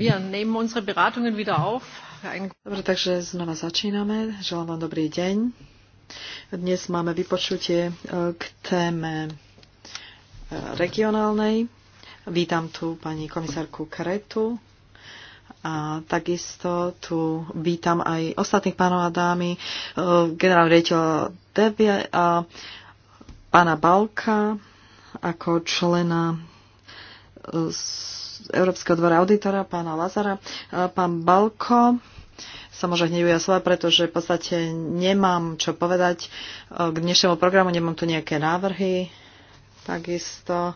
Dobre, takže znova začíname. Želám vám dobrý deň. Dnes máme vypočutie e, k téme e, regionálnej. Vítam tu pani komisárku Kretu a takisto tu vítam aj ostatných pánov a dámy, e, generál riaditeľa Devia a pána Balka ako člena z Európskeho dvora auditora, pána Lazara. E, pán Balko sa môže hnevujú slova, pretože v podstate nemám čo povedať e, k dnešnému programu, nemám tu nejaké návrhy. Takisto,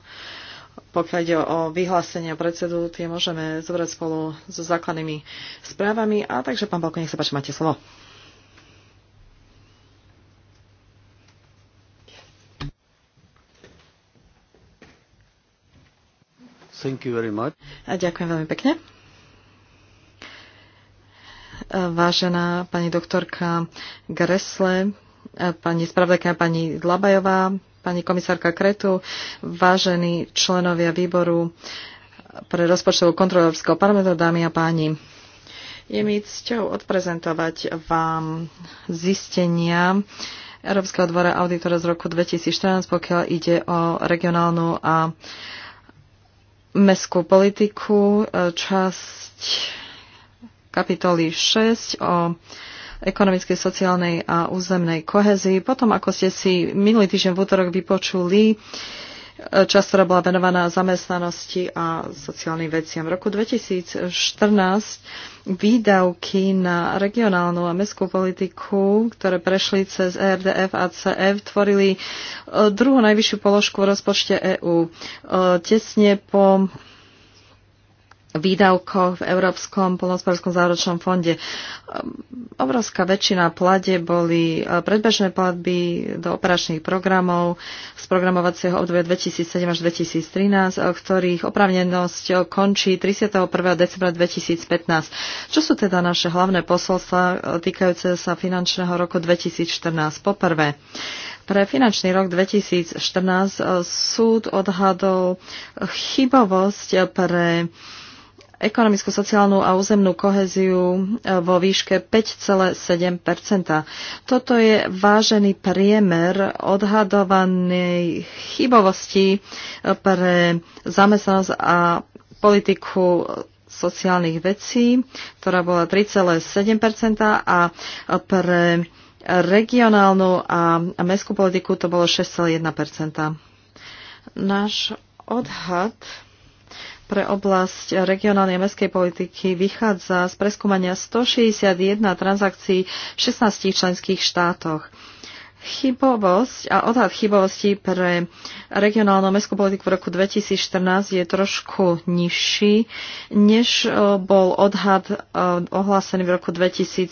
pokiaľ ide o vyhlásenie predsedu, tie môžeme zobrať spolu so základnými správami. A takže, pán Balko, nech sa páči, máte slovo. Thank you very much. A ďakujem veľmi pekne. Vážená pani doktorka Gresle, pani spravodajka pani Dlabajová, pani komisárka Kretu, vážení členovia výboru pre rozpočtovú kontrolu Európskeho parlamentu, dámy a páni. Je mi cťou odprezentovať vám zistenia Európskeho dvora auditora z roku 2014, pokiaľ ide o regionálnu a mestskú politiku, e, časť kapitoly 6 o ekonomickej, sociálnej a územnej kohezii. Potom, ako ste si minulý týždeň v útorok vypočuli, uh, časť, ktorá bola venovaná zamestnanosti a sociálnym veciam. V roku 2014 výdavky na regionálnu a mestskú politiku, ktoré prešli cez ERDF a CF, tvorili eh, druhú najvyššiu položku v rozpočte EÚ. Eh, tesne po výdavkoch v Európskom polnospodárskom záročnom fonde. Ehm, obrovská väčšina plade boli e, predbežné platby do operačných programov z programovacieho obdobia 2007 až 2013, e, ktorých opravnenosť končí 31. decembra 2015. Čo sú teda naše hlavné posolstva e, týkajúce sa finančného roku 2014? Poprvé, pre finančný rok 2014 súd odhadol chybovosť pre ekonomickú, sociálnu a územnú koheziu e, vo výške 5,7 Toto je vážený priemer odhadovanej chybovosti e, pre zamestnanosť a politiku sociálnych vecí, ktorá bola 3,7 a pre regionálnu a mestskú politiku to bolo 6,1 Náš odhad pre oblasť regionálnej a mestskej politiky vychádza z preskúmania 161 transakcií v 16 členských štátoch. Chybovosť a odhad chybovosti pre regionálnu mestskú politiku v roku 2014 je trošku nižší, než e, bol odhad e, ohlásený v roku 2013.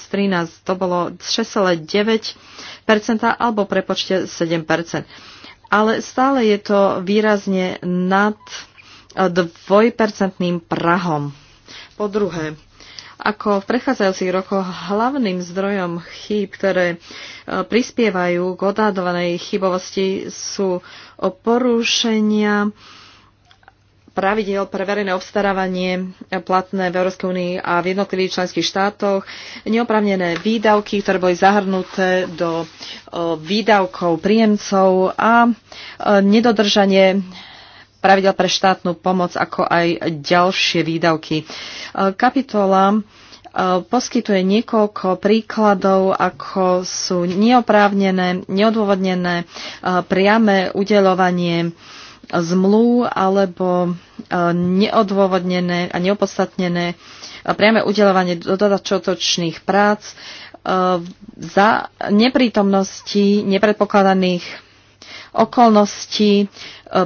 To bolo 6,9% alebo prepočte 7%. Ale stále je to výrazne nad dvojpercentným prahom. Po druhé, ako v prechádzajúcich rokoch hlavným zdrojom chýb, ktoré e, prispievajú k odhadovanej chybovosti, sú porušenia pravidel pre verejné obstarávanie platné v Európskej únii a v jednotlivých členských štátoch, neoprávnené výdavky, ktoré boli zahrnuté do e, výdavkov príjemcov a e, nedodržanie pravidel pre štátnu pomoc, ako aj ďalšie výdavky. E, kapitola e, poskytuje niekoľko príkladov, ako sú neoprávnené, neodôvodnené e, priame udelovanie zmluv alebo neodôvodnené a neopodstatnené priame udelovanie dodatočných prác za neprítomnosti nepredpokladaných okolnosti e,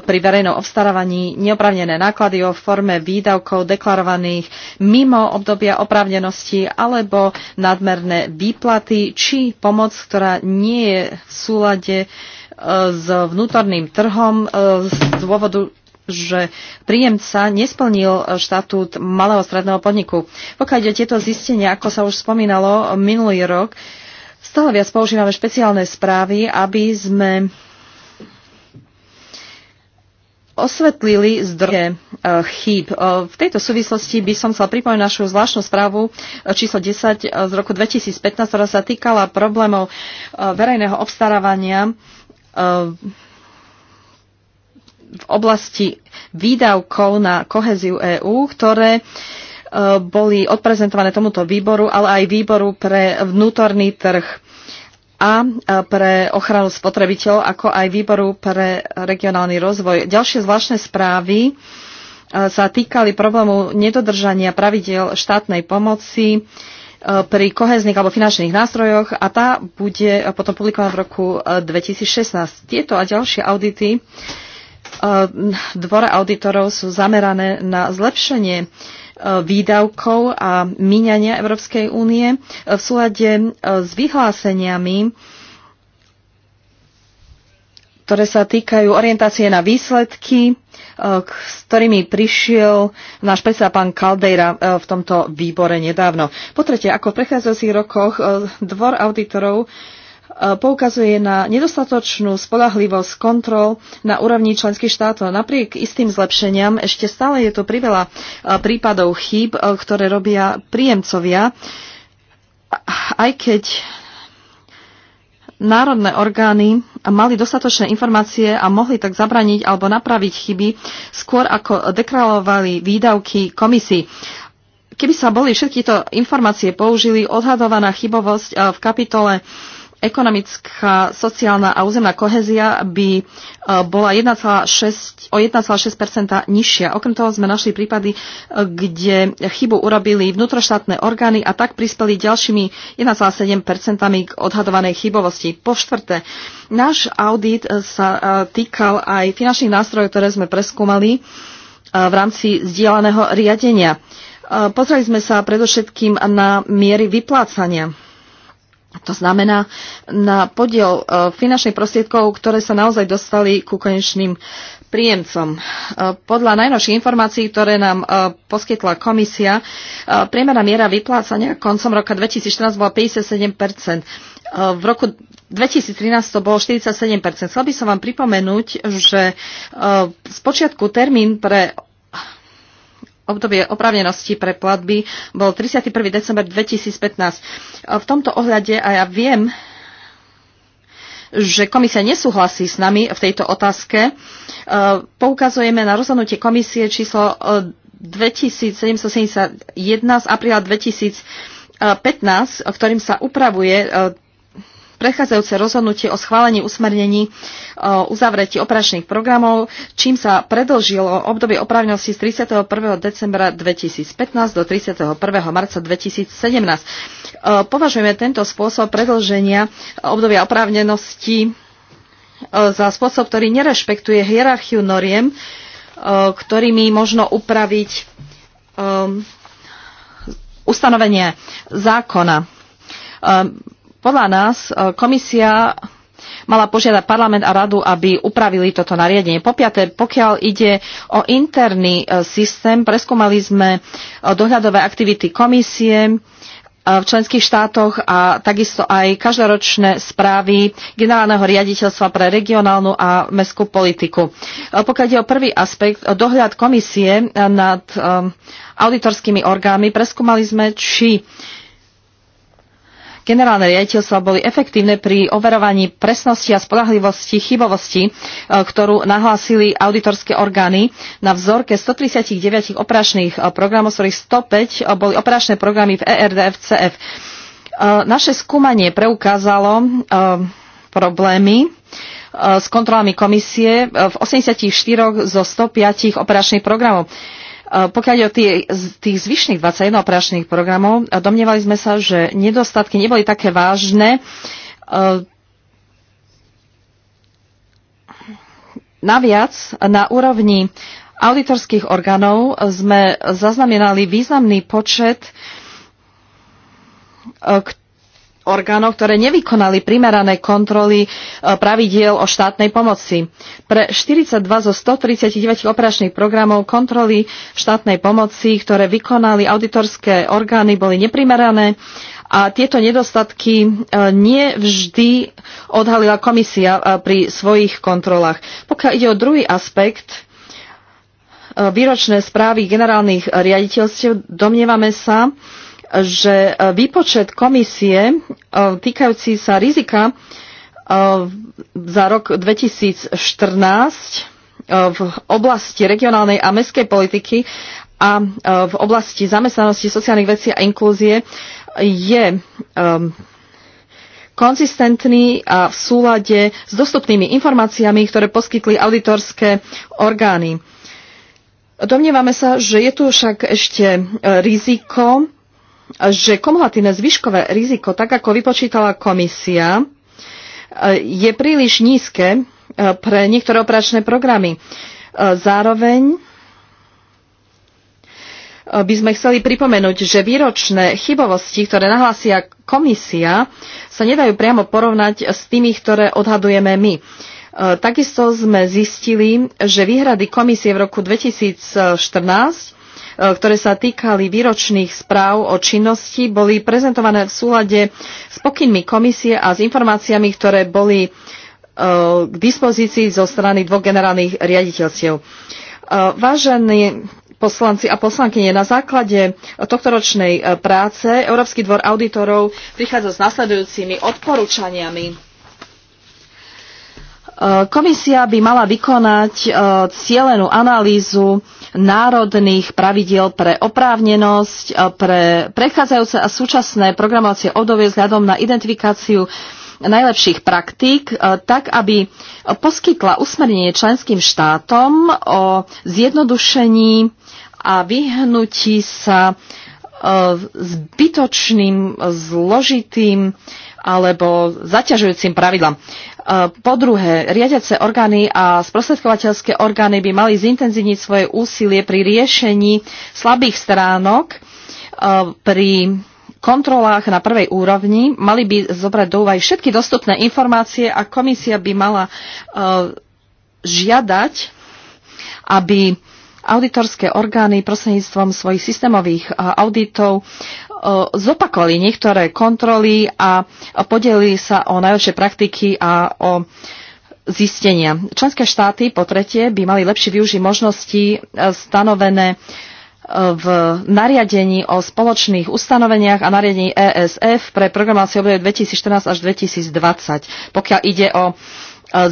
pri verejnom obstarávaní neoprávnené náklady o forme výdavkov deklarovaných mimo obdobia oprávnenosti alebo nadmerné výplaty či pomoc, ktorá nie je v súlade e, s vnútorným trhom e, z dôvodu že príjemca nesplnil štatút malého stredného podniku. Pokiaľ ide tieto zistenia, ako sa už spomínalo minulý rok, stále viac používame špeciálne správy, aby sme osvetlili zdroje eh, chýb. Eh, v tejto súvislosti by som chcel pripomenúť našu zvláštnu správu eh, číslo 10 z roku 2015, ktorá sa týkala problémov verejného obstarávania v oblasti výdavkov na koheziu EÚ, ktoré boli odprezentované tomuto výboru, ale aj výboru pre vnútorný trh a e, pre ochranu spotrebiteľov, ako aj výboru pre regionálny rozvoj. Ďalšie zvláštne správy e, sa týkali problému nedodržania pravidel štátnej pomoci e, pri kohezných alebo finančných nástrojoch a tá bude potom publikovaná v roku 2016. Tieto a ďalšie audity Dvora auditorov sú zamerané na zlepšenie E, výdavkov a míňania Európskej únie e, v súlade e, s vyhláseniami ktoré sa týkajú orientácie na výsledky, s ktorými prišiel náš predseda pán Caldeira v tomto výbore nedávno. Po tretie, ako v prechádzajúcich rokoch dvor auditorov E, poukazuje na nedostatočnú spolahlivosť kontrol na úrovni členských štátov. Napriek istým zlepšeniam ešte stále je to priveľa e, prípadov chýb, e, ktoré robia príjemcovia, aj keď národné orgány mali dostatočné informácie a mohli tak zabraniť alebo napraviť chyby skôr ako dekralovali výdavky komisii. Keby sa boli všetky tieto informácie použili, odhadovaná chybovosť v kapitole ekonomická, sociálna a územná kohezia by e, bola 1,6, o 1,6 nižšia. Okrem toho sme našli prípady, e, kde chybu urobili vnútroštátne orgány a tak prispeli ďalšími 1,7 k odhadovanej chybovosti. Po štvrté, náš audit e, sa týkal aj finančných nástrojov, ktoré sme preskúmali v rámci zdieľaného riadenia. Pozreli sme sa predovšetkým na miery vyplácania to znamená na podiel e, finančných prostriedkov, ktoré sa naozaj dostali ku konečným príjemcom. E, podľa najnovších informácií, ktoré nám e, poskytla komisia, priemerná miera vyplácania koncom roka 2014 bola 57 v roku 2013 to bolo 47%. Chcel by som vám pripomenúť, že z počiatku termín pre obdobie oprávnenosti pre platby bol 31. december 2015. V tomto ohľade, a ja viem, že komisia nesúhlasí s nami v tejto otázke, e, poukazujeme na rozhodnutie komisie číslo 2771 e, z apríla 2015, ktorým sa upravuje e, prechádzajúce rozhodnutie o schválení usmernení o e, uzavretí operačných programov, čím sa predlžilo obdobie opravnosti z 31. decembra 2015 do 31. marca 2017. E, považujeme tento spôsob predlženia obdobia oprávnenosti e, za spôsob, ktorý nerešpektuje hierarchiu noriem, ktorými možno upraviť ustanovenie zákona podľa nás e, komisia mala požiadať parlament a radu, aby upravili toto nariadenie. Po piaté, pokiaľ ide o interný e, systém, preskúmali sme e, dohľadové aktivity komisie v členských štátoch a takisto aj každoročné správy generálneho riaditeľstva pre regionálnu a mestskú politiku. Pokiaľ ide o prvý aspekt, dohľad komisie nad auditorskými orgánmi, preskúmali sme, či generálne riaditeľstva boli efektívne pri overovaní presnosti a spolahlivosti chybovosti, e, ktorú nahlásili auditorské orgány na vzorke 139 operačných e, programov, z ktorých 105 e, boli operačné programy v ERDFCF. Naše skúmanie preukázalo problémy s kontrolami komisie v 84 zo 105 operačných programov. Eh, pokiaľ o tých, tých zvyšných 21 operačných programov, eh, domnievali sme sa, že nedostatky neboli také vážne. Eh, naviac, na úrovni auditorských orgánov sme zaznamenali významný počet, orgánov, ktoré nevykonali primerané kontroly e, pravidiel o štátnej pomoci. Pre 42 zo 139 operačných programov kontroly štátnej pomoci, ktoré vykonali auditorské orgány, boli neprimerané a tieto nedostatky e, nie vždy odhalila komisia e, pri svojich kontrolách. Pokiaľ ide o druhý aspekt, výročné správy generálnych riaditeľstiev, domnievame sa, že e, výpočet komisie e, týkajúci sa rizika e, za rok 2014 v oblasti regionálnej a mestskej politiky a v oblasti zamestnanosti, sociálnych vecí a inklúzie je konzistentný a v súlade s dostupnými informáciami, ktoré poskytli auditorské orgány. Domnievame sa, že je tu však ešte riziko, že kumulatívne zvyškové riziko, tak ako vypočítala komisia, e, je príliš nízke e, pre niektoré operačné programy. E, zároveň by sme chceli pripomenúť, že výročné chybovosti, ktoré nahlásia komisia, sa nedajú priamo porovnať s tými, ktoré odhadujeme my. Takisto sme zistili, že výhrady komisie v roku 2014 E, ktoré sa týkali výročných správ o činnosti, boli prezentované v súlade s pokynmi komisie a s informáciami, ktoré boli e, k dispozícii zo strany dvoch generálnych riaditeľstiev. E, vážení poslanci a poslankyne, na základe ročnej práce Európsky dvor auditorov prichádza s nasledujúcimi odporúčaniami. Komisia by mala vykonať cielenú analýzu národných pravidiel pre oprávnenosť, eh, pre prechádzajúce a súčasné programovacie obdobie vzhľadom na identifikáciu najlepších praktík, eh, tak aby poskytla usmernenie členským štátom o zjednodušení a vyhnutí sa eh, zbytočným, zložitým alebo zaťažujúcim pravidlám. E, po druhé, riadiace orgány a sprostredkovateľské orgány by mali zintenzívniť svoje úsilie pri riešení slabých stránok e, pri kontrolách na prvej úrovni mali by zobrať do úvahy všetky dostupné informácie a komisia by mala e, žiadať, aby auditorské orgány prostredníctvom svojich systémových auditov zopakovali niektoré kontroly a podelili sa o najlepšie praktiky a o zistenia. Členské štáty po tretie by mali lepšie využiť možnosti e, stanovené e, v nariadení o spoločných ustanoveniach a nariadení ESF pre programovacie obdobie 2014 až 2020, pokiaľ ide o e,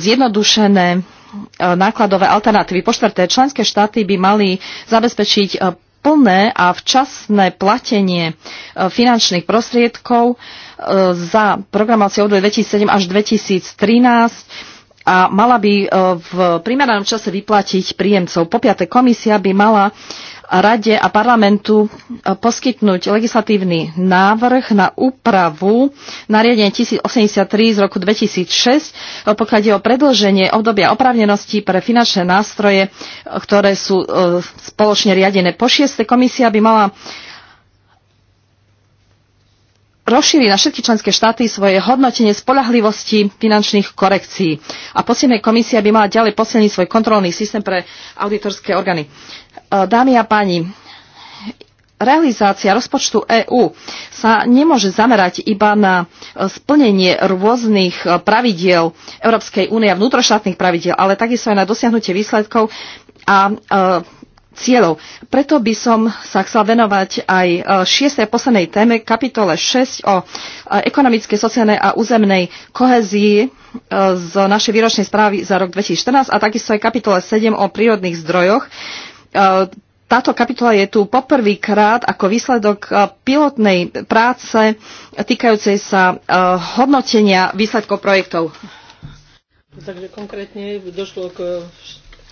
zjednodušené nákladové alternatívy. Po štvrté, členské štáty by mali zabezpečiť plné a včasné platenie e, finančných prostriedkov e, za programovacie obdobie 2007 až 2013 a mala by e, v primeranom čase vyplatiť príjemcov. Po piaté, komisia by mala Rade a parlamentu e, poskytnúť legislatívny návrh na úpravu nariadenia 1083 z roku 2006, e, pokiaľ ide o predlženie obdobia oprávnenosti pre finančné nástroje, e, ktoré sú spoločne riadené. Po šieste komisia by mala rozšíri na všetky členské štáty svoje hodnotenie spolahlivosti finančných korekcií. A posilnej komisia by mala ďalej posilniť svoj kontrolný systém pre auditorské orgány. E, dámy a páni, realizácia rozpočtu EÚ sa nemôže zamerať iba na e, splnenie rôznych e, pravidiel Európskej únie a vnútroštátnych pravidiel, ale takisto aj na dosiahnutie výsledkov a cieľov. Preto by som sa chcela venovať aj e, šiestej poslednej téme, kapitole 6 o e, ekonomickej, sociálnej a územnej kohezii e, z našej výročnej správy za rok 2014 a takisto aj kapitole 7 o prírodných zdrojoch. Táto kapitola je tu poprvýkrát ako výsledok pilotnej práce týkajúcej sa hodnotenia výsledkov projektov. Takže konkrétne došlo k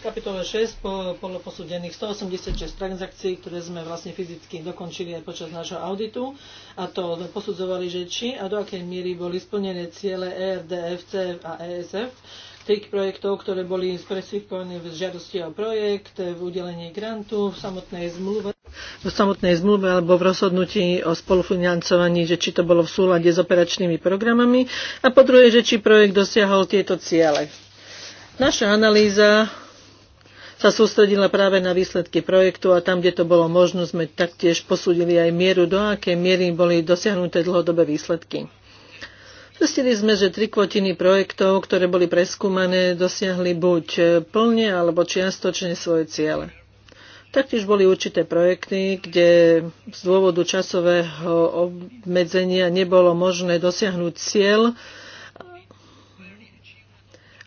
kapitole 6 bolo, posúdených 186 transakcií, ktoré sme vlastne fyzicky dokončili aj počas nášho auditu a to posudzovali, že či a do akej miery boli splnené ciele ERDF, CF a ESF tých projektov, ktoré boli spresifikované v žiadosti o projekt, v udelení grantu, v samotnej zmluve v samotnej zmluve alebo v rozhodnutí o spolufinancovaní, že či to bolo v súlade s operačnými programami a po druhé, že či projekt dosiahol tieto ciele. Naša analýza sa sústredila práve na výsledky projektu a tam, kde to bolo možno, sme taktiež posúdili aj mieru, do akej miery boli dosiahnuté dlhodobé výsledky. Zistili sme, že tri kvotiny projektov, ktoré boli preskúmané, dosiahli buď plne alebo čiastočne svoje ciele. Taktiež boli určité projekty, kde z dôvodu časového obmedzenia nebolo možné dosiahnuť cieľ,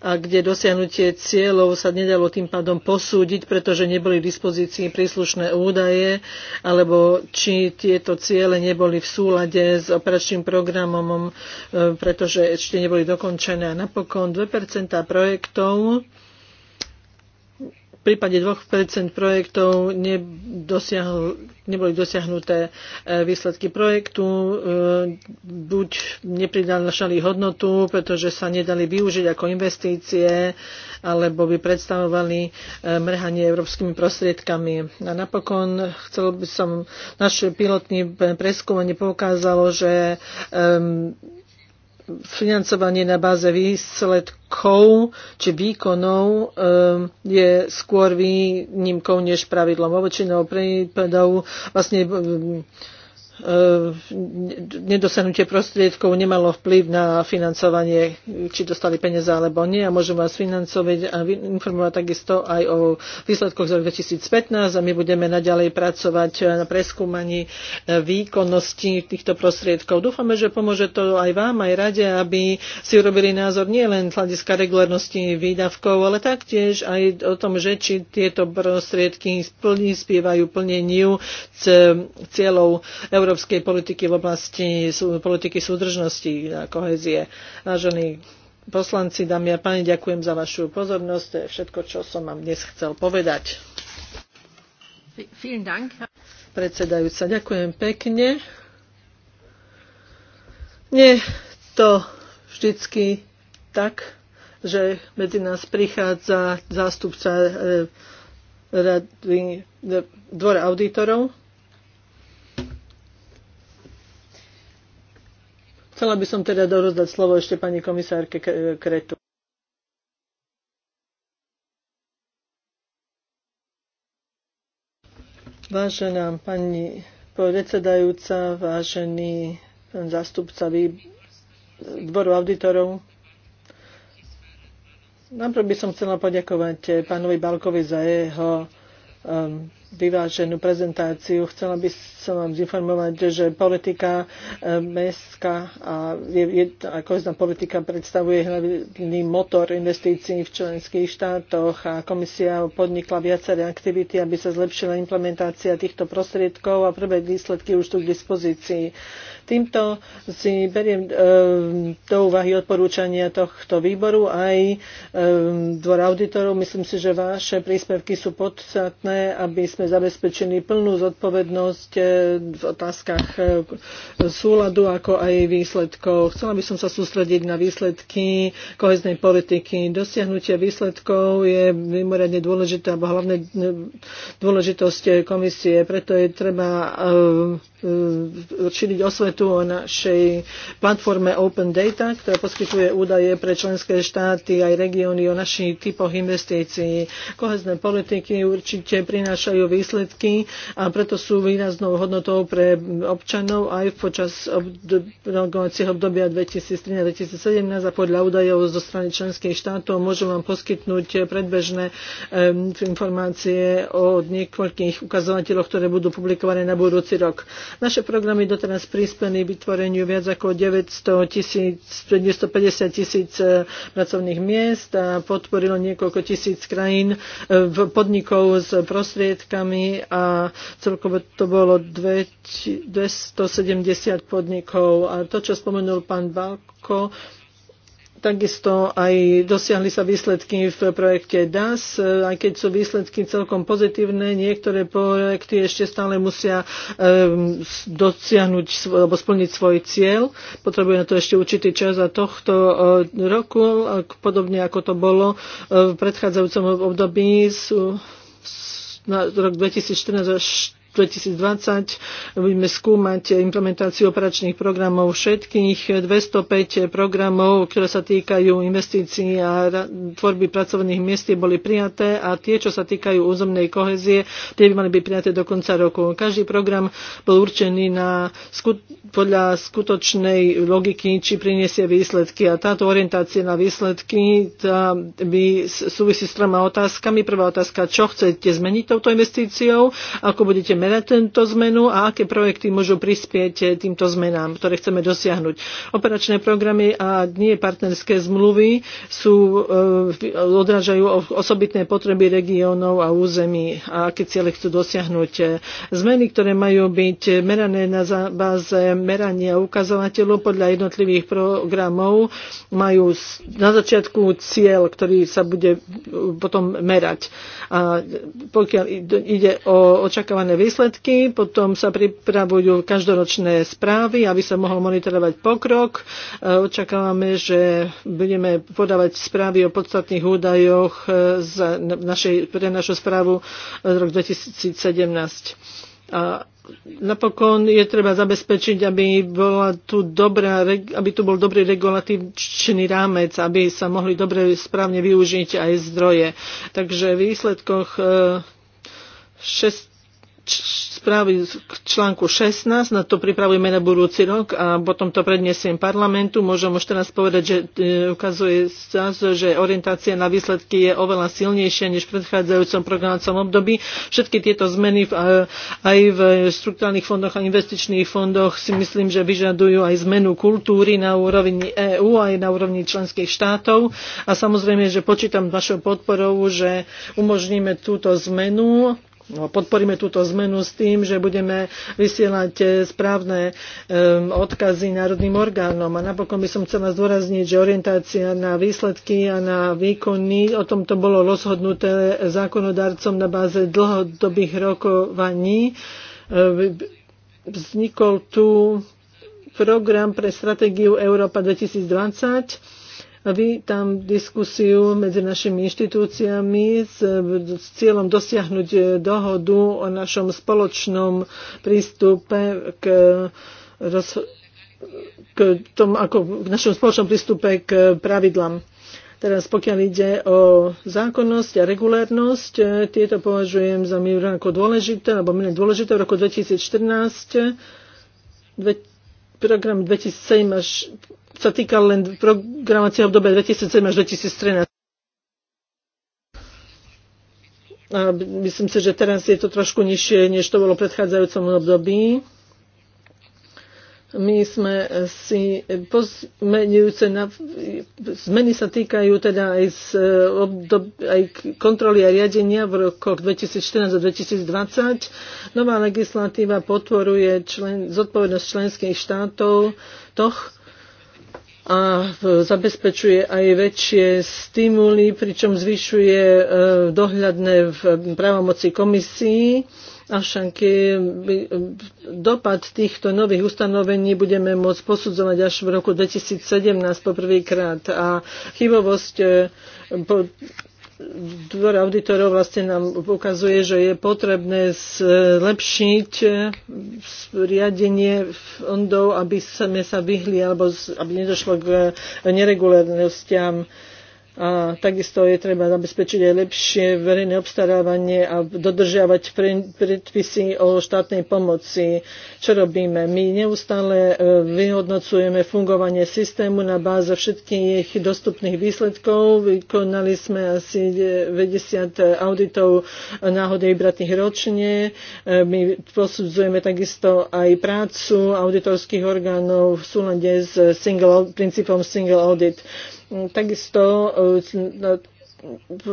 a kde dosiahnutie cieľov sa nedalo tým pádom posúdiť, pretože neboli v dispozícii príslušné údaje, alebo či tieto ciele neboli v súlade s operačným programom, e, pretože ešte neboli dokončené. A napokon 2% projektov prípade 2% projektov nedosiahol, neboli dosiahnuté e, výsledky projektu, e, buď nepridalašali hodnotu, pretože sa nedali využiť ako investície, alebo by predstavovali e, mrhanie európskymi prostriedkami. A napokon chcel by som, naše pilotné preskúmanie poukázalo, že um, financovanie na báze výsledkov či výkonov ehm, je skôr výnimkou než pravidlom. Väčšinou prípadov vlastne ehm, E, nedosahnutie prostriedkov nemalo vplyv na financovanie, či dostali peniaze alebo nie. A môžem vás financovať a informovať takisto aj o výsledkoch z roku 2015 a my budeme naďalej pracovať na preskúmaní e, výkonnosti týchto prostriedkov. Dúfame, že pomôže to aj vám, aj rade, aby si urobili názor nie len z hľadiska regulárnosti výdavkov, ale taktiež aj o tom, že či tieto prostriedky splní, spievajú plneniu cieľov Európy európskej politiky v oblasti politiky súdržnosti a kohezie. Vážení poslanci, dámy a páni, ďakujem za vašu pozornosť. To je všetko, čo som vám dnes chcel povedať. Predsedajúca, ďakujem pekne. Nie to vždycky tak, že medzi nás prichádza zástupca eh, rady eh, dvora auditorov. Chcela by som teda dorozdať slovo ešte pani komisárke Kretu. Vážená pani predsedajúca, vážený pán zastupca dvoru auditorov, najprv by som chcela poďakovať pánovi Balkovi za jeho um, vyváženú prezentáciu. Chcela by som vám zinformovať, že politika e, mestská a, je, kohezná politika predstavuje hlavný motor investícií v členských štátoch a komisia podnikla viaceré aktivity, aby sa zlepšila implementácia týchto prostriedkov a prvé výsledky už tu k dispozícii. Týmto si beriem e, do úvahy odporúčania tohto výboru aj e, dvor auditorov. Myslím si, že vaše príspevky sú podstatné, aby sme zabezpečení plnú zodpovednosť e, v otázkach e, súladu, ako aj výsledkov. Chcela by som sa sústrediť na výsledky koheznej politiky. Dosiahnutie výsledkov je mimoriadne dôležité, alebo hlavne e, dôležitosť komisie. Preto je treba šíriť osvetu o našej platforme Open Data, ktorá poskytuje údaje pre členské štáty aj regióny o našich typoch investícií. Kohezné politiky určite prinášajú dajú výsledky a preto sú výraznou hodnotou pre občanov aj počas rokovacieho obdobia 2013-2017 a podľa údajov zo strany členských štátov môžu vám poskytnúť predbežné informácie o niekoľkých ukazovateľoch, ktoré budú publikované na budúci rok. Naše programy doteraz prispeli vytvoreniu viac ako 900 tisíc, 950 tisíc e, pracovných miest a podporilo niekoľko tisíc krajín e, podnikov z prostriedka podnikami a celkovo to bolo 270 podnikov. A to, čo spomenul pán Balko, Takisto aj dosiahli sa výsledky v projekte DAS, aj keď sú výsledky celkom pozitívne, niektoré projekty ešte stále musia ehm, dosiahnuť alebo splniť svoj cieľ. Potrebuje na to ešte určitý čas a tohto e, roku, podobne ako to bolo e, v predchádzajúcom období, sú na rok 2014 až 2020 budeme skúmať implementáciu operačných programov všetkých 205 programov, ktoré sa týkajú investícií a tvorby pracovných miest boli prijaté a tie, čo sa týkajú územnej kohezie, tie by mali byť prijaté do konca roku. Každý program bol určený na, podľa skutočnej logiky, či priniesie výsledky a táto orientácia na výsledky tá by súvisí s troma otázkami. Prvá otázka, čo chcete zmeniť touto investíciou, ako budete reagujeme tento zmenu a aké projekty môžu prispieť eh, týmto zmenám, ktoré chceme dosiahnuť. Operačné programy a nie partnerské zmluvy sú, eh, odrážajú osobitné potreby regiónov a území a aké ciele chcú dosiahnuť. Zmeny, ktoré majú byť merané na báze merania ukazovateľov podľa jednotlivých programov, majú na začiatku cieľ, ktorý sa bude eh, potom merať. A pokiaľ ide o očakávané výsledky, výsledky, potom sa pripravujú každoročné správy, aby sa mohol monitorovať pokrok. E, očakávame, že budeme podávať správy o podstatných údajoch e, za našej, pre našu správu e, rok 2017. A napokon je treba zabezpečiť, aby, bola tu dobrá, aby tu bol dobrý regulatívny rámec, aby sa mohli dobre správne využiť aj zdroje. Takže v výsledkoch 6 správy k článku 16, na to pripravujeme na budúci rok a potom to predniesiem parlamentu. Môžem už teraz povedať, že e, ukazuje sa, že orientácia na výsledky je oveľa silnejšia než v predchádzajúcom programovacom období. Všetky tieto zmeny v, e, aj v štruktúrnych fondoch a investičných fondoch si myslím, že vyžadujú aj zmenu kultúry na úrovni EÚ aj na úrovni členských štátov. A samozrejme, že počítam vašou podporou, že umožníme túto zmenu No, podporíme túto zmenu s tým, že budeme vysielať eh, správne ehm, odkazy národným orgánom. A napokon by som chcela zdôrazniť, že orientácia na výsledky a na výkony, o tom to bolo rozhodnuté zákonodarcom na báze dlhodobých rokovaní. Ehm, vznikol tu program pre stratégiu Európa 2020 Vítam diskusiu medzi našimi inštitúciami s, s cieľom dosiahnuť eh, dohodu o našom spoločnom prístupe k roz, k, tom, ako, k našom spoločnom prístupe k pravidlám. Teraz pokiaľ ide o zákonnosť a regulárnosť, eh, tieto považujem za mi ako dôležité, alebo menej dôležité v roku 2014, dve, program 2007 až sa týka len programovacieho obdobia 2007 až 2013. A myslím si, že teraz je to trošku nižšie, než to bolo v predchádzajúcom období. My sme si pozmenujúce na, zmeny sa týkajú teda aj, z, e, obdob, aj kontroly a riadenia v rokoch 2014 a 2020. Nová legislatíva potvoruje člen, zodpovednosť členských štátov toch, a e, zabezpečuje aj väčšie stimuly, pričom zvyšuje e, dohľadné v právomoci komisií. Avšak dopad týchto nových ustanovení budeme môcť posudzovať až v roku 2017 poprvýkrát a chybovosť e, dvor auditorov vlastne nám ukazuje, že je potrebné zlepšiť e, riadenie fondov, aby sme sa vyhli alebo aby nedošlo k neregulárnostiam a takisto je treba zabezpečiť aj lepšie verejné obstarávanie a dodržiavať predpisy o štátnej pomoci. Čo robíme? My neustále e, vyhodnocujeme fungovanie systému na báze všetkých dostupných výsledkov. Vykonali sme asi 90 auditov náhody vybratých ročne. E, my posudzujeme takisto aj prácu auditorských orgánov v súlade s single, princípom single audit. Takisto e,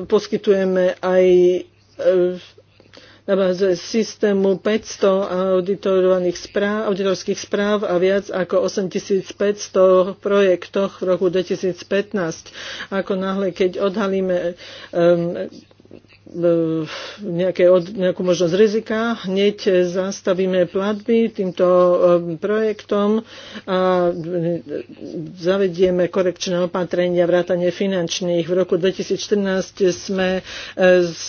poskytujeme aj e, na báze systému 500 auditorovaných správ, auditorských správ a viac ako 8500 projektoch v roku 2015. Ako náhle, keď odhalíme um, E, nejaké od, nejakú možnosť rizika, hneď zastavíme platby týmto e, projektom a e, zavedieme korekčné opatrenia vrátane finančných. V roku 2014 sme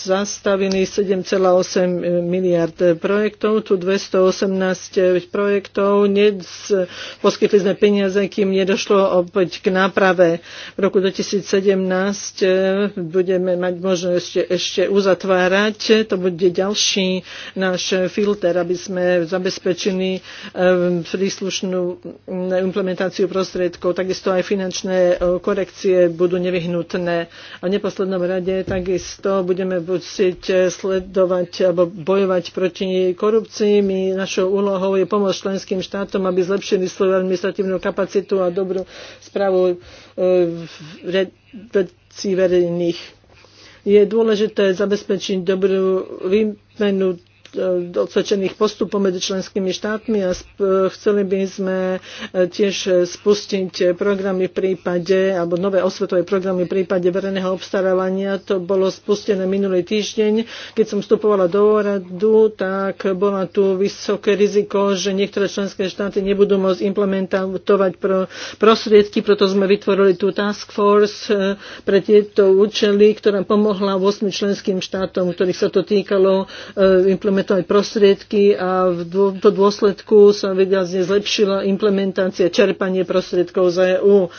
zastavili 7,8 miliard projektov, tu 218 projektov. hneď poskytli sme peniaze, kým nedošlo opäť k náprave. V roku 2017 budeme mať možnosť ešte uzatvárať. To bude ďalší náš filter, aby sme zabezpečili príslušnú implementáciu prostriedkov. Takisto aj finančné korekcie budú nevyhnutné. A v neposlednom rade takisto budeme musieť sledovať alebo bojovať proti korupcii. My, našou úlohou je pomôcť členským štátom, aby zlepšili svoju administratívnu kapacitu a dobrú správu v verejných je dôležité zabezpečiť dobrú výmenu E, odsvedčených postupov medzi členskými štátmi a e, chceli by sme e, tiež spustiť programy v prípade, alebo nové osvetové programy v prípade verejného obstarávania. To bolo spustené minulý týždeň. Keď som vstupovala do úradu, tak bola tu vysoké riziko, že niektoré členské štáty nebudú môcť implementovať pro prostriedky, preto sme vytvorili tú task force pre tieto účely, ktorá pomohla 8 členským štátom, ktorých sa to týkalo implementovať na to aj prostriedky a v tomto dôsledku sa výrazne zlepšila implementácia čerpanie prostriedkov za EU.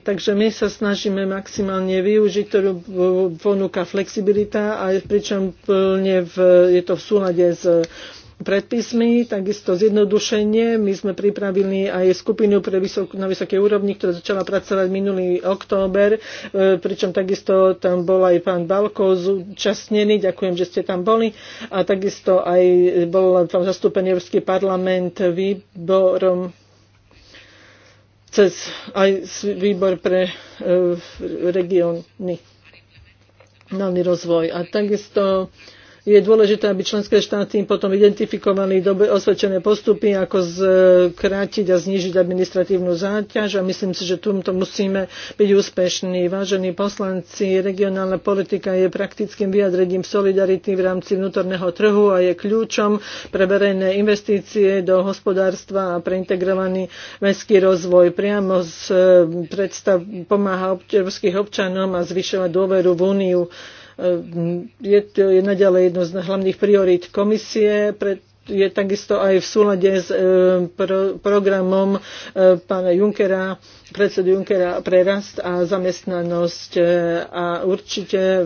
Takže my sa snažíme maximálne využiť, ktorú ponúka flexibilita, a pričom plne v, je to v súlade s predpismi, takisto zjednodušenie. My sme pripravili aj skupinu pre vysok, na vysokej úrovni, ktorá začala pracovať minulý október, e, pričom takisto tam bol aj pán Balko zúčastnený, ďakujem, že ste tam boli, a takisto aj bol tam zastúpený Európsky parlament výborom cez aj výbor pre e, regióny, rozvoj. A takisto e, je dôležité, aby členské štáty potom identifikovali dobe osvedčené postupy, ako skrátiť a znižiť administratívnu záťaž a myslím si, že tomto musíme byť úspešní. Vážení poslanci, regionálna politika je praktickým vyjadrením solidarity v rámci vnútorného trhu a je kľúčom pre verejné investície do hospodárstva a pre integrovaný mestský rozvoj. Priamo z, predstav, pomáha európskych občanom a zvyšovať dôveru v úniu. Je to je naďalej jedno z hlavných priorít komisie, je takisto aj v súlade s e, pro, programom e, pána Junkera, predsedu Junkera pre rast a zamestnanosť. E, a určite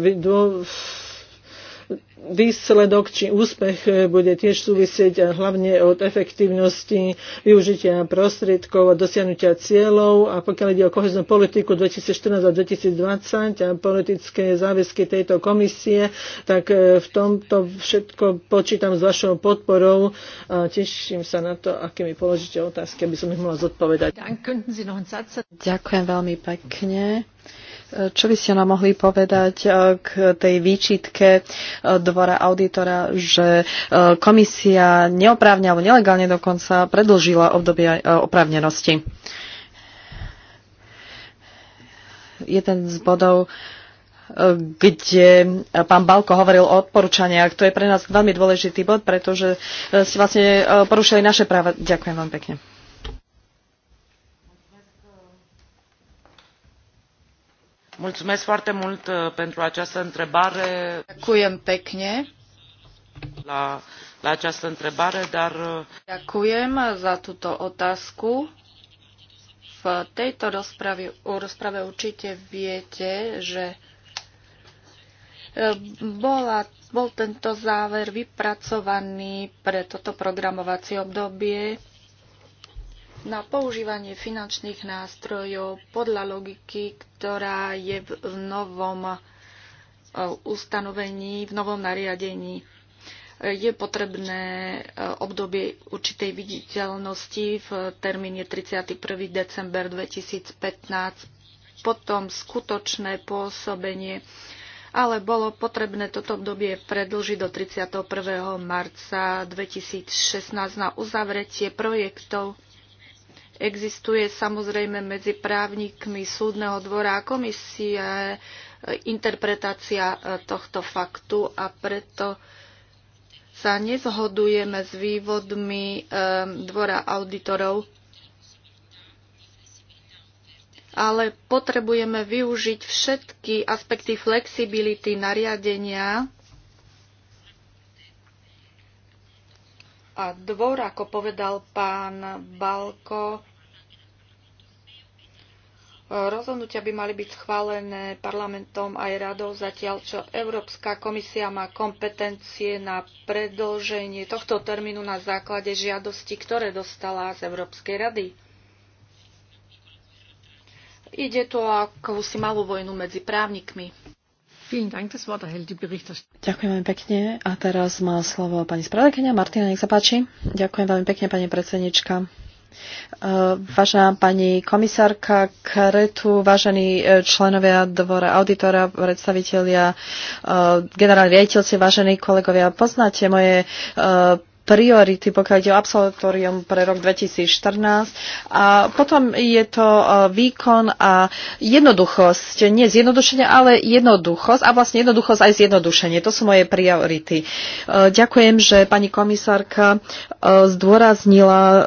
výsledok či úspech e, bude tiež súvisieť hlavne od efektívnosti využitia prostriedkov a dosiahnutia cieľov. A pokiaľ ide o koheznú politiku 2014 a 2020 a politické záväzky tejto komisie, tak e, v tomto všetko počítam s vašou podporou a teším sa na to, aké mi položíte otázky, aby som ich mohla zodpovedať. Ďakujem veľmi pekne. Čo by ste nám mohli povedať e, k tej výčitke e, dvora auditora, že e, komisia neoprávne alebo nelegálne dokonca predlžila obdobie oprávnenosti? Jeden z bodov, kde pán Balko hovoril o odporúčaniach. To je pre nás veľmi dôležitý bod, pretože ste vlastne porušili naše práva. Ďakujem vám pekne. Mulțumesc foarte mult uh, pentru această întrebare. Ďakujem pekne. La, la această întrebare, dar... Uh, Ďakujem za túto otázku. V tejto rozprave, o rozprave určite viete, že e, bola, bol tento záver vypracovaný pre toto programovacie obdobie na používanie finančných nástrojov podľa logiky, ktorá je v novom e, ustanovení, v novom nariadení. Je potrebné e, obdobie určitej viditeľnosti v termíne 31. december 2015, potom skutočné pôsobenie, ale bolo potrebné toto obdobie predlžiť do 31. marca 2016 na uzavretie projektov Existuje samozrejme medzi právnikmi súdneho dvora a komisie interpretácia e, tohto faktu a preto sa nezhodujeme s vývodmi e, dvora auditorov, ale potrebujeme využiť všetky aspekty flexibility nariadenia a dvor, ako povedal pán Balko, Rozhodnutia by mali byť schválené parlamentom aj radou, zatiaľ čo Európska komisia má kompetencie na predlženie tohto termínu na základe žiadosti, ktoré dostala z Európskej rady. Ide tu o akúsi malú vojnu medzi právnikmi. Ďakujem veľmi pekne. A teraz má slovo pani spravodajkynia Martina, nech sa páči. Ďakujem veľmi pekne, pani predsednička. E, vážená pani komisárka Kretu, vážení e, členovia dvora auditora, predstavitelia, e, generálni riaditeľci, vážení kolegovia, poznáte moje priority, pokiaľ ide o absolutórium pre rok 2014. A potom je to e, výkon a jednoduchosť. Nie zjednodušenie, ale jednoduchosť. A vlastne jednoduchosť aj zjednodušenie. To sú moje priority. E, ďakujem, že pani komisárka e, zdôraznila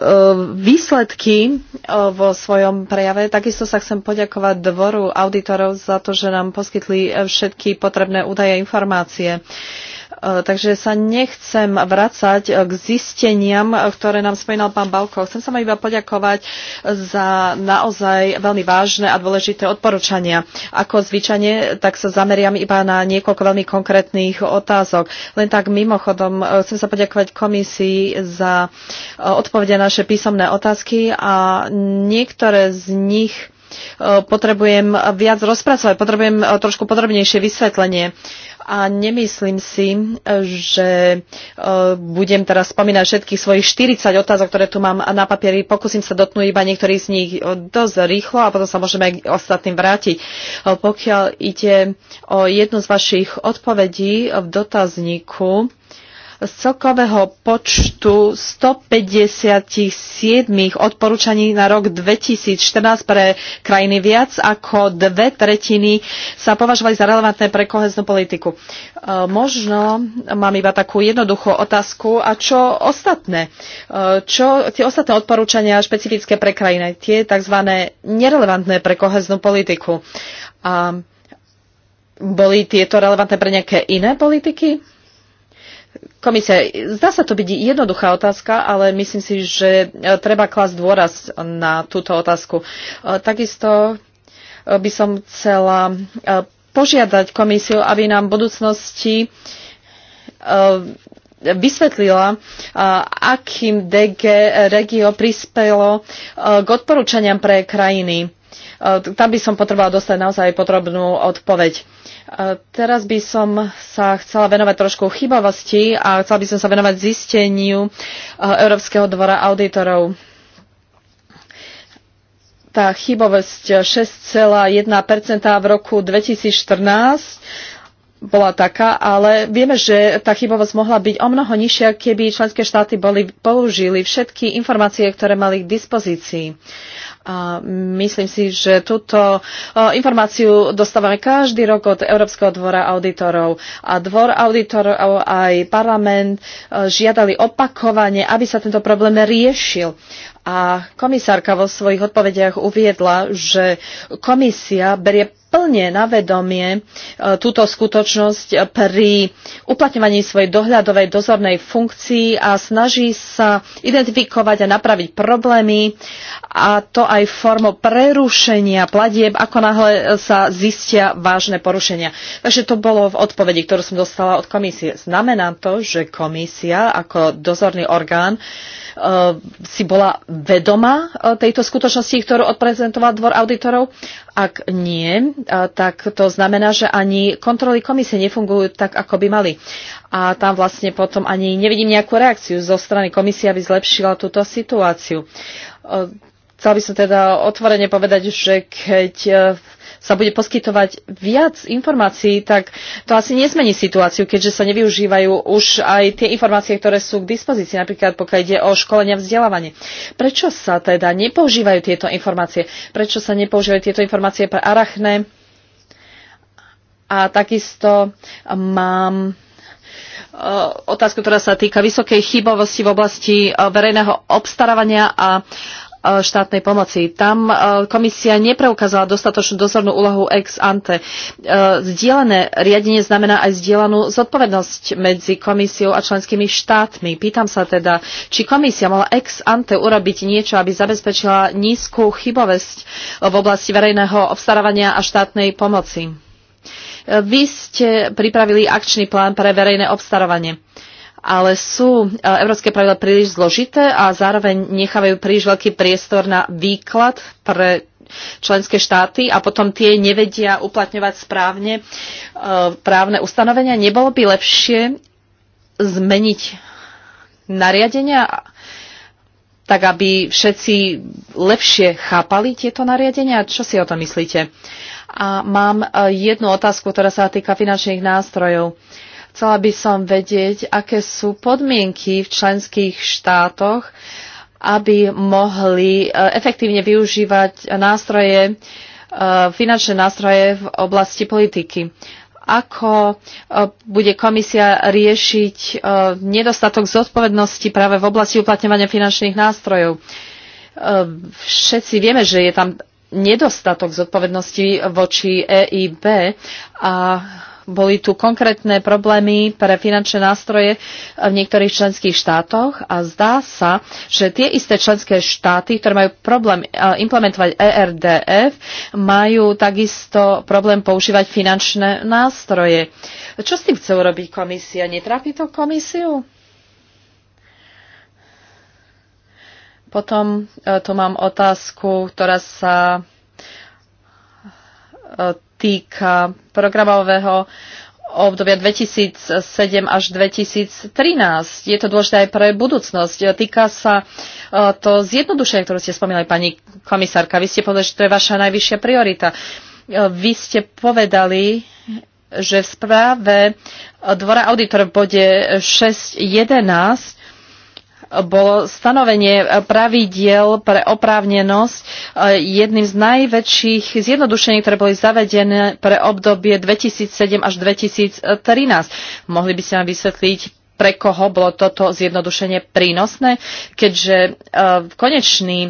výsledky vo svojom prejave. Takisto sa chcem poďakovať dvoru auditorov za to, že nám poskytli všetky potrebné údaje a informácie. Uh, Eh, takže sa nechcem vracať eh, k zisteniam, eh, ktoré nám spomínal pán Balko. Chcem sa ma iba poďakovať za naozaj veľmi vážne a dôležité odporúčania. Ako zvyčajne, tak sa zameriam iba na niekoľko veľmi konkrétnych otázok. Len tak mimochodom chcem sa poďakovať komisii za odpovede na naše písomné otázky a niektoré z nich potrebujem viac rozpracovať, potrebujem trošku podrobnejšie vysvetlenie a nemyslím si, že e, budem teraz spomínať všetkých svojich 40 otázok, ktoré tu mám na papieri. Pokúsim sa dotknúť iba niektorých z nich e, dosť rýchlo a potom sa môžeme aj k ostatným vrátiť. E, pokiaľ ide o jednu z vašich odpovedí v dotazníku, z celkového počtu 157 odporúčaní na rok 2014 pre krajiny viac ako dve tretiny sa považovali za relevantné pre koheznú politiku. E, možno mám iba takú jednoduchú otázku. A čo ostatné? E, čo tie ostatné odporúčania špecifické pre krajiny? Tie tzv. nerelevantné pre koheznú politiku. A boli tieto relevantné pre nejaké iné politiky? Komisia, zdá sa to byť jednoduchá otázka, ale myslím si, že e, treba klasť dôraz na túto otázku. E, takisto e, by som chcela požiadať komisiu, aby nám v budúcnosti vysvetlila, akým DG Regio prispelo k odporúčaniam pre krajiny. Tam by som potrebovala dostať naozaj podrobnú odpoveď. Teraz by som sa chcela venovať trošku chybavosti a chcela by som sa venovať zisteniu e, Európskeho dvora auditorov. Tá chybovosť 6,1% v roku 2014 bola taká, ale vieme, že tá chybovosť mohla byť o mnoho nižšia, keby členské štáty boli, použili všetky informácie, ktoré mali k dispozícii. A myslím si, že túto informáciu dostávame každý rok od Európskeho dvora auditorov. A dvor auditorov aj parlament žiadali opakovane, aby sa tento problém riešil. A komisárka vo svojich odpovediach uviedla, že komisia berie plne na vedomie e, túto skutočnosť pri uplatňovaní svojej dohľadovej dozornej funkcii a snaží sa identifikovať a napraviť problémy a to aj formou prerušenia platieb, ako náhle sa zistia vážne porušenia. Takže to bolo v odpovedi, ktorú som dostala od komisie. Znamená to, že komisia ako dozorný orgán e, si bola vedoma e, tejto skutočnosti, ktorú odprezentoval dvor auditorov ak nie, tak to znamená, že ani kontroly komisie nefungujú tak, ako by mali. A tam vlastne potom ani nevidím nejakú reakciu zo strany komisie, aby zlepšila túto situáciu. E, Chcel by som teda otvorene povedať, že keď v e, sa bude poskytovať viac informácií, tak to asi nezmení situáciu, keďže sa nevyužívajú už aj tie informácie, ktoré sú k dispozícii, napríklad pokiaľ ide o školenia vzdelávanie. Prečo sa teda nepoužívajú tieto informácie? Prečo sa nepoužívajú tieto informácie pre arachné? A takisto mám eh, otázku, ktorá sa týka vysokej chybovosti v oblasti eh, verejného obstarávania a E, štátnej pomoci. Tam e, komisia nepreukázala dostatočnú dozornú úlohu ex ante. E, Zdielané riadenie znamená aj zdielanú zodpovednosť medzi komisiou a členskými štátmi. Pýtam sa teda, či komisia mala ex ante urobiť niečo, aby zabezpečila nízku chybovesť v oblasti verejného obstarávania a štátnej pomoci. Vy ste pripravili akčný plán pre verejné obstarávanie. Uh, ale sú e, európske pravidla príliš zložité a zároveň nechávajú príliš veľký priestor na výklad pre členské štáty a potom tie nevedia uplatňovať správne e, právne ustanovenia. Nebolo by lepšie zmeniť nariadenia, tak aby všetci lepšie chápali tieto nariadenia? Čo si o tom myslíte? A mám e, jednu otázku, ktorá sa týka finančných nástrojov. Chcela by som vedieť, aké sú podmienky v členských štátoch, aby mohli e, efektívne využívať nástroje, e, finančné nástroje v oblasti politiky. Ako e, bude komisia riešiť nedostatok zodpovednosti práve v oblasti uplatňovania finančných nástrojov? Všetci vieme, že je tam nedostatok zodpovednosti voči EIB a boli tu konkrétne problémy pre finančné nástroje v niektorých členských štátoch a zdá sa, že tie isté členské štáty, ktoré majú problém eh, implementovať ERDF, majú takisto problém používať finančné nástroje. Čo s tým chce urobiť komisia? Netrápi to komisiu? Potom eh, tu mám otázku, ktorá sa eh, týka programového obdobia 2007 až 2013. Je to dôležité aj pre budúcnosť. Týka sa e, to zjednodušenia, ktorú ste spomínali, pani komisárka. Vy ste povedali, že to je vaša najvyššia priorita. E, vy ste povedali, že v správe Dvora auditor v bode 6.11 bolo stanovenie pravidiel pre oprávnenosť e, jedným z najväčších zjednodušení, ktoré boli zavedené pre obdobie 2007 až 2013. Mohli by ste nám vysvetliť, pre koho bolo toto zjednodušenie prínosné, keďže e, konečný e,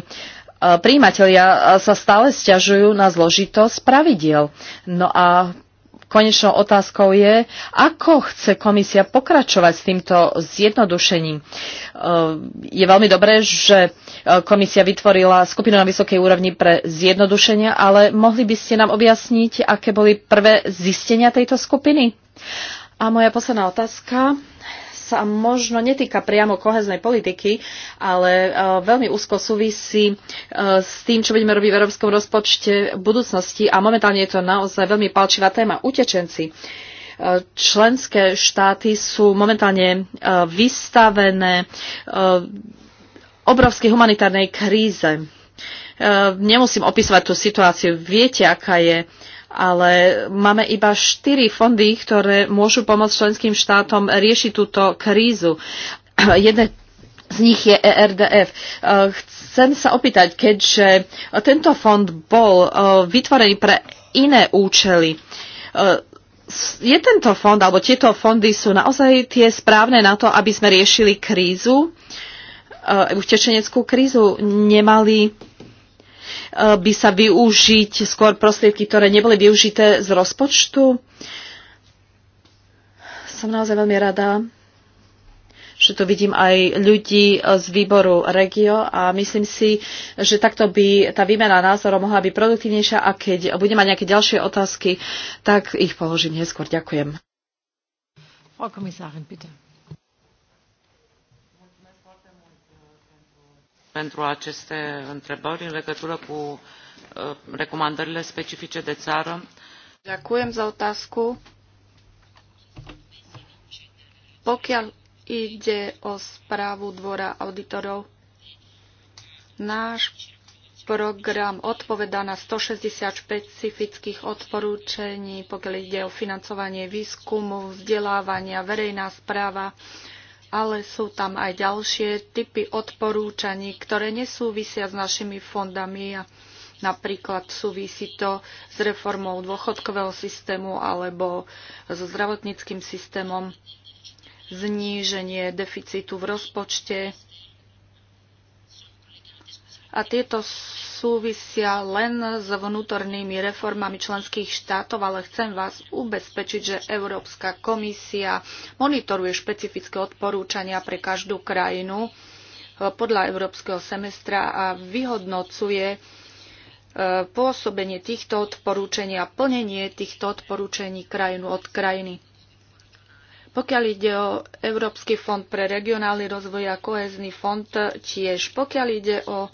príjimatelia sa stále stiažujú na zložitosť pravidiel. No a Konečnou otázkou je, ako chce komisia pokračovať s týmto zjednodušením. E, je veľmi dobré, že e, komisia vytvorila skupinu na vysokej úrovni pre zjednodušenia, ale mohli by ste nám objasniť, aké boli prvé zistenia tejto skupiny? A moja posledná otázka sa možno netýka priamo koheznej politiky, ale e, veľmi úzko súvisí e, s tým, čo budeme robiť v európskom rozpočte v budúcnosti a momentálne je to naozaj veľmi palčivá téma. Utečenci. E, členské štáty sú momentálne vystavené obrovskej humanitárnej kríze. Nemusím opisovať tú situáciu. Viete, aká je ale máme iba štyri fondy, ktoré môžu pomôcť členským štátom riešiť túto krízu. Jedné z nich je ERDF. E, chcem sa opýtať, keďže tento fond bol e, vytvorený pre iné účely, e, je tento fond, alebo tieto fondy sú naozaj tie správne na to, aby sme riešili krízu, utečeneckú krízu? Nemali by sa využiť skôr prostriedky, ktoré neboli využité z rozpočtu. Som naozaj veľmi rada, že tu vidím aj ľudí z výboru Regio a myslím si, že takto by tá výmena názorov mohla byť produktívnejšia a keď budem mať nejaké ďalšie otázky, tak ich položím neskôr. Ďakujem. Frau Kommissarin, bitte. pentru aceste întrebări în legătură cu uh, recomandările specifice de țară. Ďakujem za otázku. Pokiaľ ide o správu Dvora auditorov, náš program odpoveda na 160 špecifických odporúčení, pokiaľ ide o financovanie výskumu, vzdelávania, verejná správa, ale sú tam aj ďalšie typy odporúčaní, ktoré nesúvisia s našimi fondami a napríklad súvisí to s reformou dôchodkového systému alebo so zdravotníckým systémom, zníženie deficitu v rozpočte. A tieto súvisia len s vnútornými reformami členských štátov, ale chcem vás ubezpečiť, že Európska komisia monitoruje špecifické odporúčania pre každú krajinu e, podľa európskeho semestra a vyhodnocuje e, pôsobenie týchto odporúčení a plnenie týchto odporúčení krajinu od krajiny. Pokiaľ ide o Európsky fond pre regionálny rozvoj a kohezný fond tiež, pokiaľ ide o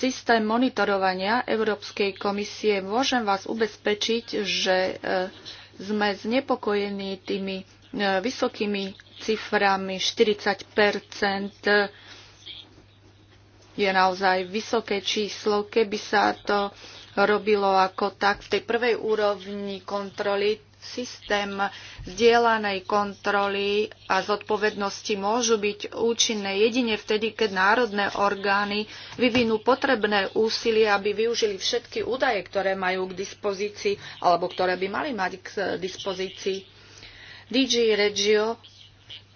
systém monitorovania Európskej komisie, môžem vás ubezpečiť, že e, sme znepokojení tými e, vysokými ciframi 40 e, je naozaj vysoké číslo. Keby sa to robilo ako tak v tej prvej úrovni kontroly, systém zdieľanej kontroly a zodpovednosti môžu byť účinné jedine vtedy, keď národné orgány vyvinú potrebné úsilie, aby využili všetky údaje, ktoré majú k dispozícii alebo ktoré by mali mať k dispozícii. DG Regio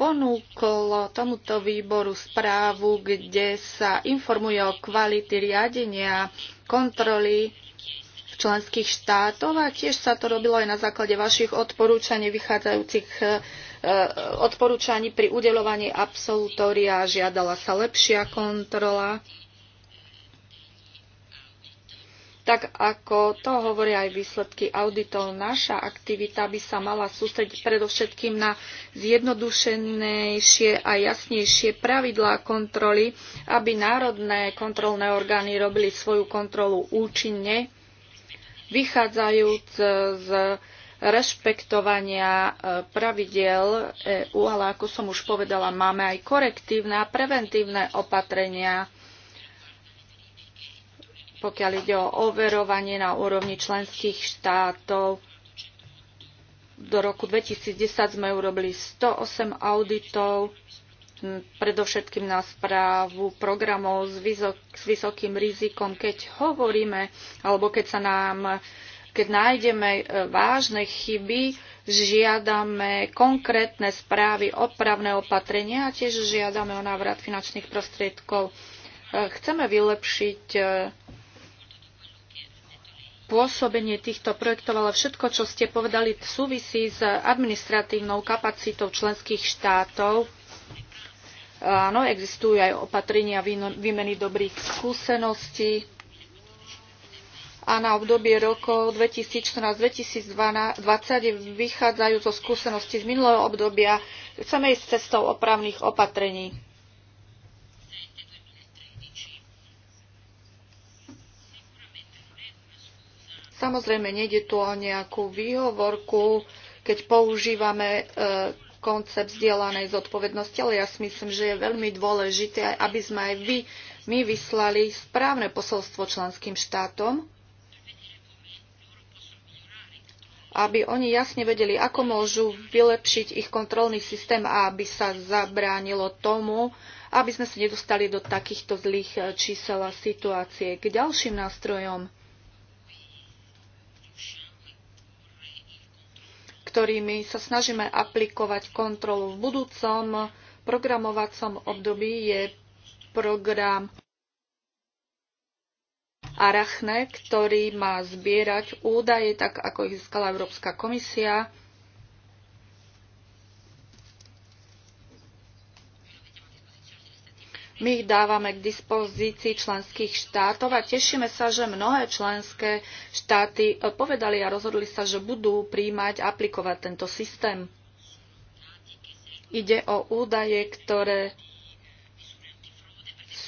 ponúkol tomuto výboru správu, kde sa informuje o kvality riadenia kontroly členských štátov a tiež sa to robilo aj na základe vašich odporúčaní vychádzajúcich e, e, odporúčaní pri udelovaní absolutória. Žiadala sa lepšia kontrola. Tak ako to hovoria aj výsledky auditov, naša aktivita by sa mala sústrediť predovšetkým na zjednodušenejšie a jasnejšie pravidlá kontroly, aby národné kontrolné orgány robili svoju kontrolu účinne vychádzajúc e, z rešpektovania e, pravidiel EU, ale ako som už povedala, máme aj korektívne a preventívne opatrenia, pokiaľ ide o overovanie na úrovni členských štátov. Do roku 2010 sme urobili 108 auditov predovšetkým na správu programov s, vysok, s vysokým rizikom, keď hovoríme alebo keď sa nám keď nájdeme e, vážne chyby, žiadame konkrétne správy, opravné opatrenia a tiež žiadame o návrat finančných prostriedkov. E, chceme vylepšiť e, pôsobenie týchto projektov, ale všetko, čo ste povedali, súvisí s administratívnou kapacitou členských štátov Áno, existujú aj opatrenia výmeny dobrých skúseností a na obdobie rokov 2014-2020 vychádzajú zo skúseností z minulého obdobia. Chceme ísť cestou opravných opatrení. Samozrejme, nejde tu o nejakú výhovorku, keď používame e, koncept vzdielanej zodpovednosti, ale ja si myslím, že je veľmi dôležité, aby sme aj vy, my vyslali správne posolstvo členským štátom, aby oni jasne vedeli, ako môžu vylepšiť ich kontrolný systém a aby sa zabránilo tomu, aby sme sa nedostali do takýchto zlých eh, čísel a situácie. K ďalším nástrojom ktorými sa snažíme aplikovať kontrolu v budúcom programovacom období, je program Arachne, ktorý má zbierať údaje, tak ako ich získala Európska komisia My ich dávame k dispozícii členských štátov a tešíme sa, že mnohé členské štáty eh, povedali a rozhodli sa, že budú príjmať, aplikovať tento systém. Ide o údaje, ktoré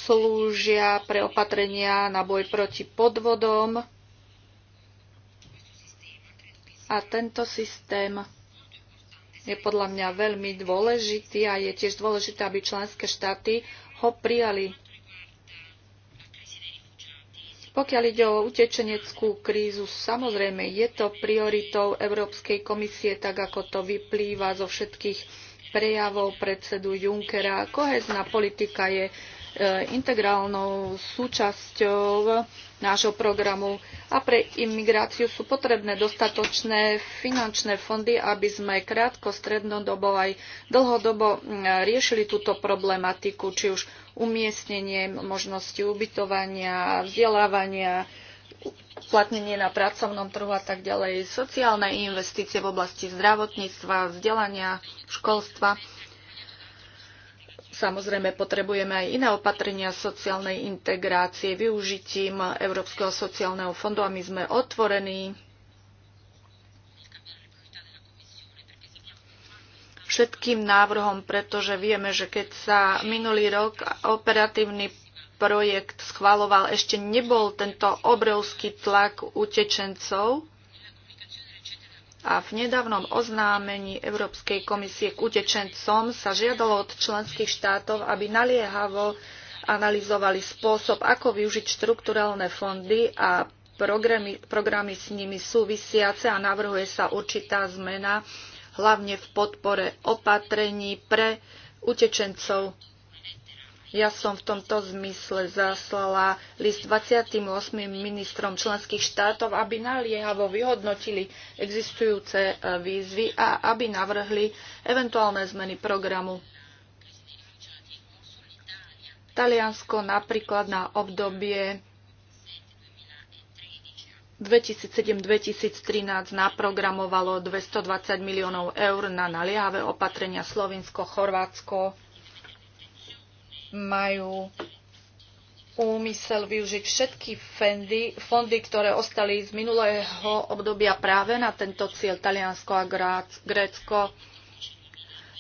slúžia pre opatrenia na boj proti podvodom a tento systém je podľa mňa veľmi dôležitý a je tiež dôležité, aby členské štáty ho prijali. Pokiaľ ide o utečeneckú krízu, samozrejme je to prioritou Európskej komisie, tak ako to vyplýva zo všetkých prejavov predsedu Junckera. Kohezná politika je E, integrálnou súčasťou nášho programu a pre imigráciu sú potrebné dostatočné finančné fondy, aby sme krátko, strednodobo aj dlhodobo e, riešili túto problematiku, či už umiestnenie, možnosti ubytovania, vzdelávania, uplatnenie na pracovnom trhu a tak ďalej, sociálne investície v oblasti zdravotníctva, vzdelania, školstva Samozrejme, potrebujeme aj iné opatrenia sociálnej integrácie využitím Európskeho sociálneho fondu a my sme otvorení všetkým návrhom, pretože vieme, že keď sa minulý rok operatívny projekt schvaloval, ešte nebol tento obrovský tlak utečencov a v nedávnom oznámení Európskej komisie k utečencom sa žiadalo od členských štátov, aby naliehavo analyzovali spôsob, ako využiť štrukturálne fondy a programy, programy s nimi súvisiace a navrhuje sa určitá zmena, hlavne v podpore opatrení pre utečencov. Ja som v tomto zmysle zaslala list 28 ministrom členských štátov, aby naliehavo vyhodnotili existujúce e, výzvy a aby navrhli eventuálne zmeny programu. Taliansko napríklad na obdobie 2007-2013 naprogramovalo 220 miliónov eur na naliehavé opatrenia Slovinsko, Chorvátsko, majú úmysel využiť všetky fendy, fondy, ktoré ostali z minulého obdobia práve na tento cieľ Taliansko a Grécko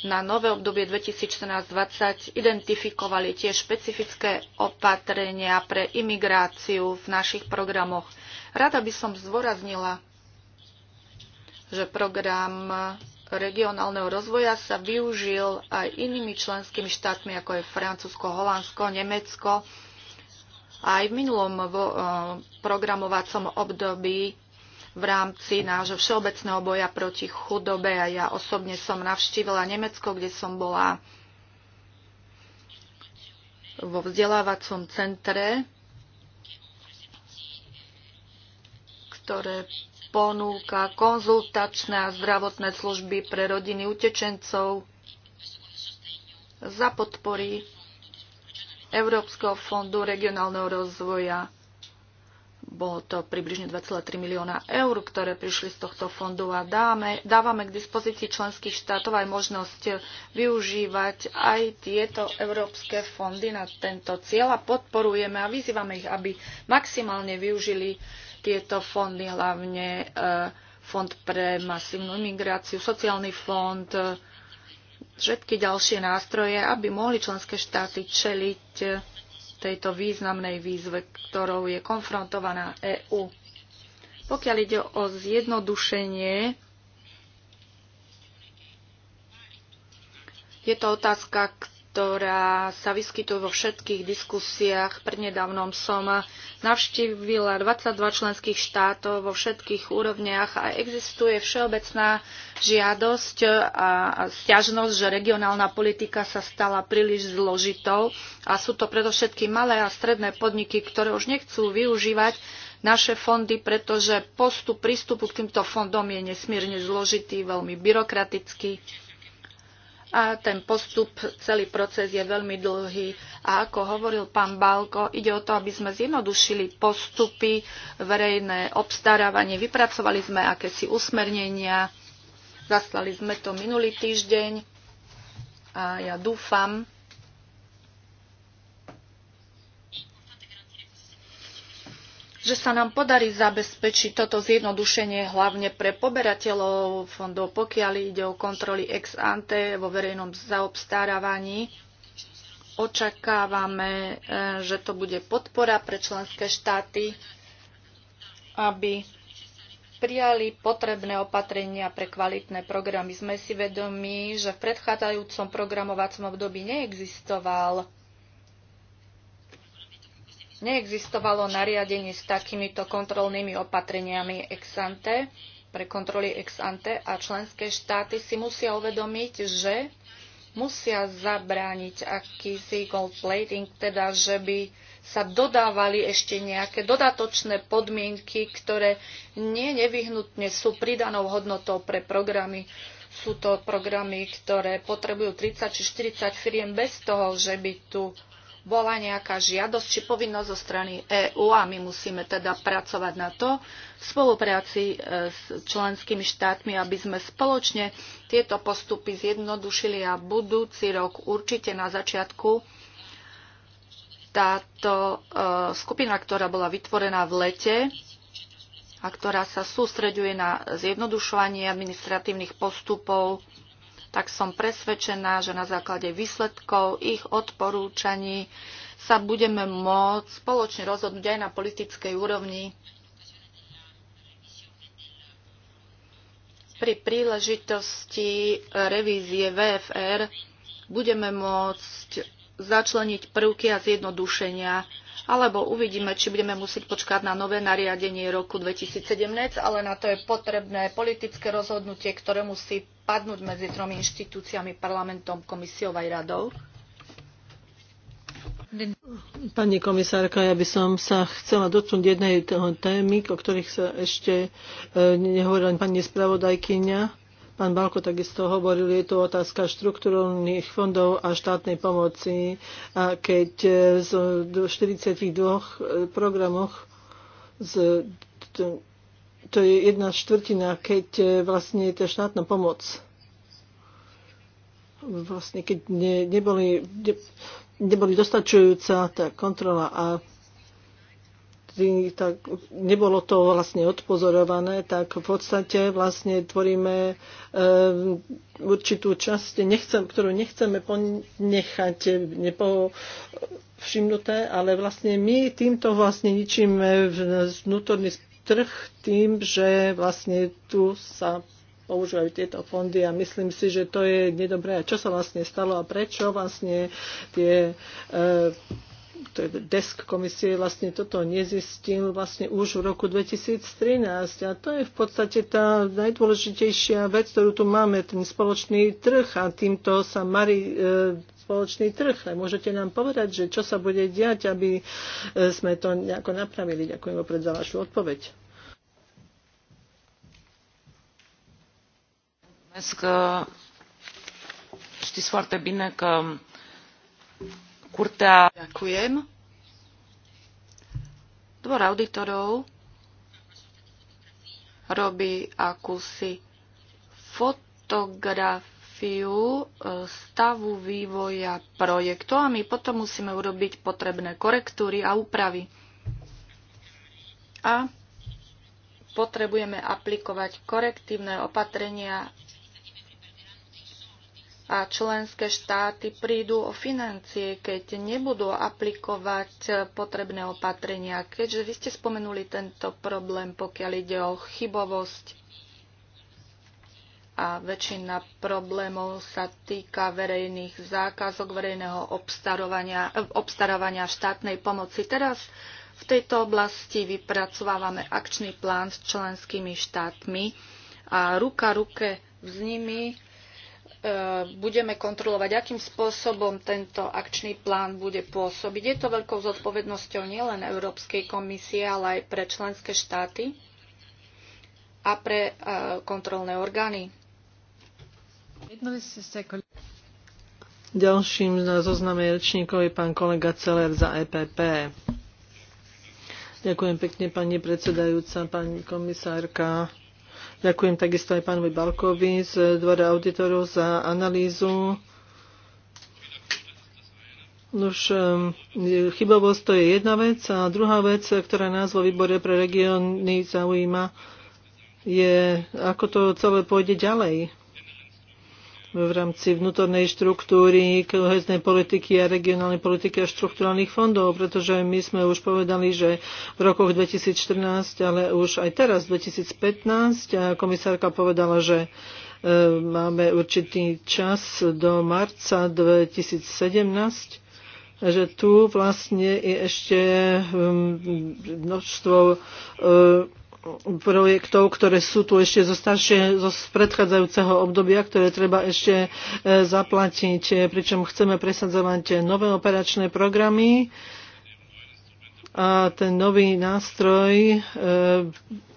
na nové obdobie 2014-2020 identifikovali tiež špecifické opatrenia pre imigráciu v našich programoch. Rada by som zdôraznila, že program regionálneho rozvoja sa využil aj inými členskými štátmi, ako je Francúzsko, Holandsko, Nemecko. Aj v minulom eh, eh, programovacom období v rámci nášho všeobecného boja proti chudobe a ja osobne som navštívila Nemecko, kde som bola vo vzdelávacom centre, ktoré ponúka konzultačné a zdravotné služby pre rodiny utečencov za podpory Európskeho fondu regionálneho rozvoja. Bolo to približne 2,3 milióna eur, ktoré prišli z tohto fondu a dáme, dávame k dispozícii členských štátov aj možnosť využívať aj tieto európske fondy na tento cieľ a podporujeme a vyzývame ich, aby maximálne využili uh, tieto fondy, hlavne eh, Fond pre masívnu imigráciu, sociálny fond, eh, všetky ďalšie nástroje, aby mohli členské štáty čeliť eh, tejto významnej výzve, ktorou je konfrontovaná EÚ. Pokiaľ ide o zjednodušenie, je to otázka, ktorá sa vyskytuje vo všetkých diskusiách. Prednedávnom som navštívila 22 členských štátov vo všetkých úrovniach a existuje všeobecná žiadosť a stiažnosť, že regionálna politika sa stala príliš zložitou a sú to predovšetky malé a stredné podniky, ktoré už nechcú využívať naše fondy, pretože postup prístupu k týmto fondom je nesmierne zložitý, veľmi byrokratický a ten postup, celý proces je veľmi dlhý. A ako hovoril pán Balko, ide o to, aby sme zjednodušili postupy, verejné obstarávanie. Vypracovali sme akési usmernenia, zaslali sme to minulý týždeň a ja dúfam, že sa nám podarí zabezpečiť toto zjednodušenie hlavne pre poberateľov fondov, pokiaľ ide o kontroly ex ante vo verejnom zaobstarávaní. Očakávame, e, že to bude podpora pre členské štáty, aby prijali potrebné opatrenia pre kvalitné programy. Sme si vedomi, že v predchádzajúcom programovacom období neexistoval neexistovalo nariadenie s takýmito kontrolnými opatreniami ex ante, pre kontroly ex ante a členské štáty si musia uvedomiť, že musia zabrániť akýsi gold plating, teda že by sa dodávali ešte nejaké dodatočné podmienky, ktoré nie nevyhnutne sú pridanou hodnotou pre programy. Sú to programy, ktoré potrebujú 30 či 40 firiem bez toho, že by tu bola nejaká žiadosť či povinnosť zo strany EÚ a my musíme teda pracovať na to v spolupráci e, s členskými štátmi, aby sme spoločne tieto postupy zjednodušili a budúci rok určite na začiatku táto e, skupina, ktorá bola vytvorená v lete a ktorá sa sústreďuje na zjednodušovanie administratívnych postupov tak som presvedčená, že na základe výsledkov ich odporúčaní sa budeme môcť spoločne rozhodnúť aj na politickej úrovni pri príležitosti revízie VFR budeme môcť začleniť prvky a zjednodušenia, alebo uvidíme, či budeme musieť počkať na nové nariadenie roku 2017, ale na to je potrebné politické rozhodnutie, ktoré musí padnúť medzi tromi inštitúciami, parlamentom, komisiou aj radou. Pani komisárka, ja by som sa chcela dotknúť jednej témy, o ktorých sa ešte e, nehovorila pani spravodajkyňa Pán Balko takisto hovoril, je tu otázka štruktúrnych fondov a štátnej pomoci. A keď e, z 42 e, programoch z, to, to je jedna štvrtina, keď e, vlastne je to štátna pomoc. Vlastne keď ne, neboli, ne, neboli dostačujúca tá kontrola a tak nebolo to vlastne odpozorované, tak v podstate vlastne tvoríme e, určitú časť, nechcem, ktorú nechceme ponechať eh, nepo, všimnuté, ale vlastne my týmto vlastne ničíme vnútorný trh tým, že vlastne tu sa používajú tieto fondy a myslím si, že to je nedobré. A čo sa vlastne stalo a prečo vlastne tie e, to je desk komisie vlastne toto nezistil vlastne už v roku 2013 a to je v podstate tá najdôležitejšia vec, ktorú tu máme, ten spoločný trh a týmto sa marí e, spoločný trh. A môžete nám povedať, že čo sa bude diať, aby e, sme to nejako napravili. Ďakujem opred za vašu odpoveď. Mulțumesc. Uh, știți foarte bine că Kurta. Ďakujem. Dvor auditorov robí akúsi fotografiu e, stavu vývoja projektu a my potom musíme urobiť potrebné korektúry a úpravy. A potrebujeme aplikovať korektívne opatrenia a členské štáty prídu o financie, keď nebudú aplikovať potrebné opatrenia. Keďže vy ste spomenuli tento problém, pokiaľ ide o chybovosť a väčšina problémov sa týka verejných zákazok, verejného obstarovania, obstarovania štátnej pomoci. Teraz v tejto oblasti vypracovávame akčný plán s členskými štátmi a ruka ruke s nimi E, budeme kontrolovať, akým spôsobom tento akčný plán bude pôsobiť. Je to veľkou zodpovednosťou nielen Európskej komisie, ale aj pre členské štáty a pre e, kontrolné orgány. Ďalším na zozname rečníkov je pán kolega Celer za EPP. Ďakujem pekne, pani predsedajúca, pani komisárka. Ďakujem takisto aj pánovi Balkovi z Dvora auditorov za analýzu. Už chybovosť to je jedna vec a druhá vec, ktorá nás vo výbore pre regióny zaujíma, je, ako to celé pôjde ďalej v rámci vnútornej štruktúry koheznej politiky a regionálnej politiky a štruktúrnych fondov, pretože my sme už povedali, že v rokoch 2014, ale už aj teraz 2015, komisárka povedala, že e, máme určitý čas do marca 2017, že tu vlastne je ešte hm, množstvo e, projektov, ktoré sú tu ešte zo staršie, zo predchádzajúceho obdobia, ktoré treba ešte e, zaplatiť, e, pričom chceme presadzovať nové operačné programy a ten nový nástroj e,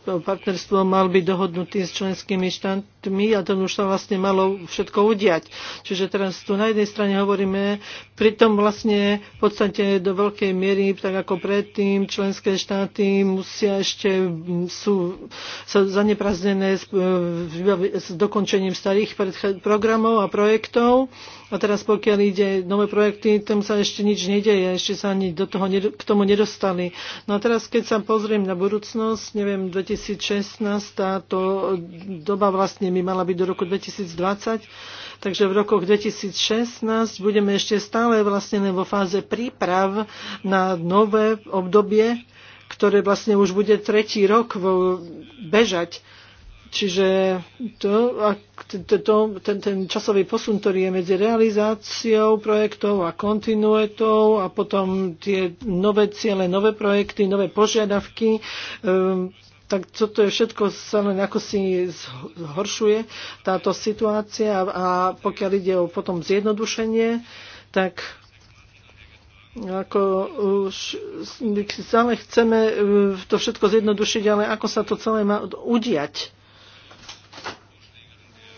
partnerstvo mal byť dohodnutý s členskými štátmi a to už sa vlastne malo všetko udiať. Čiže teraz tu na jednej strane hovoríme, pritom vlastne v podstate do veľkej miery, tak ako predtým, členské štáty musia ešte sú sa zanepraznené s, e, s dokončením starých programov a projektov. A teraz pokiaľ ide nové projekty, tam sa ešte nič nedeje, ešte sa ani do toho, k tomu nedostali. No a teraz keď sa pozriem na budúcnosť, neviem, 2000 2016, táto doba vlastne by mala byť do roku 2020, takže v rokoch 2016 budeme ešte stále vlastne vo fáze príprav na nové obdobie, ktoré vlastne už bude tretí rok bežať. Čiže to, to, to, ten, ten časový posun, ktorý je medzi realizáciou projektov a kontinuitou a potom tie nové ciele, nové projekty, nové požiadavky, um, tak toto je všetko sa len ako si zhoršuje táto situácia a pokiaľ ide o potom zjednodušenie, tak ako už stále chceme e, to všetko zjednodušiť, ale ako sa to celé má udiať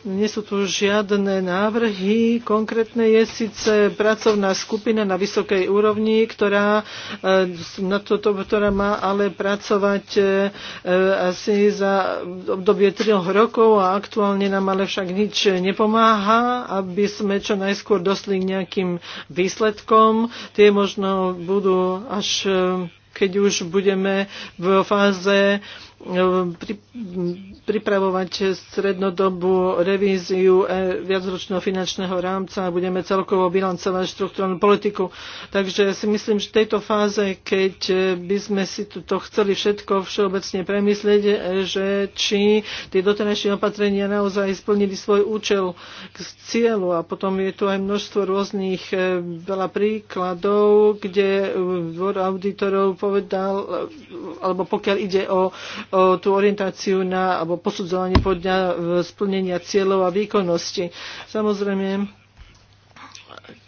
nie sú tu žiadne návrhy. Konkrétne je síce pracovná skupina na vysokej úrovni, ktorá, e, na to, ktorá má ale pracovať e, e, asi za obdobie 3 rokov a aktuálne nám ale však nič nepomáha, aby sme čo najskôr dosli k nejakým výsledkom. Tie možno budú až keď už budeme v fáze pripravovať strednodobú revíziu e, viacročného finančného rámca a budeme celkovo bilancovať štruktúrnu politiku. Takže si myslím, že v tejto fáze, keď e, by sme si to chceli všetko všeobecne premyslieť, e, že či tie doterajšie opatrenia naozaj splnili svoj účel k cieľu a potom je tu aj množstvo rôznych veľa príkladov, kde dvor auditorov povedal, alebo pokiaľ ide o tú orientáciu na, alebo posudzovanie podľa e, splnenia cieľov a výkonnosti. Samozrejme,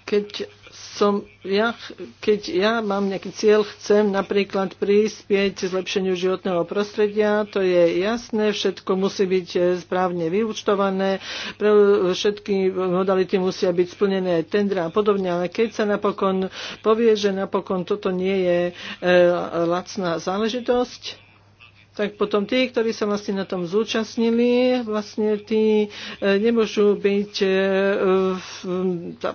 keď som ja, keď ja mám nejaký cieľ, chcem napríklad prispieť zlepšeniu životného prostredia, to je jasné, všetko musí byť e, správne vyúčtované, pre všetky modality musia byť splnené aj tendra a podobne, ale keď sa napokon povie, že napokon toto nie je e, lacná záležitosť, tak potom tí, ktorí sa vlastne na tom zúčastnili, vlastne tí e, nemôžu byť e, e,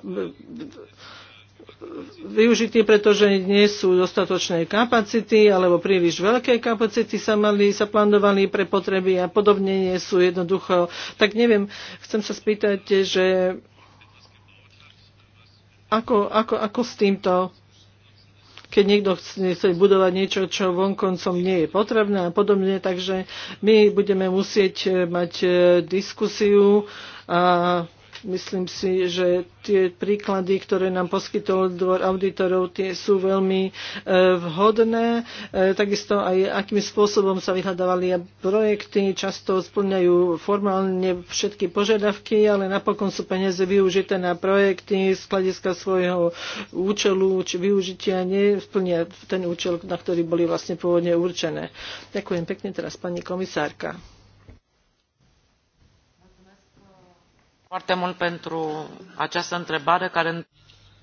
využití, pretože nie sú dostatočné kapacity alebo príliš veľké kapacity sa, mali, sa plánovali pre potreby a podobne nie sú jednoducho. Tak neviem, chcem sa spýtať, že ako, ako, ako s týmto keď niekto chce budovať niečo, čo vonkoncom nie je potrebné a podobne. Takže my budeme musieť eh, mať eh, diskusiu a Myslím si, že tie príklady, ktoré nám poskytol dvor auditorov, tie sú veľmi e, vhodné. E, takisto aj akým spôsobom sa vyhľadávali projekty, často splňajú formálne všetky požiadavky, ale napokon sú peniaze využité na projekty z hľadiska svojho účelu či využitia nesplnia ten účel, na ktorý boli vlastne pôvodne určené. Ďakujem pekne teraz pani komisárka.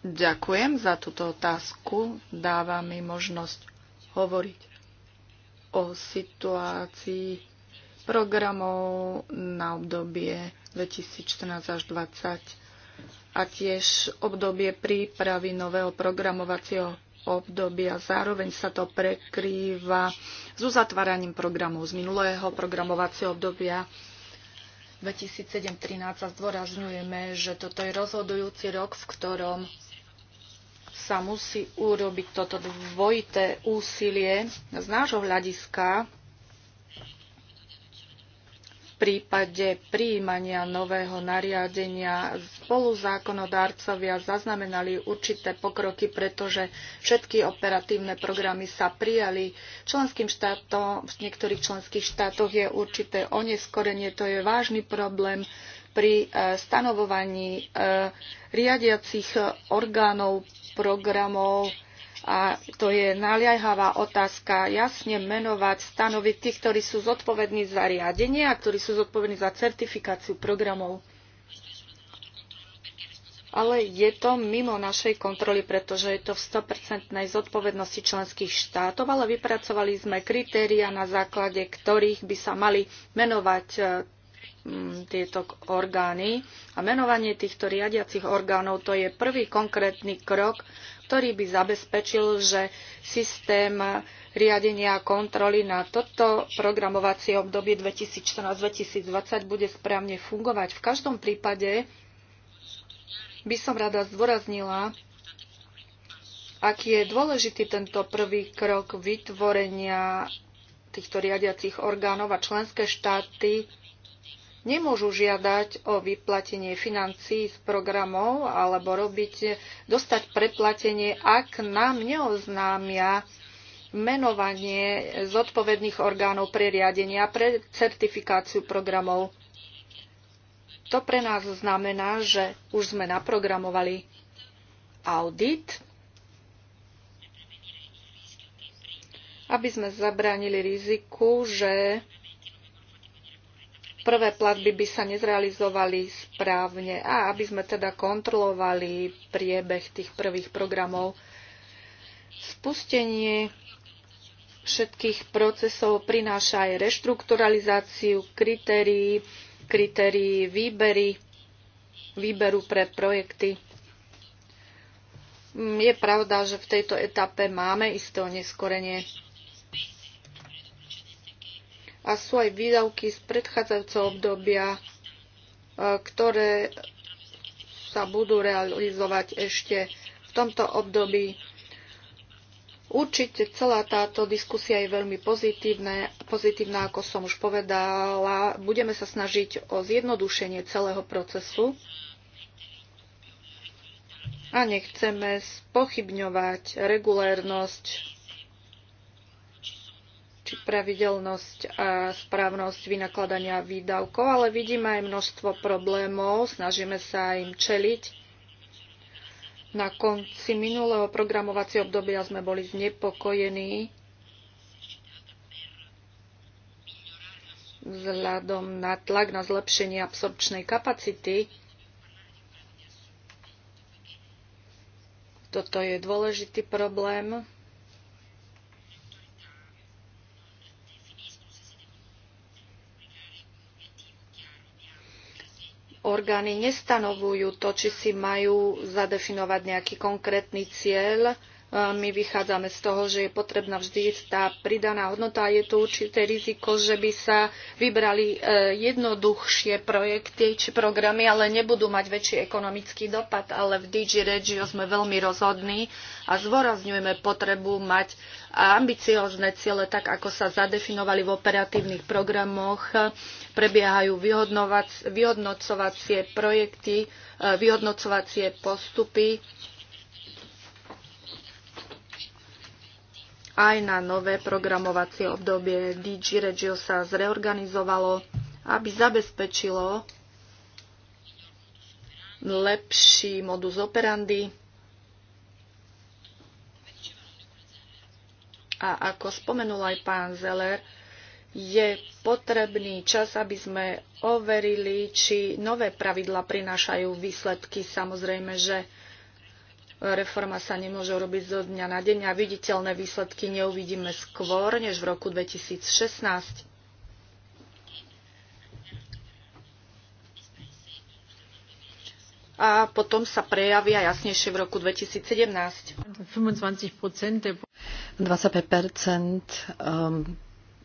Ďakujem za túto otázku. Dáva mi možnosť hovoriť o situácii programov na obdobie 2014 až 2020 a tiež obdobie prípravy nového programovacieho obdobia. Zároveň sa to prekrýva s uzatváraním programov z minulého programovacieho obdobia 2007-2013 a zdôrazňujeme, že toto je rozhodujúci rok, v ktorom sa musí urobiť toto dvojité úsilie z nášho hľadiska prípade prijímania nového nariadenia spoluzákonodárcovia zaznamenali určité pokroky, pretože všetky operatívne programy sa prijali. Členským štátom, v niektorých členských štátoch je určité oneskorenie, to je vážny problém pri e, stanovovaní e, riadiacich orgánov programov a to je naliajhavá otázka jasne menovať, stanoviť tých, ktorí sú zodpovední za riadenie a ktorí sú zodpovední za certifikáciu programov. Ale je to mimo našej kontroly, pretože je to v 100% zodpovednosti členských štátov, ale vypracovali sme kritéria, na základe ktorých by sa mali menovať e, tieto orgány. A menovanie týchto riadiacich orgánov to je prvý konkrétny krok ktorý by zabezpečil, že systém riadenia a kontroly na toto programovacie obdobie 2014-2020 bude správne fungovať. V každom prípade by som rada zdôraznila, aký je dôležitý tento prvý krok vytvorenia týchto riadiacich orgánov a členské štáty nemôžu žiadať o vyplatenie financií z programov alebo robiť, dostať preplatenie, ak nám neoznámia menovanie zodpovedných orgánov pre riadenia pre certifikáciu programov. To pre nás znamená, že už sme naprogramovali audit, aby sme zabránili riziku, že prvé platby by sa nezrealizovali správne a aby sme teda kontrolovali priebeh tých prvých programov. Spustenie všetkých procesov prináša aj reštrukturalizáciu kritérií, kritérií výbery, výberu pre projekty. Mm, je pravda, že v tejto etape máme isté oneskorenie a sú aj výdavky z predchádzajúceho obdobia, e, ktoré sa budú realizovať ešte v tomto období. Určite celá táto diskusia je veľmi pozitívne, pozitívna, ako som už povedala. Budeme sa snažiť o zjednodušenie celého procesu a nechceme spochybňovať regulérnosť či pravidelnosť a správnosť vynakladania výdavkov, ale vidíme aj množstvo problémov, snažíme sa im čeliť. Na konci minulého programovacieho obdobia sme boli znepokojení vzhľadom na tlak na zlepšenie absorpčnej kapacity. Toto je dôležitý problém. orgány nestanovujú to, či si majú zadefinovať nejaký konkrétny cieľ my vychádzame z toho, že je potrebná vždy tá pridaná hodnota a je to určité riziko, že by sa vybrali e, jednoduchšie projekty či programy, ale nebudú mať väčší ekonomický dopad. Ale v DG Regio sme veľmi rozhodní a zvorazňujeme potrebu mať ambiciózne ciele, tak ako sa zadefinovali v operatívnych programoch. Prebiehajú vyhodnocovacie projekty, e, vyhodnocovacie postupy aj na nové programovacie obdobie. DG Regio sa zreorganizovalo, aby zabezpečilo lepší modus operandi. A ako spomenul aj pán Zeller, je potrebný čas, aby sme overili, či nové pravidla prinášajú výsledky. Samozrejme, že Reforma sa nemôže robiť zo dňa na deň a viditeľné výsledky neuvidíme skôr než v roku 2016. a potom sa prejavia jasnejšie v roku 2017. 25 um,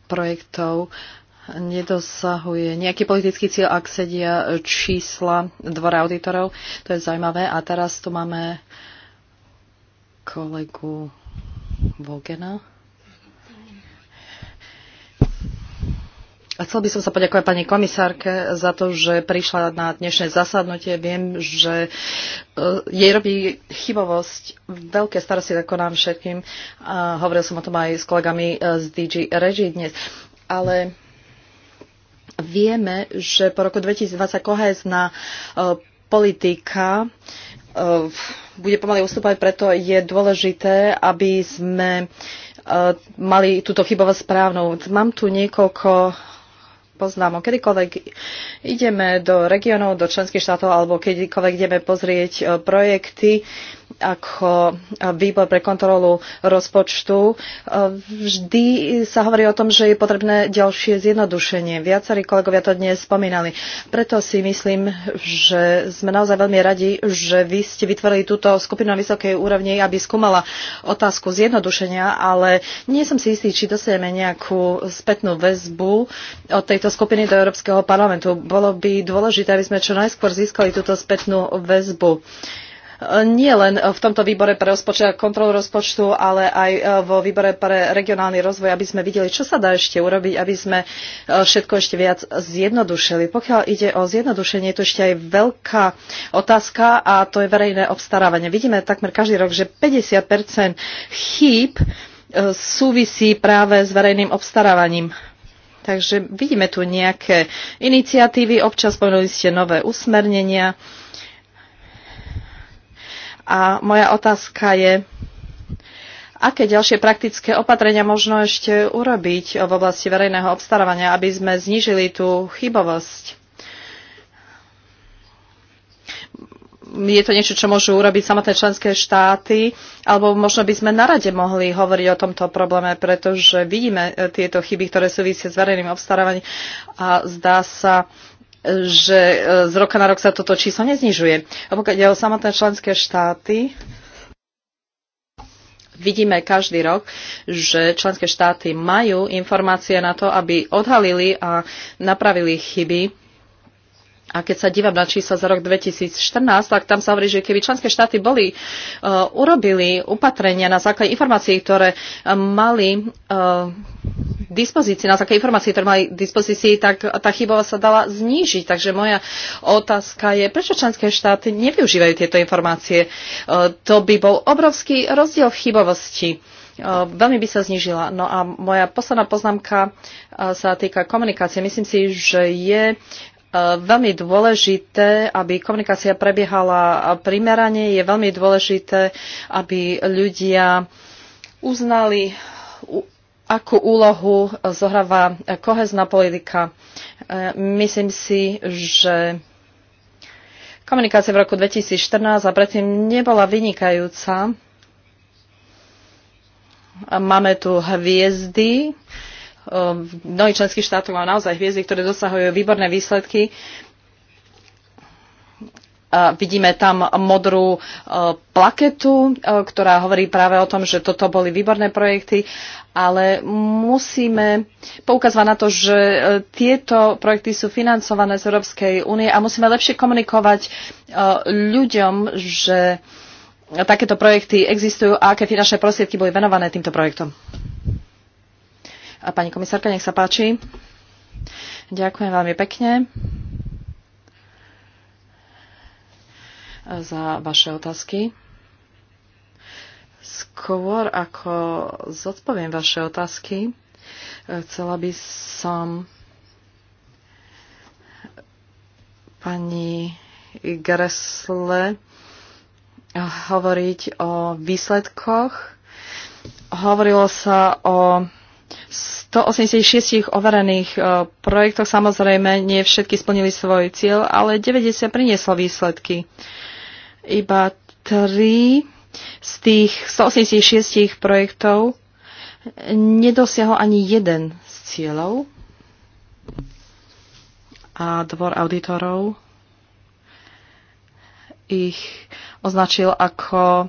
projektov nedosahuje nejaký politický cieľ, ak sedia čísla dvora auditorov. To je zaujímavé. A teraz tu máme kolegu Vogena. A chcel by som sa poďakovať pani komisárke za to, že prišla na dnešné zasadnutie. Viem, že e, jej robí chybovosť veľké starosti ako nám všetkým. A hovoril som o tom aj s kolegami e, z DG Regi dnes. Ale vieme, že po roku 2020 kohezná e, politika v bude pomaly ustúpať, preto je dôležité, aby sme e, mali túto chybovú správnu. Mám tu niekoľko poznámok. Kedykoľvek ideme do regionov, do členských štátov alebo kedykoľvek ideme pozrieť e, projekty, ako výbor pre kontrolu rozpočtu, e, vždy sa hovorí o tom, že je potrebné ďalšie zjednodušenie. Viacerí kolegovia to dnes spomínali. Preto si myslím, že sme naozaj veľmi radi, že vy ste vytvorili túto skupinu na vysokej úrovni, aby skúmala otázku zjednodušenia, ale nie som si istý, či dostaneme nejakú spätnú väzbu od tejto skupiny do Európskeho parlamentu. Bolo by dôležité, aby sme čo najskôr získali túto spätnú väzbu nie len v tomto výbore pre rozpočet a kontrolu rozpočtu, ale aj e, vo výbore pre regionálny rozvoj, aby sme videli, čo sa dá ešte urobiť, aby sme e, všetko ešte viac zjednodušili. Pokiaľ ide o zjednodušenie, je to ešte aj veľká otázka a to je verejné obstarávanie. Vidíme takmer každý rok, že 50 chýb e, súvisí práve s verejným obstarávaním. Takže vidíme tu nejaké iniciatívy, občas spomenuli ste nové usmernenia, a moja otázka je, aké ďalšie praktické opatrenia možno ešte urobiť v oblasti verejného obstarávania, aby sme znížili tú chybovosť? Je to niečo, čo môžu urobiť samotné členské štáty, alebo možno by sme na rade mohli hovoriť o tomto probléme, pretože vidíme eh, tieto chyby, ktoré súvisia s verejným obstarávaním a zdá sa, že e, z roka na rok sa toto číslo neznižuje. A pokiaľ ide o samotné členské štáty, vidíme každý rok, že členské štáty majú informácie na to, aby odhalili a napravili chyby a keď sa dívam na čísla za rok 2014, tak tam sa hovorí, že keby členské štáty boli uh, urobili upatrenia na základe informácií, ktoré uh, mali uh, dispozícii, na základe informácií, ktoré mali dispozícii, tak tá chyba sa dala znížiť. Takže moja otázka je, prečo členské štáty nevyužívajú tieto informácie? Uh, to by bol obrovský rozdiel v chybovosti. Uh, veľmi by sa znižila. No a moja posledná poznámka uh, sa týka komunikácie. Myslím si, že je veľmi dôležité, aby komunikácia prebiehala primerane. Je veľmi dôležité, aby ľudia uznali, akú úlohu zohráva kohezná politika. E, myslím si, že komunikácia v roku 2014 a predtým nebola vynikajúca. Máme tu hviezdy, v um, mnohých členských štátoch má naozaj hviezdy, ktoré dosahujú výborné výsledky. Vidíme tam modrú uh, plaketu, uh, ktorá hovorí práve o tom, že toto boli výborné projekty, ale musíme poukazovať na to, že uh, tieto projekty sú financované z Európskej únie a musíme lepšie komunikovať ľuďom, že takéto projekty existujú a aké finančné prostriedky boli venované týmto projektom. A pani komisárka, nech sa páči. Ďakujem veľmi pekne za vaše otázky. Skôr ako zodpoviem vaše otázky, chcela by som pani Gresle hovoriť o výsledkoch. Hovorilo sa o 186 overených e, projektoch samozrejme nie všetky splnili svoj cieľ, ale 90 prinieslo výsledky. Iba 3 z tých 186 projektov nedosiahol ani jeden z cieľov a dvor auditorov ich označil ako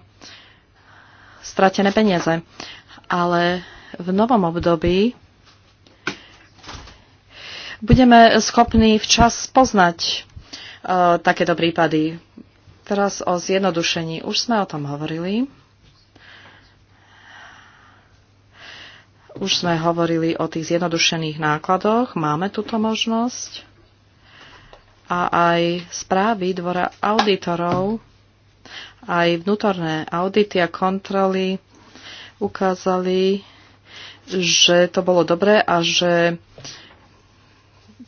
stratené peniaze. Ale v novom období budeme schopní včas poznať e, takéto prípady. Teraz o zjednodušení. Už sme o tom hovorili. Už sme hovorili o tých zjednodušených nákladoch. Máme túto možnosť. A aj správy dvora auditorov, aj vnútorné audity a kontroly ukázali, že to bolo dobré a že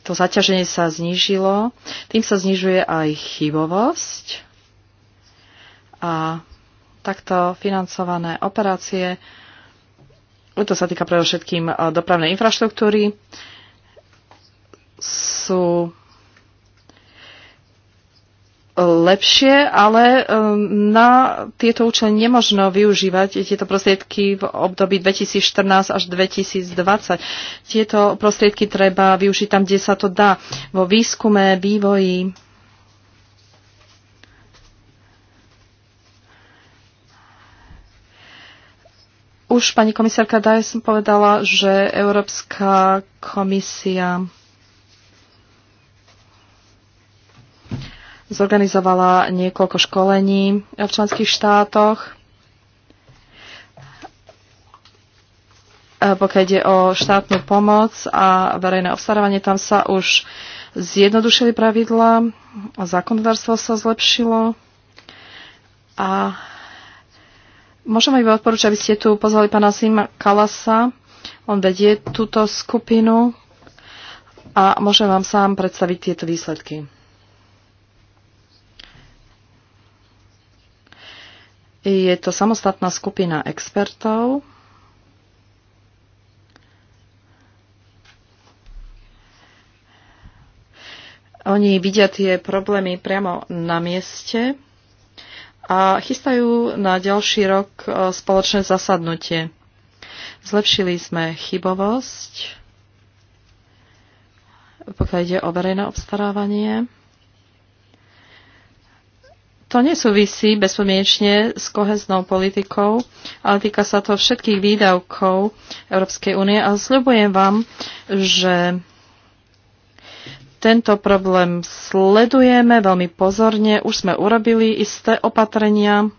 to zaťaženie sa znížilo. Tým sa znižuje aj chybovosť a takto financované operácie, to sa týka predovšetkým eh, dopravnej infraštruktúry, sú lepšie, ale um, na tieto účely nemožno využívať tieto prostriedky v období 2014 až 2020. Tieto prostriedky treba využiť tam, kde sa to dá, vo výskume, vývoji. Už pani komisárka Dyson povedala, že Európska komisia zorganizovala niekoľko školení v členských štátoch. E, pokiaľ ide o štátnu pomoc a verejné obstarávanie, tam sa už zjednodušili pravidla, zákonodárstvo sa zlepšilo a môžem aj odporúčať, aby ste tu pozvali pána Sima Kalasa. On vedie túto skupinu a môžem vám sám predstaviť tieto výsledky. Je to samostatná skupina expertov. Oni vidia tie problémy priamo na mieste a chystajú na ďalší rok e, spoločné zasadnutie. Zlepšili sme chybovosť, pokiaľ ide o verejné obstarávanie. To nesúvisí bezpodmienečne s koheznou politikou, ale týka sa to všetkých výdavkov Európskej únie a sľubujem vám, že tento problém sledujeme veľmi pozorne. Už sme urobili isté opatrenia,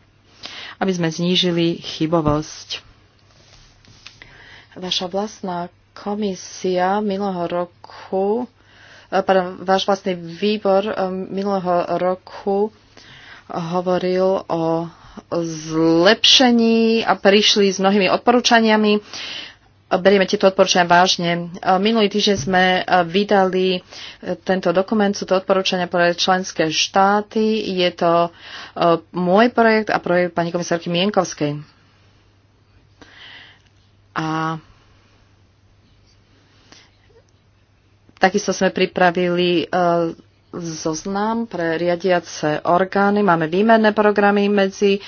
aby sme znížili chybovosť. Vaša vlastná komisia minulého roku, eh, pardon, váš vlastný výbor eh, minulého roku hovoril o zlepšení a prišli s mnohými odporúčaniami. Berieme tieto odporúčania vážne. Minulý týždeň sme eh, vydali eh, tento dokument, sú to odporúčania pre členské štáty. Je to eh, môj projekt a projekt pani komisárky Mienkovskej. A takisto sme pripravili zoznam pre riadiace orgány. Máme výmenné programy medzi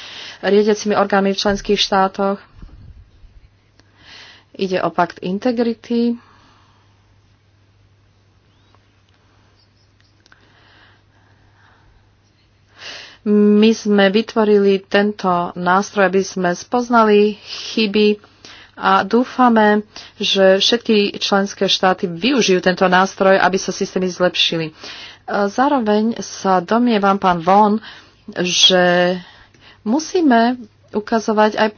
riadiacimi orgánmi v členských štátoch. Ide o pakt integrity. My sme vytvorili tento nástroj, aby sme spoznali chyby a dúfame, že všetky členské štáty využijú tento nástroj, aby sa systémy zlepšili. Zároveň sa domnievam, pán Von, že musíme ukazovať aj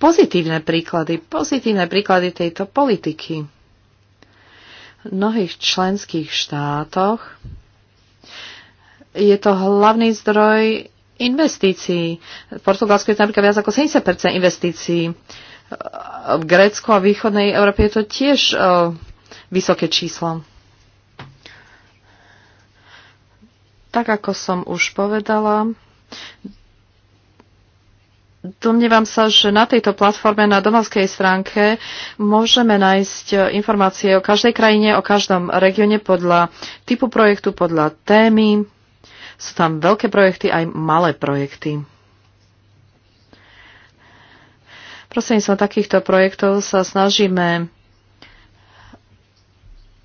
pozitívne príklady, pozitívne príklady tejto politiky. V mnohých členských štátoch je to hlavný zdroj investícií. V Portugalsku je to napríklad viac ako 70 investícií. V Grécku a východnej Európe je to tiež eh, vysoké číslo. Tak ako som už povedala, Domnievam sa, že na tejto platforme na domovskej stránke môžeme nájsť informácie o každej krajine, o každom regióne podľa typu projektu, podľa témy. Sú tam veľké projekty aj malé projekty. Prosím sa, takýchto projektov sa snažíme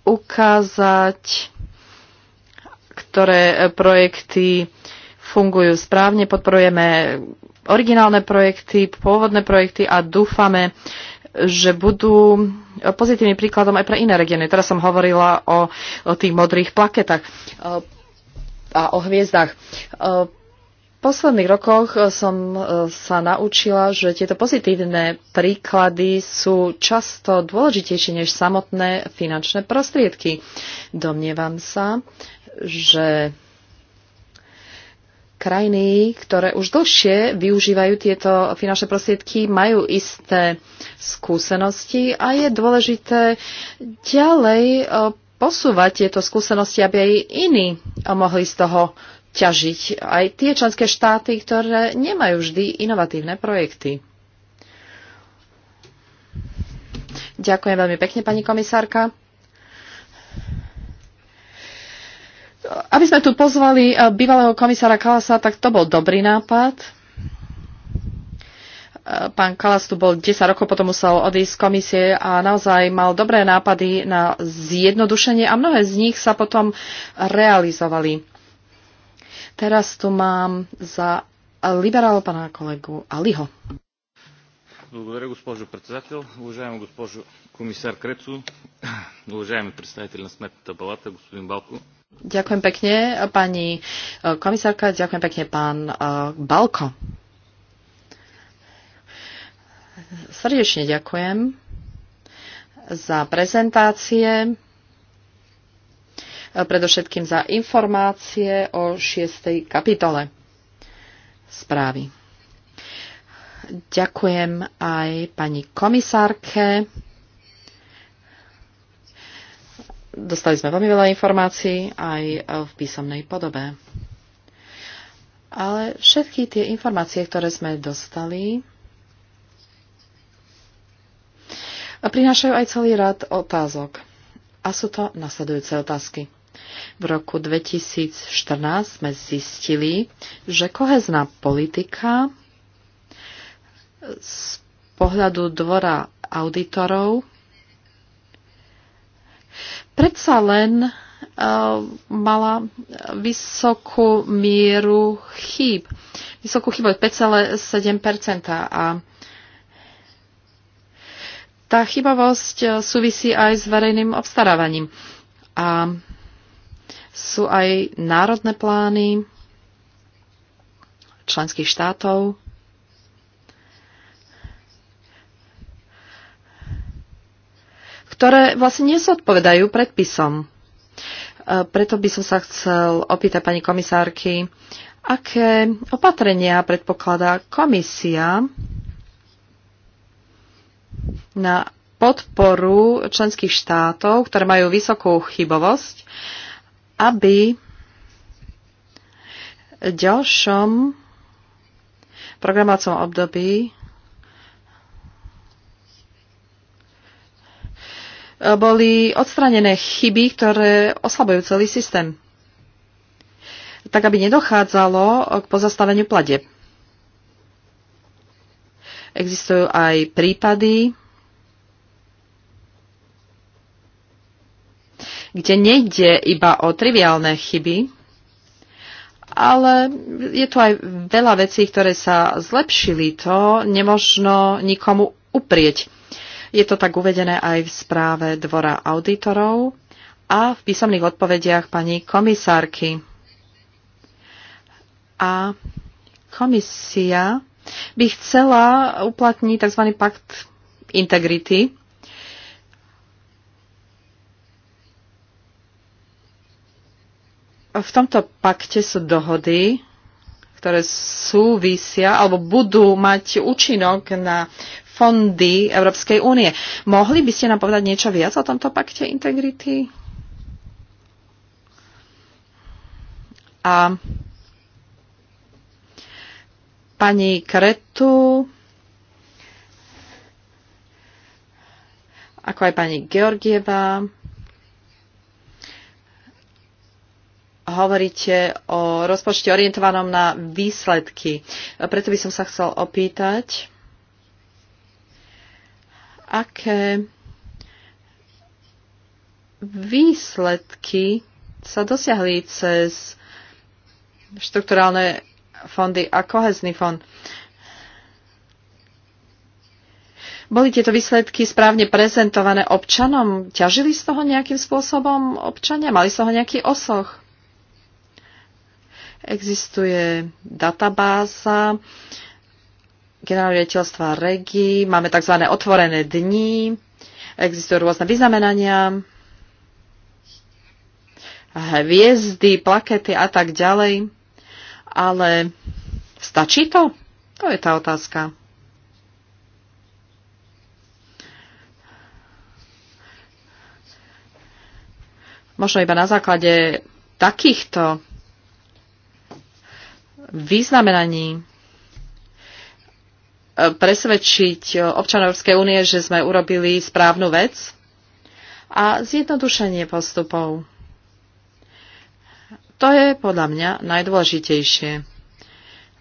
ukázať ktoré e, projekty fungujú správne, podporujeme originálne projekty, pôvodné projekty a dúfame, že budú pozitívnym príkladom aj pre iné regióny. Teraz som hovorila o, o tých modrých plaketách e, a o hviezdách. E, v posledných rokoch som sa naučila, že tieto pozitívne príklady sú často dôležitejšie než samotné finančné prostriedky. Domnievam sa, že krajiny, ktoré už dlhšie využívajú tieto finančné prostriedky, majú isté skúsenosti a je dôležité ďalej e, posúvať tieto skúsenosti, aby aj iní e, mohli z toho ťažiť. Aj tie členské štáty, ktoré nemajú vždy inovatívne projekty. Ďakujem veľmi pekne, pani komisárka. aby sme tu pozvali eh, bývalého komisára Kalasa, tak to bol dobrý nápad. Eh, pán Kalas tu bol 10 rokov, potom musel odísť z komisie a naozaj mal dobré nápady na zjednodušenie a mnohé z nich sa potom realizovali. Teraz tu mám za liberál pana kolegu Aliho. Благодаря, госпожо председател. Уважаема госпожо комисар Крецо, уважаеми представители на Сметната палата, господин Балко, Ďakujem pekne, pani e, komisárka, ďakujem pekne, pán e, Balko. Srdečne ďakujem za prezentácie, e, predovšetkým za informácie o šiestej kapitole správy. Ďakujem aj pani komisárke Dostali sme veľmi veľa informácií aj e, v písomnej podobe. Ale všetky tie informácie, ktoré sme dostali, prinášajú aj celý rad otázok. A sú to nasledujúce otázky. V roku 2014 sme zistili, že kohezná politika z pohľadu dvora auditorov predsa len eh, mala vysokú mieru chýb. Vysokú chybu 5,7 a tá chybavosť eh, súvisí aj s verejným obstarávaním. A sú aj národné plány členských štátov, ktoré vlastne nezodpovedajú predpisom. E, preto by som sa chcel opýtať pani komisárky, aké opatrenia predpokladá komisia na podporu členských štátov, ktoré majú vysokú chybovosť, aby ďalšom programovacom období boli odstranené chyby, ktoré oslabujú celý systém. Tak, aby nedochádzalo k pozastaveniu plade. Existujú aj prípady, kde nejde iba o triviálne chyby, ale je tu aj veľa vecí, ktoré sa zlepšili. To nemožno nikomu uprieť. Je to tak uvedené aj v správe Dvora auditorov a v písomných odpovediach pani komisárky. A komisia by chcela uplatniť tzv. pakt integrity, v tomto pakte sú dohody, ktoré súvisia alebo budú mať účinok na fondy Európskej únie. Mohli by ste nám povedať niečo viac o tomto pakte integrity? A pani Kretu, ako aj pani Georgieva, hovoríte o rozpočte orientovanom na výsledky. Preto by som sa chcel opýtať, aké výsledky sa dosiahli cez štrukturálne fondy a kohezný fond. Boli tieto výsledky správne prezentované občanom? Ťažili z toho nejakým spôsobom občania? Mali z toho nejaký osoch? Existuje databáza generálne riaditeľstva REGI, máme tzv. otvorené dni, existujú rôzne vyznamenania, hviezdy, plakety a tak ďalej. Ale stačí to? To je tá otázka. Možno iba na základe takýchto významenaní presvedčiť občanov Európskej únie, že sme urobili správnu vec a zjednodušenie postupov. To je podľa mňa najdôležitejšie,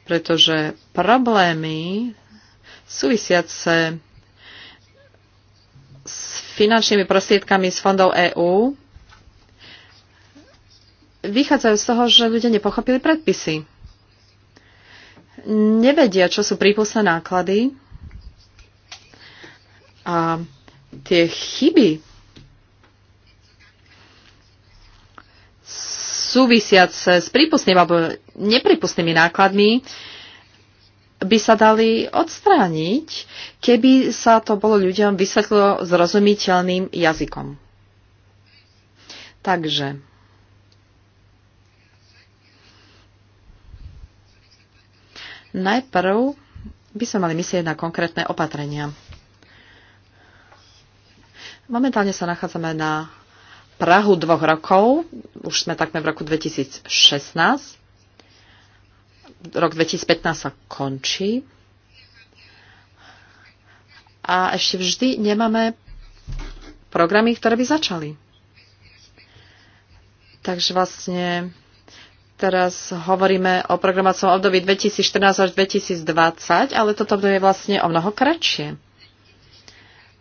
pretože problémy súvisiace s finančnými prostriedkami z fondov EÚ vychádzajú z toho, že ľudia nepochopili predpisy nevedia, čo sú prípustné náklady a tie chyby súvisiace s prípustnými alebo nepripustnými nákladmi by sa dali odstrániť, keby sa to bolo ľuďom vysvetlilo zrozumiteľným jazykom. Takže Najprv by sme mali myslieť na konkrétne opatrenia. Momentálne sa nachádzame na Prahu dvoch rokov. Už sme takmer v roku 2016. Rok 2015 sa končí. A ešte vždy nemáme programy, ktoré by začali. Takže vlastne teraz hovoríme o programovacom období 2014 až 2020, ale toto obdobie je vlastne o mnoho kratšie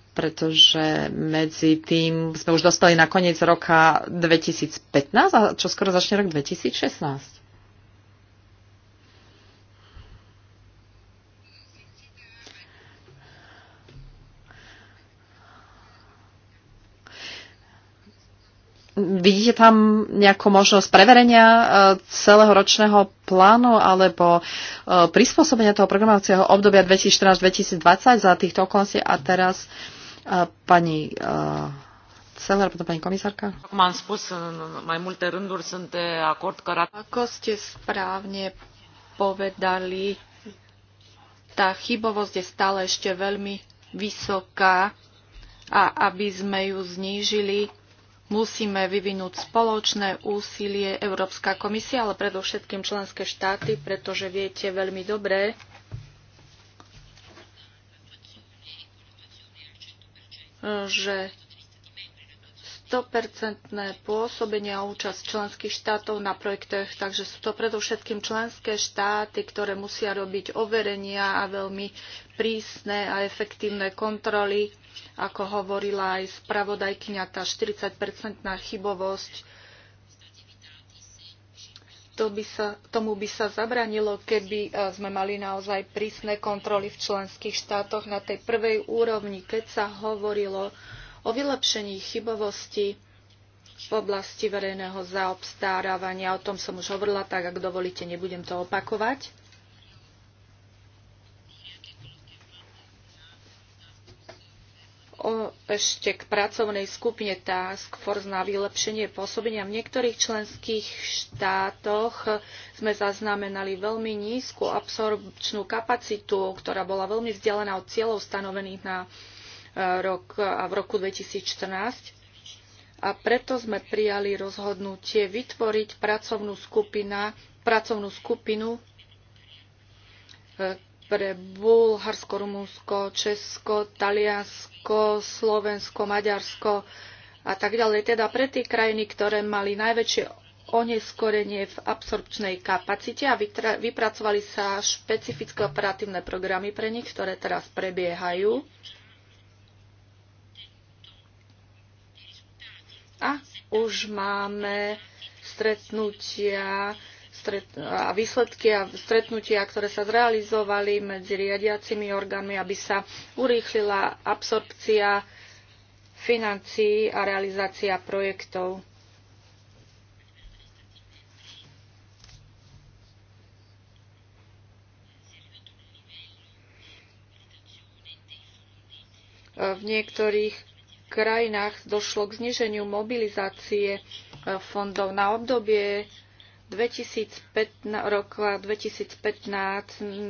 pretože medzi tým sme už dostali na koniec roka 2015 a čo skoro začne rok 2016. Vidíte tam nejakú možnosť preverenia e, celého ročného plánu alebo e, prispôsobenia toho programovacieho obdobia 2014-2020 za týchto okolností? A teraz e, pani Seller, potom pani komisárka. Ako mám spus, mai multe rânduri sunt acord că... Ako ste správne povedali, tá chybovosť je stále ešte veľmi vysoká a aby sme ju znížili, Musíme vyvinúť spoločné úsilie Európska komisia, ale predovšetkým členské štáty, pretože viete veľmi dobre, že 100% pôsobenie a účasť členských štátov na projektoch, takže sú to predovšetkým členské štáty, ktoré musia robiť overenia a veľmi prísne a efektívne kontroly ako hovorila aj spravodajkyňa, tá 40-percentná chybovosť, to by sa, tomu by sa zabranilo, keby e, sme mali naozaj prísne kontroly v členských štátoch na tej prvej úrovni, keď sa hovorilo o vylepšení chybovosti v oblasti verejného zaobstárávania. O tom som už hovorila, tak ak dovolíte, nebudem to opakovať. ešte k pracovnej skupine Task Force na vylepšenie pôsobenia. V niektorých členských štátoch sme zaznamenali veľmi nízku absorpčnú kapacitu, ktorá bola veľmi vzdialená od cieľov stanovených na e, rok a v roku 2014. A preto sme prijali rozhodnutie vytvoriť pracovnú, skupina, pracovnú skupinu e, pre Bulharsko, Rumunsko, Česko, Taliansko, Slovensko, Maďarsko a tak ďalej. Teda pre tie krajiny, ktoré mali najväčšie oneskorenie v absorpčnej kapacite a vypracovali sa špecifické operatívne programy pre nich, ktoré teraz prebiehajú. A už máme stretnutia stret- a výsledky a stretnutia, ktoré sa zrealizovali medzi riadiacimi orgánmi, aby sa urýchlila absorpcia financií a realizácia projektov. v niektorých krajinách došlo k zniženiu mobilizácie eh, fondov na obdobie 2015, roka 2015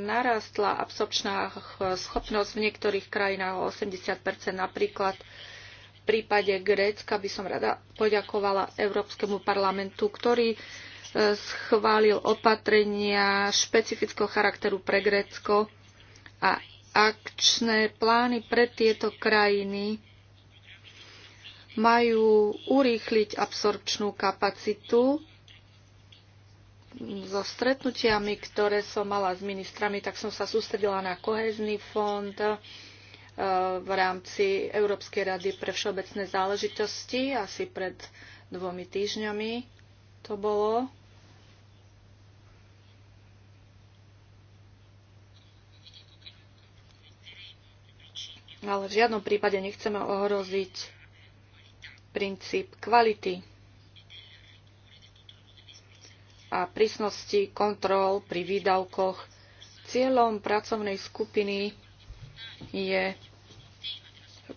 narastla absorpčná schopnosť v niektorých krajinách o 80 Napríklad v prípade Grécka by som rada poďakovala Európskemu parlamentu, ktorý e, schválil opatrenia špecifického charakteru pre Grécko a akčné plány pre tieto krajiny majú urýchliť absorpčnú kapacitu so stretnutiami, ktoré som mala s ministrami, tak som sa sústredila na kohezný fond eh, v rámci Európskej rady pre všeobecné záležitosti asi pred dvomi týždňami to bolo. Ale v žiadnom prípade nechceme ohroziť princíp kvality a prísnosti kontrol pri výdavkoch. Cieľom pracovnej skupiny je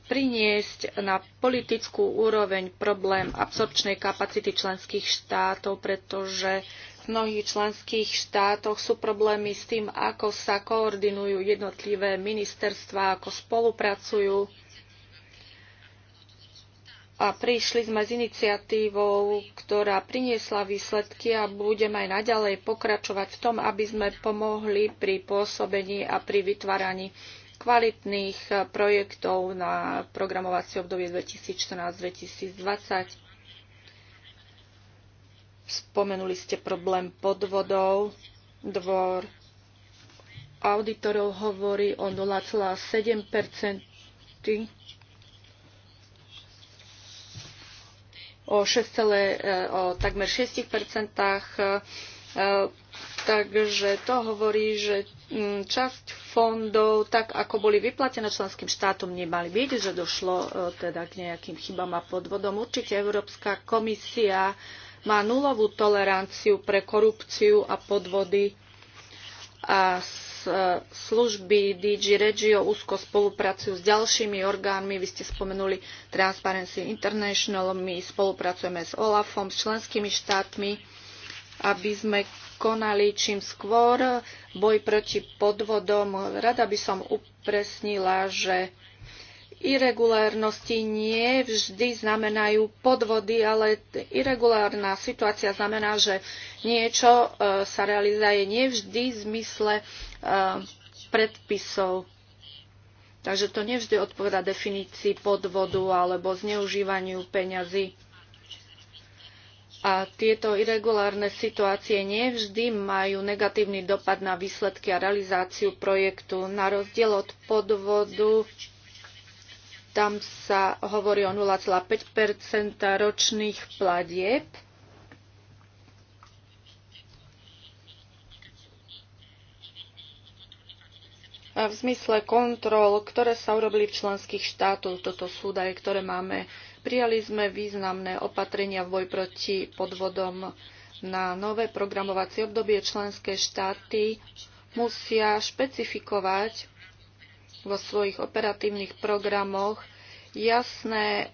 priniesť na politickú úroveň problém absorpčnej kapacity členských štátov, pretože v mnohých členských štátoch sú problémy s tým, ako sa koordinujú jednotlivé ministerstva, ako spolupracujú a prišli sme s iniciatívou, ktorá priniesla výsledky a budeme aj naďalej pokračovať v tom, aby sme pomohli pri pôsobení a pri vytváraní kvalitných eh, projektov na programovacie obdobie 2014-2020. Spomenuli ste problém podvodov. Dvor auditorov hovorí o 0,7 o, 6, e, o takmer 6 e, Takže to hovorí, že mm, časť fondov, tak ako boli vyplatené členským štátom, nemali byť, že došlo e, teda k nejakým chybám a podvodom. Určite Európska komisia má nulovú toleranciu pre korupciu a podvody a E, služby DG Regio úzko spolupracujú s ďalšími orgánmi. Vy ste spomenuli Transparency International. My spolupracujeme s OLAFom, s členskými štátmi, aby sme konali čím skôr boj proti podvodom. Rada by som upresnila, že Irregulárnosti nie vždy znamenajú podvody, ale irregulárna situácia znamená, že niečo e, sa realizuje nie vždy v zmysle e, predpisov. Takže to nevždy odpoveda definícii podvodu alebo zneužívaniu peňazí. A tieto irregulárne situácie nevždy majú negatívny dopad na výsledky a realizáciu projektu. Na rozdiel od podvodu tam sa hovorí o 0,5 ročných platieb. v zmysle kontrol, ktoré sa urobili v členských štátoch. Toto sú údaje, ktoré máme. Prijali sme významné opatrenia v boj proti podvodom na nové programovacie obdobie. Členské štáty musia špecifikovať vo svojich operatívnych programoch jasné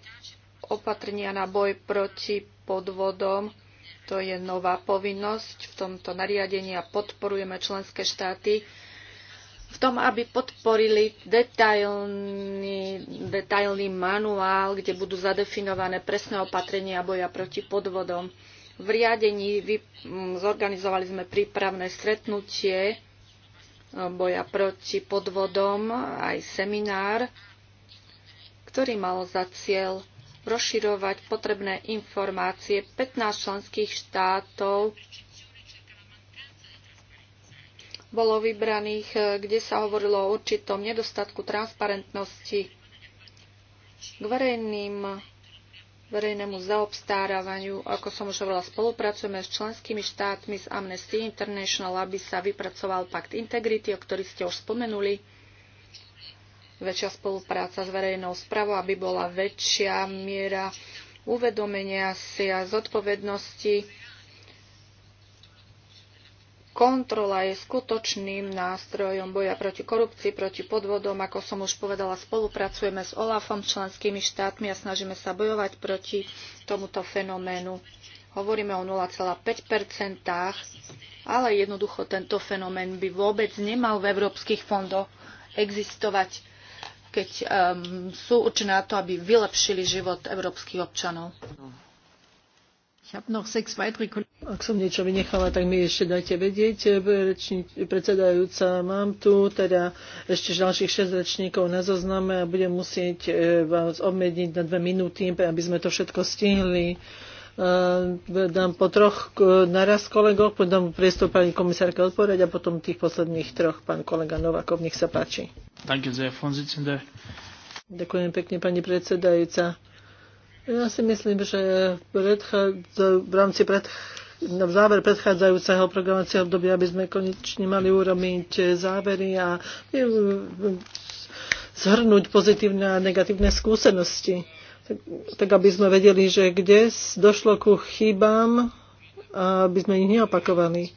opatrenia na boj proti podvodom. To je nová povinnosť v tomto nariadení a podporujeme členské štáty v tom, aby podporili detailný, detailný manuál, kde budú zadefinované presné opatrenia boja proti podvodom. V riadení vy, zorganizovali sme prípravné stretnutie boja proti podvodom aj seminár, ktorý mal za cieľ rozširovať potrebné informácie 15 členských štátov bolo vybraných, kde sa hovorilo o určitom nedostatku transparentnosti. K verejným verejnému zaobstárávaniu. Ako som už hovorila, spolupracujeme s členskými štátmi z Amnesty International, aby sa vypracoval pakt integrity, o ktorý ste už spomenuli. Väčšia spolupráca s verejnou správou, aby bola väčšia miera uvedomenia si a zodpovednosti Kontrola je skutočným nástrojom boja proti korupcii, proti podvodom. Ako som už povedala, spolupracujeme s OLAFom, členskými štátmi a snažíme sa bojovať proti tomuto fenoménu. Hovoríme o 0,5 ale jednoducho tento fenomén by vôbec nemal v európskych fondoch existovať, keď um, sú určené na to, aby vylepšili život európskych občanov. Ak som niečo vynechala, tak mi ešte dajte vedieť. Eh, eh, predsedajúca, mám tu teda ešte ďalších 6 rečníkov na zozname a budem musieť eh, vás obmedniť na dve minúty, aby sme to všetko stihli. Dám po troch naraz kolegov, potom priestor pani komisárka odpovedať a potom tých posledných troch pán kolega Novakov, nech sa páči. Ďakujem pekne, pani predsedajúca. Ja si myslím, že v rámci predchádzajúceho v záver predchádzajúceho programovacieho obdobia, aby sme konečne mali urobiť závery a e, zhrnúť pozitívne a negatívne skúsenosti. Tak, tak aby sme vedeli, že kde došlo ku chybám, aby sme ich neopakovali.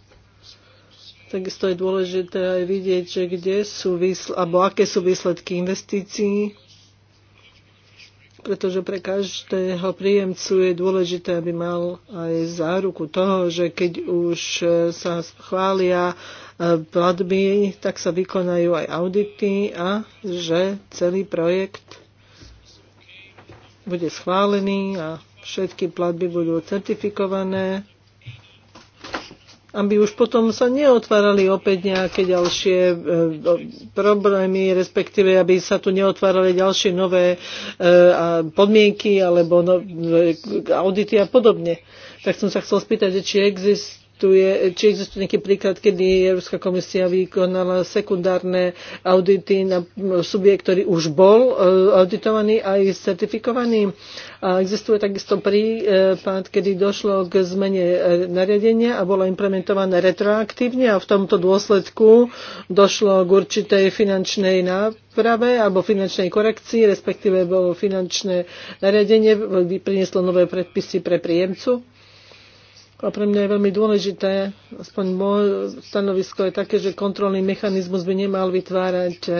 Takisto je dôležité aj vidieť, že kde sú výsledky, alebo aké sú výsledky investícií pretože pre každého príjemcu je dôležité, aby mal aj záruku toho, že keď už sa chvália e, platby, tak sa vykonajú aj audity a že celý projekt bude schválený a všetky platby budú certifikované aby už potom sa neotvárali opäť nejaké ďalšie e, problémy, respektíve aby sa tu neotvárali ďalšie nové e, podmienky alebo no, e, audity a podobne. Tak som sa chcel spýtať, či existuje či existuje nejaký príklad, kedy Európska komisia vykonala sekundárne audity na subjekt, ktorý už bol auditovaný aj certifikovaný Existuje takisto prípad, kedy došlo k zmene e, nariadenia a bolo implementované retroaktívne a v tomto dôsledku došlo k určitej finančnej náprave alebo finančnej korekcii, respektíve bolo finančné nariadenie, prinieslo nové predpisy pre príjemcu. A pre mňa je veľmi dôležité, aspoň môj stanovisko je také, že kontrolný mechanizmus by nemal vytvárať e,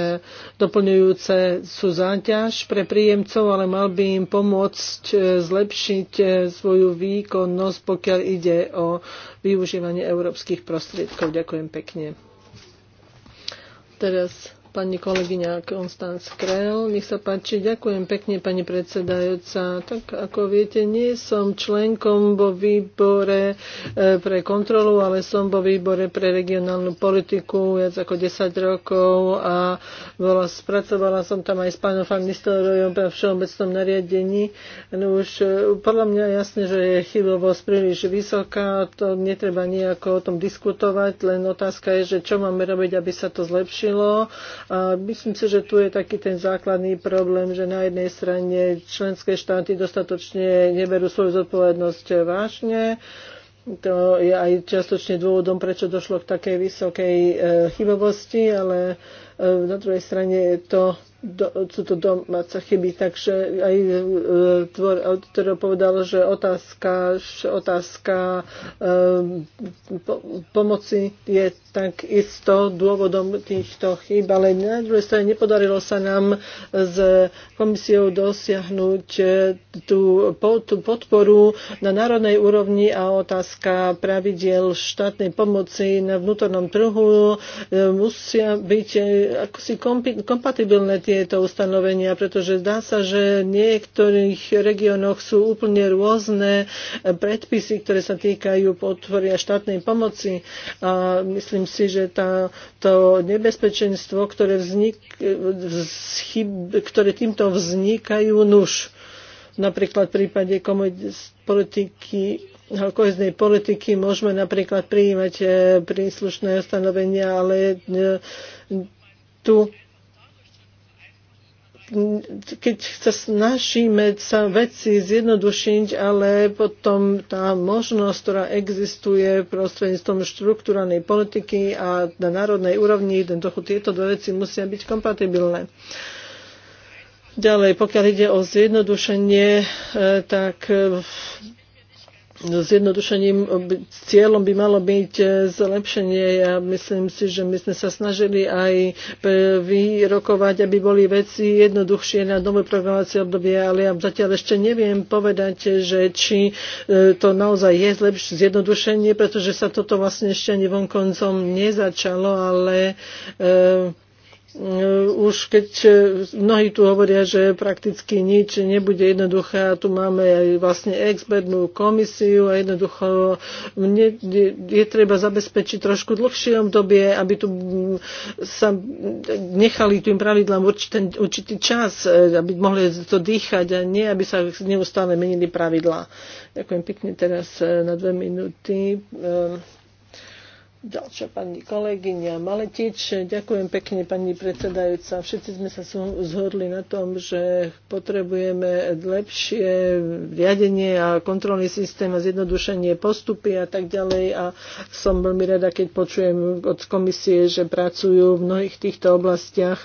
doplňujúce sú záťaž pre príjemcov, ale mal by im pomôcť e, zlepšiť e, svoju výkonnosť, pokiaľ ide o využívanie európskych prostriedkov. Ďakujem pekne. Teraz pani kolegyňa Konstanc Krell. Nech sa páči, ďakujem pekne, pani predsedajúca. Tak ako viete, nie som členkom vo výbore e, pre kontrolu, ale som vo výbore pre regionálnu politiku viac ako 10 rokov a bola, spracovala som tam aj s pánom Fagnistorojom pre všeobecnom nariadení. No už e, podľa mňa jasne, že je chybovosť príliš vysoká, to netreba nejako o tom diskutovať, len otázka je, že čo máme robiť, aby sa to zlepšilo a myslím si, že tu je taký ten základný problém, že na jednej strane členské štáty dostatočne neberú svoju zodpovednosť vážne, to je aj čiastočne dôvodom, prečo došlo k takej vysokej e, chybovosti, ale e, na druhej strane je to do, sú to domáce chyby, takže aj e, tvor, ktorý povedal, že otázka, otázka e, po, pomoci je tak isto dôvodom týchto chýb, ale na druhej strane nepodarilo sa nám s komisiou dosiahnuť e, tú, tú podporu na národnej úrovni a otázka pravidiel štátnej pomoci na vnútornom trhu musia byť akosi kompatibilné tie tieto ustanovenia, pretože zdá sa, že v niektorých regiónoch sú úplne rôzne predpisy, ktoré sa týkajú potvoria štátnej pomoci. A myslím si, že tá, to nebezpečenstvo, ktoré, vznik, chyb, ktoré týmto vznikajú, nuž napríklad v prípade politiky koheznej politiky môžeme napríklad prijímať eh, príslušné ustanovenia, ale eh, tu keď sa snažíme sa veci zjednodušiť, ale potom tá možnosť, ktorá existuje prostredníctvom štruktúranej politiky a na národnej úrovni, jednoducho tieto dve veci musia byť kompatibilné. Ďalej, pokiaľ ide o zjednodušenie, eh, tak eh, zjednodušením cieľom by malo byť e, zlepšenie. Ja myslím si, že my sme sa snažili aj vyrokovať, aby boli veci jednoduchšie na nové programovacie obdobie, ale ja zatiaľ ešte neviem povedať, že či e, to naozaj je zlepšie zjednodušenie, pretože sa toto vlastne ešte ani vonkoncom nezačalo, ale e, už keď e, mnohí tu hovoria, že prakticky nič nebude jednoduché a tu máme aj vlastne expertnú komisiu a jednoducho mne, je, je treba zabezpečiť trošku dlhšie obdobie, aby tu sa nechali tým pravidlám určitý, určitý čas, e, aby mohli to dýchať a nie, aby sa neustále menili pravidlá. Ďakujem pekne teraz e, na dve minúty. Ďalšia pani kolegyňa Maletič. Ďakujem pekne, pani predsedajúca. Všetci sme sa zhodli na tom, že potrebujeme lepšie riadenie a kontrolný systém a zjednodušenie postupy a tak ďalej. A som veľmi rada, keď počujem od komisie, že pracujú v mnohých týchto oblastiach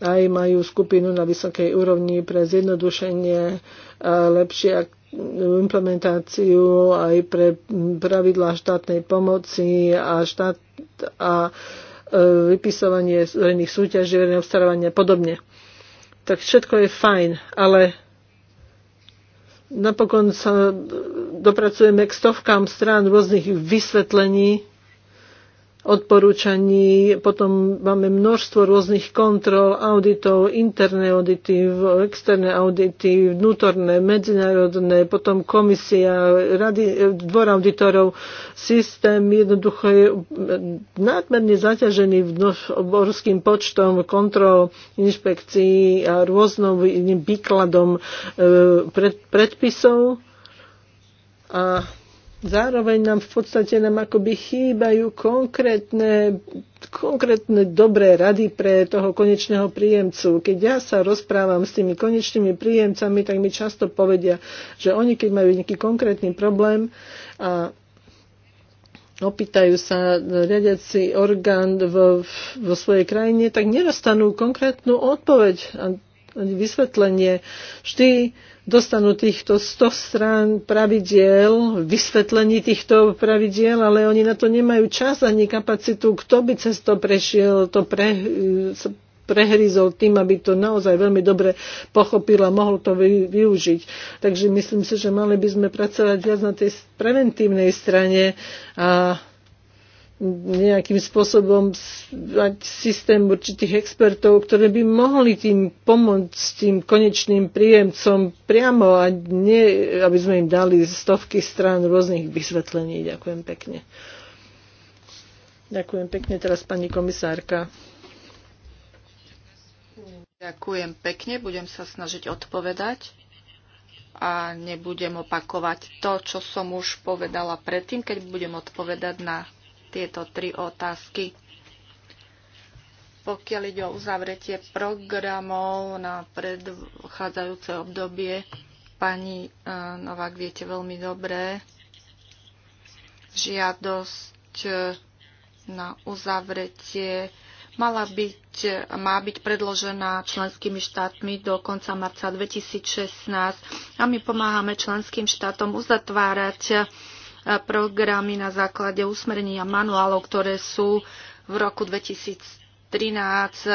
aj majú skupinu na vysokej úrovni pre zjednodušenie lepšie implementáciu aj pre pravidlá štátnej pomoci a, štát, a e, vypisovanie verejných súťaží, verejného obstarávania a podobne. Tak všetko je fajn, ale napokon sa dopracujeme k stovkám strán rôznych vysvetlení odporúčaní, potom máme množstvo rôznych kontrol, auditov, interné audity, externé audity, vnútorné, medzinárodné, potom komisia, rady, dvor auditorov. Systém jednoducho je nadmerne zaťažený obrovským počtom kontrol, inšpekcií a rôznym výkladom eh, predpisov. A zároveň nám v podstate nám akoby chýbajú konkrétne, konkrétne dobré rady pre toho konečného príjemcu. Keď ja sa rozprávam s tými konečnými príjemcami, tak mi často povedia, že oni keď majú nejaký konkrétny problém a opýtajú sa riadiaci orgán vo, vo svojej krajine, tak nerostanú konkrétnu odpoveď a vysvetlenie. Vždy dostanú týchto 100 strán pravidiel, vysvetlení týchto pravidiel, ale oni na to nemajú čas ani kapacitu. Kto by cez to prešiel, to pre, e, prehryzol tým, aby to naozaj veľmi dobre pochopil a mohol to využiť. Takže myslím si, že mali by sme pracovať viac na tej preventívnej strane a nejakým spôsobom mať systém určitých expertov, ktoré by mohli tým pomôcť tým konečným príjemcom priamo a nie, aby sme im dali stovky strán rôznych vysvetlení. Ďakujem pekne. Ďakujem pekne teraz pani komisárka. Ďakujem pekne, budem sa snažiť odpovedať a nebudem opakovať to, čo som už povedala predtým, keď budem odpovedať na tieto tri otázky. Pokiaľ ide o uzavretie programov na predchádzajúce obdobie, pani eh, Novák viete veľmi dobre, žiadosť eh, na uzavretie mala byť, má byť predložená členskými štátmi do konca marca 2016 a my pomáhame členským štátom uzatvárať programy na základe usmerní a manuálov, ktoré sú v roku 2013.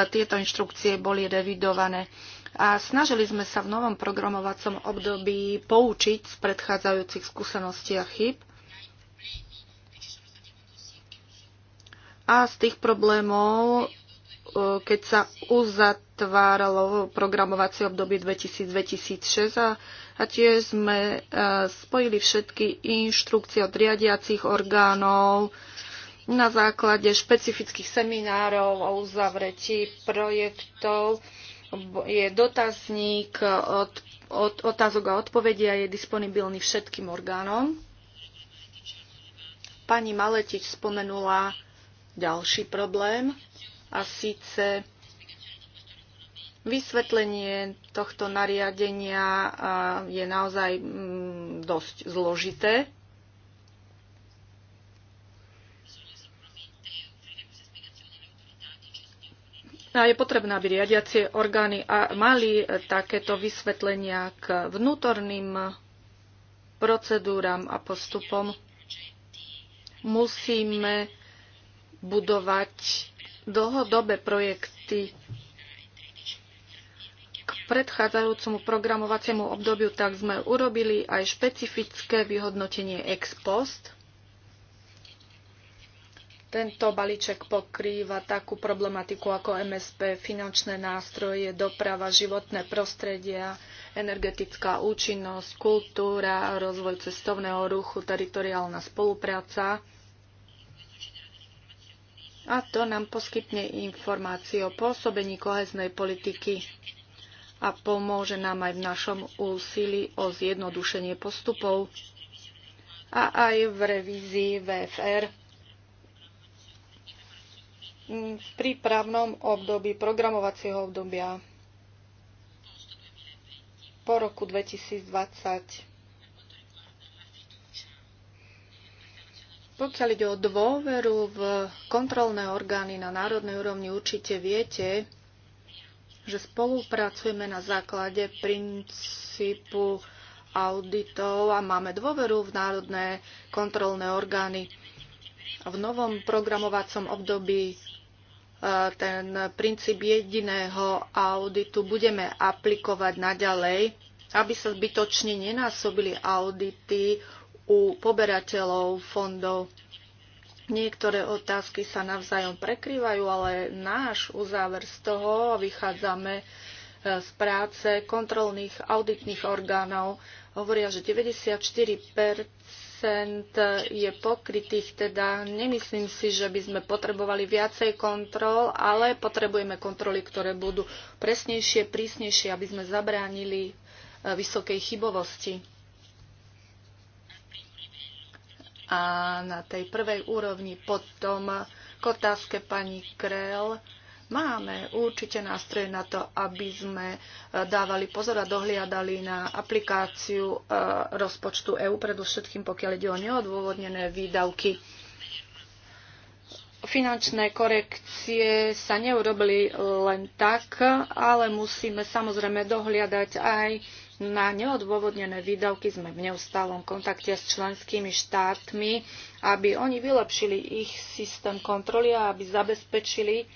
Tieto inštrukcie boli revidované a snažili sme sa v novom programovacom období poučiť z predchádzajúcich skúseností a chyb a z tých problémov, e, keď sa uzatváralo programovacie obdobie 2000-2006 a a tiež sme e, spojili všetky inštrukcie od riadiacich orgánov na základe špecifických seminárov o uzavretí projektov. Je dotazník e, od, od otázok a odpovedí a je disponibilný všetkým orgánom. Pani Maletič spomenula ďalší problém a síce Vysvetlenie tohto nariadenia je naozaj mm, dosť zložité. A je potrebné, aby riadiacie orgány mali takéto vysvetlenia k vnútorným procedúram a postupom. Musíme budovať dlhodobé projekty predchádzajúcemu programovaciemu obdobiu, tak sme urobili aj špecifické vyhodnotenie ex post. Tento balíček pokrýva takú problematiku ako MSP, finančné nástroje, doprava, životné prostredia, energetická účinnosť, kultúra, rozvoj cestovného ruchu, teritoriálna spolupráca. A to nám poskytne informácie o pôsobení koheznej politiky a pomôže nám aj v našom úsilí o zjednodušenie postupov a aj v revízii VFR. V prípravnom období programovacieho obdobia po roku 2020. Pokiaľ ide o dôveru v kontrolné orgány na národnej úrovni, určite viete, že spolupracujeme na základe princípu auditov a máme dôveru v národné kontrolné orgány. V novom programovacom období e, ten princíp jediného auditu budeme aplikovať naďalej, aby sa zbytočne nenásobili audity u poberateľov fondov Niektoré otázky sa navzájom prekrývajú, ale náš uzáver z toho vychádzame e, z práce kontrolných auditných orgánov. Hovoria, že 94 je pokrytých, teda nemyslím si, že by sme potrebovali viacej kontrol, ale potrebujeme kontroly, ktoré budú presnejšie, prísnejšie, aby sme zabránili e, vysokej chybovosti. A na tej prvej úrovni potom k otázke pani Krell máme určite nástroje na to, aby sme e, dávali pozor a dohliadali na aplikáciu e, rozpočtu EÚ, predovšetkým pokiaľ ide o neodôvodnené výdavky finančné korekcie sa neurobili len tak, ale musíme samozrejme dohliadať aj na neodôvodnené výdavky sme v neustálom kontakte s členskými štátmi, aby oni vylepšili ich systém kontroly a aby zabezpečili,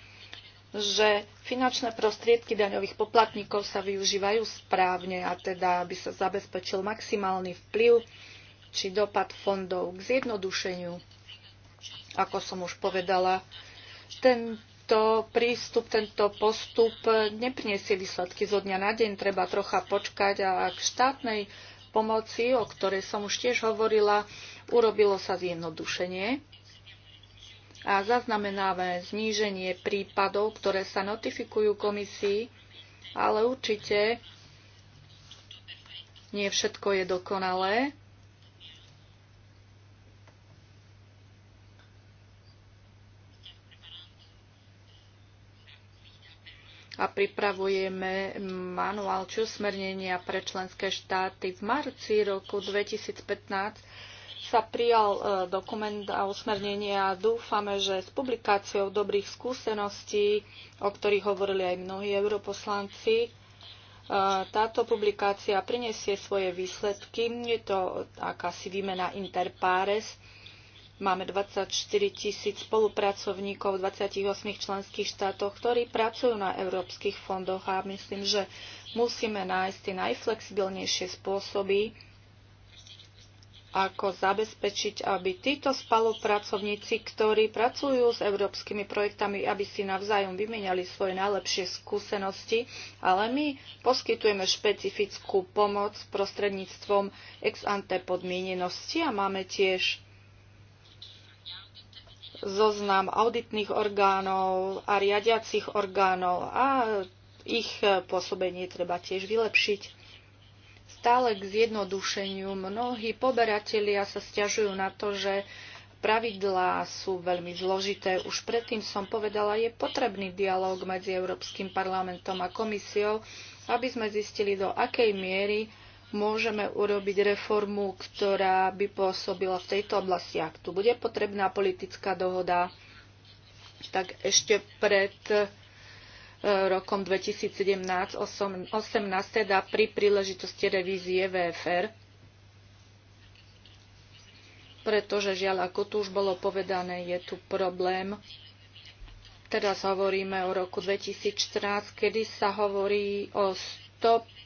že finančné prostriedky daňových poplatníkov sa využívajú správne a teda aby sa zabezpečil maximálny vplyv či dopad fondov k zjednodušeniu. Ako som už povedala, ten tento prístup, tento postup nepriniesie výsledky zo dňa na deň. Treba trocha počkať a k štátnej pomoci, o ktorej som už tiež hovorila, urobilo sa zjednodušenie a zaznamenáme zníženie prípadov, ktoré sa notifikujú komisii, ale určite nie všetko je dokonalé a pripravujeme manuál či usmernenia pre členské štáty. V marci roku 2015 sa prijal e, dokument a usmernenie a dúfame, že s publikáciou dobrých skúseností, o ktorých hovorili aj mnohí europoslanci, e, táto publikácia prinesie svoje výsledky. Je to akási výmena interpáres Máme 24 tisíc spolupracovníkov v 28 členských štátoch, ktorí pracujú na európskych fondoch a myslím, že musíme nájsť tie najflexibilnejšie spôsoby, ako zabezpečiť, aby títo spolupracovníci, ktorí pracujú s európskymi projektami, aby si navzájom vymeniali svoje najlepšie skúsenosti, ale my poskytujeme špecifickú pomoc prostredníctvom ex ante podmienenosti a máme tiež zoznam auditných orgánov a riadiacich orgánov a ich pôsobenie treba tiež vylepšiť. Stále k zjednodušeniu mnohí poberatelia sa stiažujú na to, že pravidlá sú veľmi zložité. Už predtým som povedala, je potrebný dialog medzi Európskym parlamentom a komisiou, aby sme zistili, do akej miery môžeme urobiť reformu, ktorá by pôsobila v tejto oblasti. Ak tu bude potrebná politická dohoda, tak ešte pred e, rokom 2017-18, teda pri príležitosti revízie VFR, pretože žiaľ, ako tu už bolo povedané, je tu problém. Teraz hovoríme o roku 2014, kedy sa hovorí o 100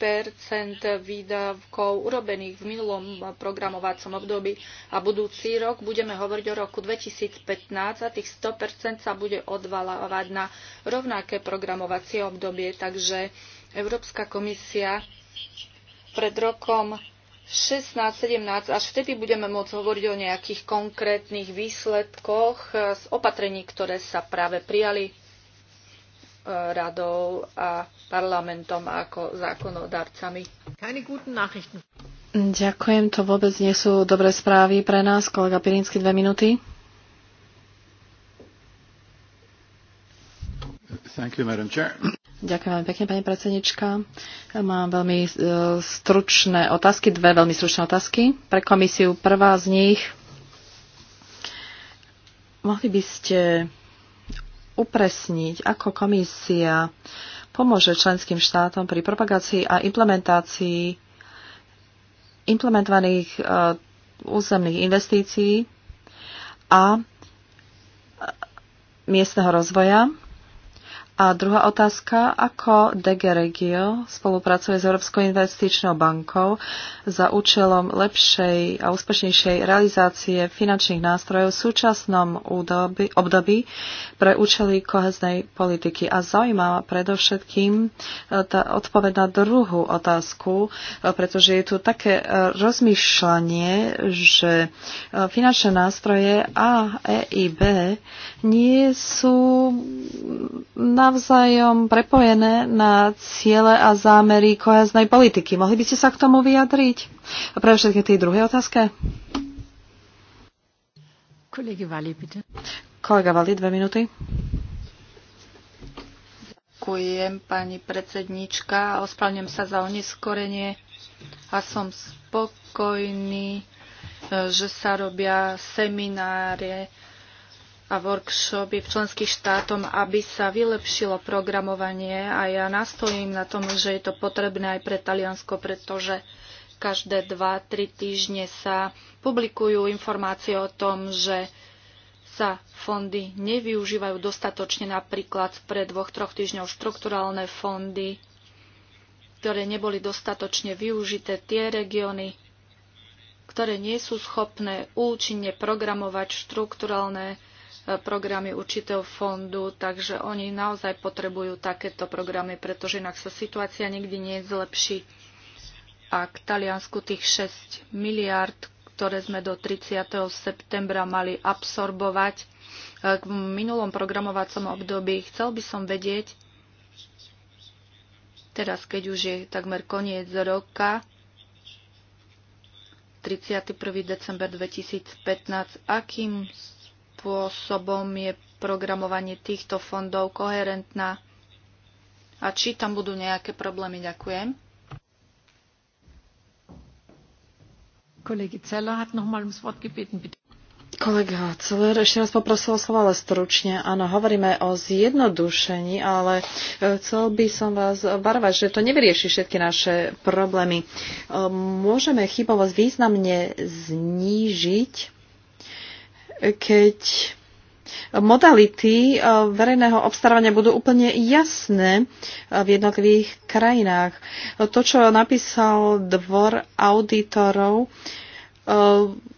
percent výdavkov urobených v minulom programovacom období a budúci rok budeme hovoriť o roku 2015 a tých 100 percent sa bude odvalávať na rovnaké programovacie obdobie. Takže Európska komisia pred rokom 16-17, až vtedy budeme môcť hovoriť o nejakých konkrétnych výsledkoch z opatrení, ktoré sa práve prijali radou a parlamentom ako zákonodarcami. Ďakujem, to vôbec nie sú dobré správy pre nás. Kolega Pirinsky, dve minúty. You, Ďakujem veľmi pekne, pani predsednička. Mám veľmi e, stručné otázky, dve veľmi stručné otázky pre komisiu. Prvá z nich. Mohli by ste upresniť, ako komisia pomôže členským štátom pri propagácii a implementácii implementovaných e, územných investícií a e, miestneho rozvoja a druhá otázka, ako DG Regio spolupracuje s Európskou investičnou bankou za účelom lepšej a úspešnejšej realizácie finančných nástrojov v súčasnom údoby, období pre účely koheznej politiky. A zaujímavá predovšetkým e, tá odpoveď na druhú otázku, e, pretože je tu také e, rozmýšľanie, že finančné nástroje a E i B nie sú na navzájom prepojené na ciele a zámery koheznej politiky. Mohli by ste sa k tomu vyjadriť? A pre všetky tie druhej otázke. Kolega Vali, bitte. Kolega Vali, dve minúty. Ďakujem, pani predsednička. Ospravňujem sa za oneskorenie a som spokojný, e, že sa robia semináre a workshopy v členských štátom, aby sa vylepšilo programovanie a ja nastojím na tom, že je to potrebné aj pre Taliansko, pretože každé 2-3 týždne sa publikujú informácie o tom, že sa fondy nevyužívajú dostatočne napríklad pre dvoch, troch týždňov štrukturálne fondy, ktoré neboli dostatočne využité, tie regióny, ktoré nie sú schopné účinne programovať štrukturálne fondy programy určitého fondu, takže oni naozaj potrebujú takéto programy, pretože inak sa situácia nikdy nie zlepší. A k Taliansku tých 6 miliard, ktoré sme do 30. septembra mali absorbovať v e, minulom programovacom období, chcel by som vedieť, teraz keď už je takmer koniec roka, 31. december 2015, akým spôsobom je programovanie týchto fondov koherentná a či tam budú nejaké problémy. Ďakujem. Kolega Celler hat noch mal ums Wort gebeten, bitte. Kolega Celer ešte raz poprosil o slovo, ale stručne. Áno, hovoríme o zjednodušení, ale e, chcel by som vás varovať, že to nevyrieši všetky naše problémy. E, môžeme chybovosť významne znížiť keď modality eh, verejného obstarávania budú úplne jasné eh, v jednotlivých krajinách. To, čo napísal dvor auditorov, eh,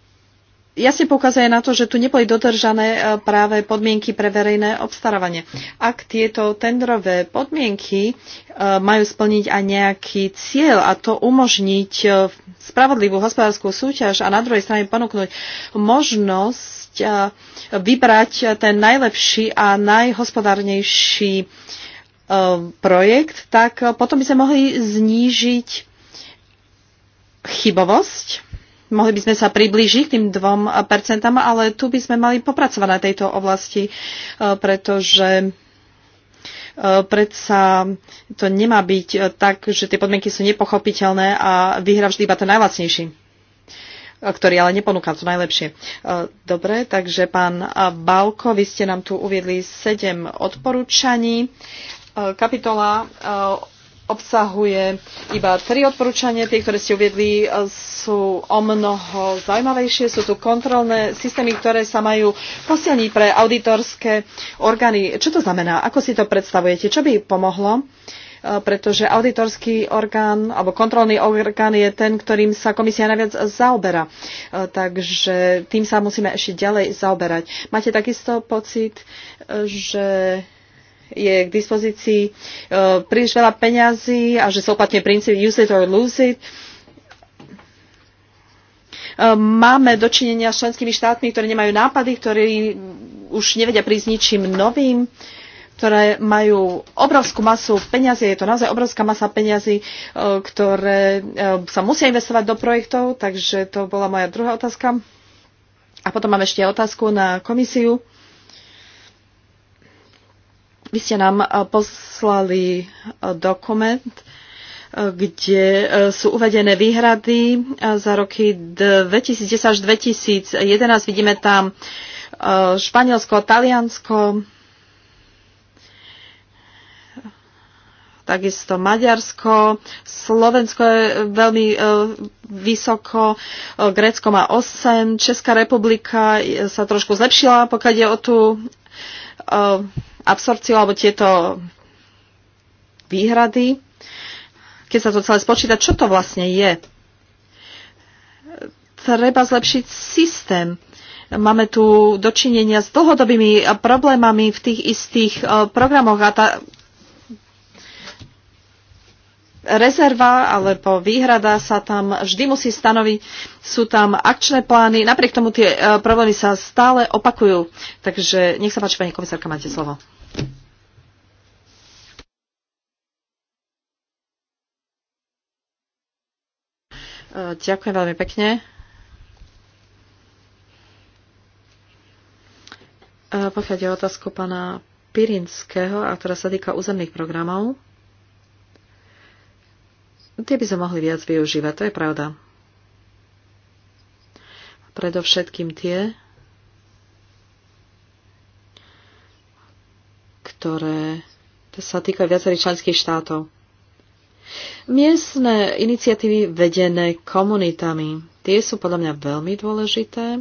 jasne poukazuje na to, že tu neboli dodržané e, práve podmienky pre verejné obstarávanie. Ak tieto tendrové podmienky e, majú splniť aj nejaký cieľ a to umožniť e, spravodlivú hospodárskú súťaž a na druhej strane ponúknuť možnosť vybrať ten najlepší a najhospodárnejší projekt, tak potom by sme mohli znížiť chybovosť Mohli by sme sa priblížiť k tým dvom percentám, ale tu by sme mali popracovať na tejto oblasti, e, pretože e, predsa to nemá byť e, tak, že tie podmienky sú nepochopiteľné a vyhra vždy iba ten najlacnejší ktorý ale neponúka to najlepšie. Dobre, takže pán Balko, vy ste nám tu uviedli 7 odporúčaní. Kapitola obsahuje iba tri odporúčania. Tie, ktoré ste uviedli, e, sú o mnoho zaujímavejšie. Sú tu kontrolné systémy, ktoré sa majú posilniť pre auditorské orgány. Čo to znamená? Ako si to predstavujete? Čo by pomohlo? E, pretože auditorský orgán alebo kontrolný orgán je ten, ktorým sa komisia najviac zaoberá. E, takže tým sa musíme ešte ďalej zaoberať. Máte takisto pocit, že je k dispozícii e, príliš veľa peňazí a že sa uplatňuje princíp use it or lose it. E, máme dočinenia s členskými štátmi, ktoré nemajú nápady, ktorí už nevedia prísť ničím novým ktoré majú obrovskú masu peňazí, je to naozaj obrovská masa peňazí, e, ktoré sa musia investovať do projektov, takže to bola moja druhá otázka. A potom mám ešte otázku na komisiu. Vy ste nám eh, poslali eh, dokument, eh, kde sú uvedené výhrady za roky 2010 až 2011. Vidíme tam Španielsko, Taliansko, takisto Maďarsko, Slovensko je veľmi vysoko, Grécko má 8, Česká republika sa trošku zlepšila, pokiaľ je o tú Eh, absorciu alebo tieto výhrady, keď sa to celé spočíta, čo to vlastne je? Treba zlepšiť systém. Máme tu dočinenia s dlhodobými problémami v tých istých eh, programoch a tá rezerva alebo výhrada sa tam vždy musí stanoviť, sú tam akčné plány, napriek tomu tie e, problémy sa stále opakujú. Takže nech sa páči, pani komisárka, máte slovo. E, ďakujem veľmi pekne. E, pokiaľ otázku pána Pirinského, a ktorá sa týka územných programov, tie by sme mohli viac využívať, to je pravda. Predovšetkým tie, ktoré sa týkajú viacerých členských štátov. Miestne iniciatívy vedené komunitami, tie sú podľa mňa veľmi dôležité.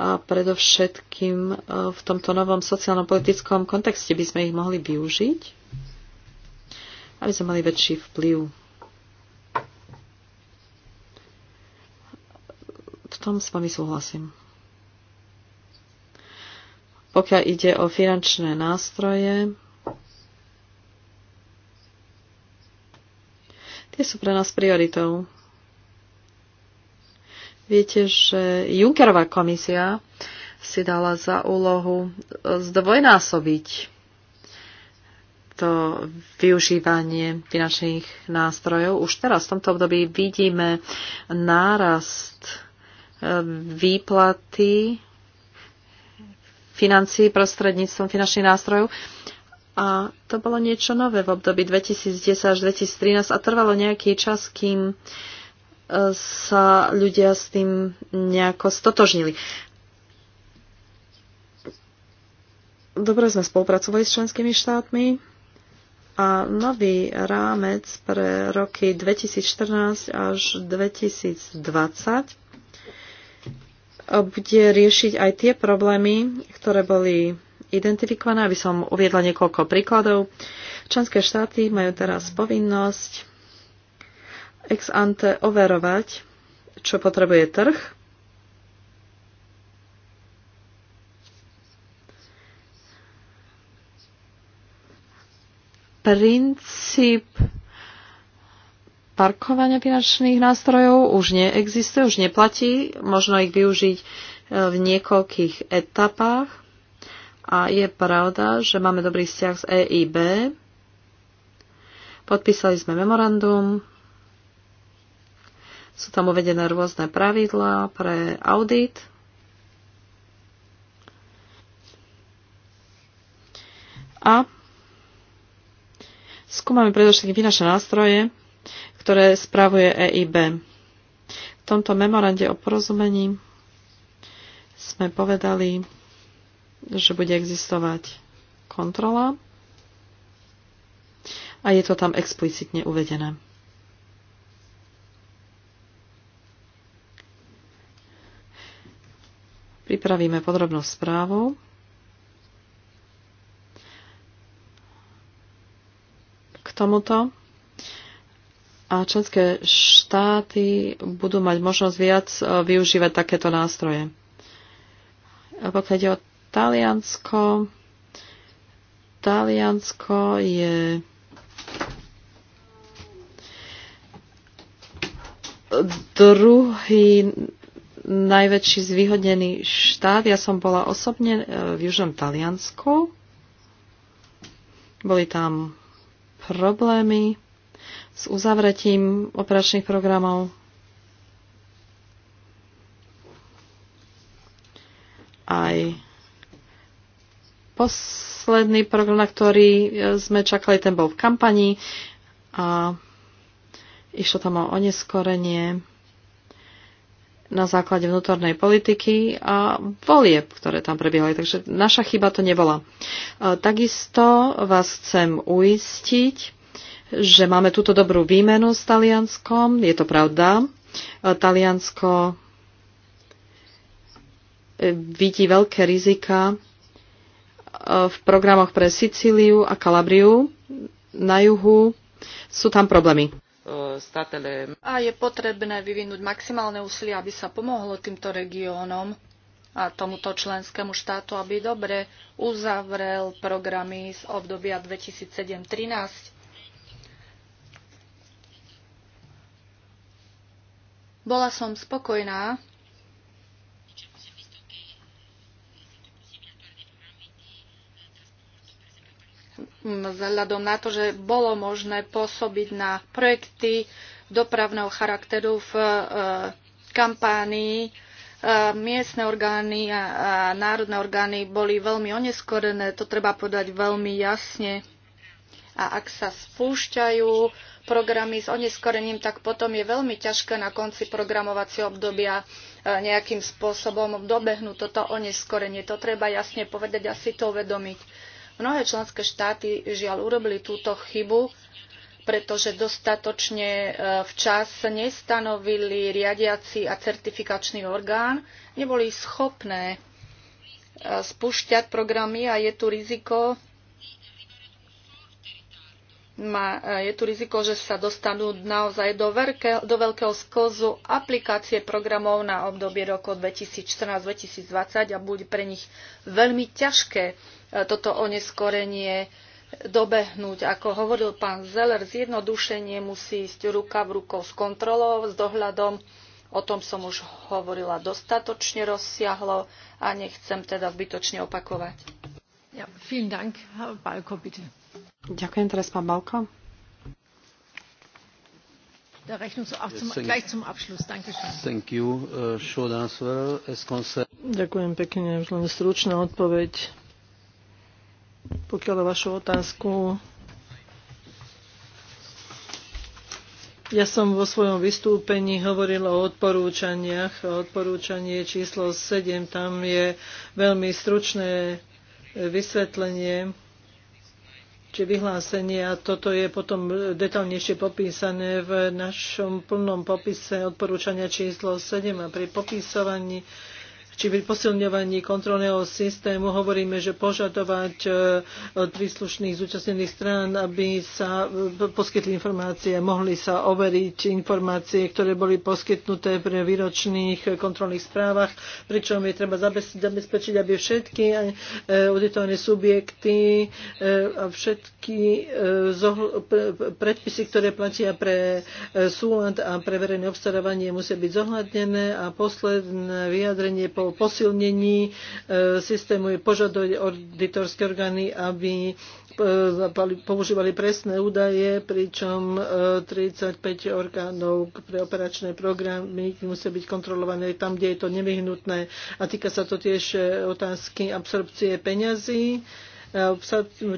A predovšetkým eh, v tomto novom sociálno-politickom kontexte by sme ich mohli využiť aby sme mali väčší vplyv. V tom s vami súhlasím. Pokiaľ ide o finančné nástroje, tie sú pre nás prioritou. Viete, že Junkerová komisia si dala za úlohu zdvojnásobiť to využívanie finančných nástrojov. Už teraz v tomto období vidíme nárast e, výplaty financií prostredníctvom finančných nástrojov. A to bolo niečo nové v období 2010 až 2013 a trvalo nejaký čas, kým e, sa ľudia s tým nejako stotožnili. Dobre sme spolupracovali s členskými štátmi a nový rámec pre roky 2014 až 2020 e, bude riešiť aj tie problémy, ktoré boli identifikované, aby som uviedla niekoľko príkladov. Členské štáty majú teraz povinnosť ex ante overovať, čo potrebuje trh princíp parkovania finančných nástrojov už neexistuje, už neplatí. Možno ich využiť e, v niekoľkých etapách. A je pravda, že máme dobrý vzťah s EIB. Podpísali sme memorandum. Sú tam uvedené rôzne pravidlá pre audit. A Skúmame predovšetkým finančné nástroje, ktoré spravuje EIB. V tomto memorande o porozumení sme povedali, že bude existovať kontrola a je to tam explicitne uvedené. Pripravíme podrobnú správu tomuto a členské štáty budú mať možnosť viac e, využívať takéto nástroje. A pokiaľ ide o Taliansko, Taliansko je druhý najväčší zvýhodnený štát. Ja som bola osobne e, v Južnom Taliansku. Boli tam problémy s uzavretím operačných programov. Aj posledný program, na ktorý e, sme čakali, ten bol v kampani a išlo tam o oneskorenie na základe vnútornej politiky a volieb, ktoré tam prebiehali. Takže naša chyba to nebola. E, takisto vás chcem uistiť, že máme túto dobrú výmenu s Talianskom. Je to pravda. E, Taliansko e, vidí veľké rizika v programoch pre Sicíliu a Kalabriu na juhu. Sú tam problémy statele. A je potrebné vyvinúť maximálne úsilie, aby sa pomohlo týmto regiónom a tomuto členskému štátu, aby dobre uzavrel programy z obdobia 2007-2013. Bola som spokojná, vzhľadom na to, že bolo možné pôsobiť na projekty dopravného charakteru v e, kampánii. E, miestne orgány a národné orgány boli veľmi oneskorené, to treba podať veľmi jasne. A ak sa spúšťajú programy s oneskorením, tak potom je veľmi ťažké na konci programovacieho obdobia e, nejakým spôsobom dobehnúť toto oneskorenie. To treba jasne povedať a si to uvedomiť Mnohé členské štáty žiaľ urobili túto chybu, pretože dostatočne e, včas nestanovili riadiaci a certifikačný orgán, neboli schopné e, spúšťať programy a je tu riziko, ma, e, je tu riziko, že sa dostanú naozaj do, veľké, do veľkého sklzu aplikácie programov na obdobie roku 2014-2020 a bude pre nich veľmi ťažké toto oneskorenie dobehnúť. Ako hovoril pán Zeller, zjednodušenie musí ísť ruka v rukou s kontrolou, s dohľadom. O tom som už hovorila dostatočne rozsiahlo a nechcem teda zbytočne opakovať. Ja, vielen Dank, Balko, bitte. Ďakujem teraz, pán Balko. Ďakujem pekne. Už len stručná odpoveď pokiaľ o vašu otázku, Ja som vo svojom vystúpení hovoril o odporúčaniach. Odporúčanie číslo 7, tam je veľmi stručné vysvetlenie či vyhlásenie a toto je potom detálnejšie popísané v našom plnom popise odporúčania číslo 7 a pri popisovaní či pri posilňovaní kontrolného systému hovoríme, že požadovať od e, príslušných zúčastnených strán, aby sa e, poskytli informácie, mohli sa overiť informácie, ktoré boli poskytnuté pre výročných kontrolných správach, pričom je treba zabezpečiť, aby všetky e, auditované subjekty a všetky predpisy, ktoré platia pre súlad a pre verejné obstarávanie musia byť zohľadnené a posledné vyjadrenie po posilnení e, systému je požadovať auditorské orgány, aby e, používali presné údaje, pričom 35 e, orgánov pre operačné programy musia byť kontrolované tam, kde je to nevyhnutné. A týka sa to tiež otázky absorpcie peňazí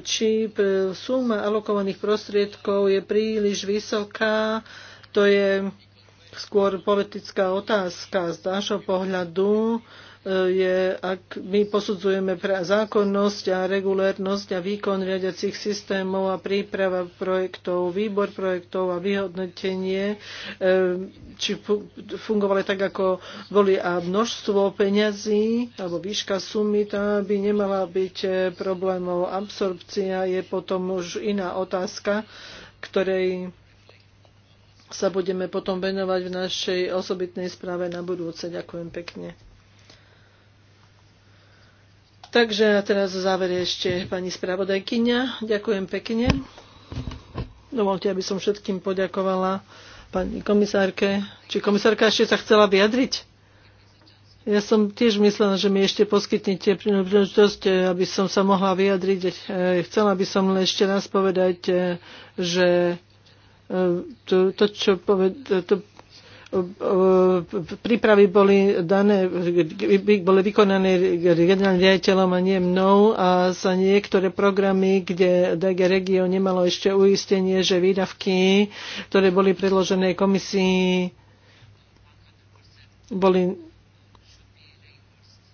či suma alokovaných prostriedkov je príliš vysoká, to je skôr politická otázka. Z nášho pohľadu e, je, ak my posudzujeme pre zákonnosť a regulérnosť a výkon riadiacich systémov a príprava projektov, výbor projektov a vyhodnotenie, e, či fungovali tak, ako boli a množstvo peňazí alebo výška sumy, tá by nemala byť e, problémov. Absorpcia je potom už iná otázka, ktorej sa budeme potom venovať v našej osobitnej správe na budúce. Ďakujem pekne. Takže a teraz v závere ešte pani spravodajkyňa. Ďakujem pekne. Dovolte, aby som všetkým poďakovala pani komisárke. Či komisárka ešte sa chcela vyjadriť? Ja som tiež myslela, že mi ešte poskytnite príležitosť, eh, aby som sa mohla vyjadriť. Eh, chcela by som ešte raz povedať, eh, že to, to čo poved, to, prípravy boli dané, boli vykonané generálnym riaditeľom a nie mnou a sa niektoré programy, kde DG Regio nemalo ešte uistenie, že výdavky, ktoré boli predložené komisii, boli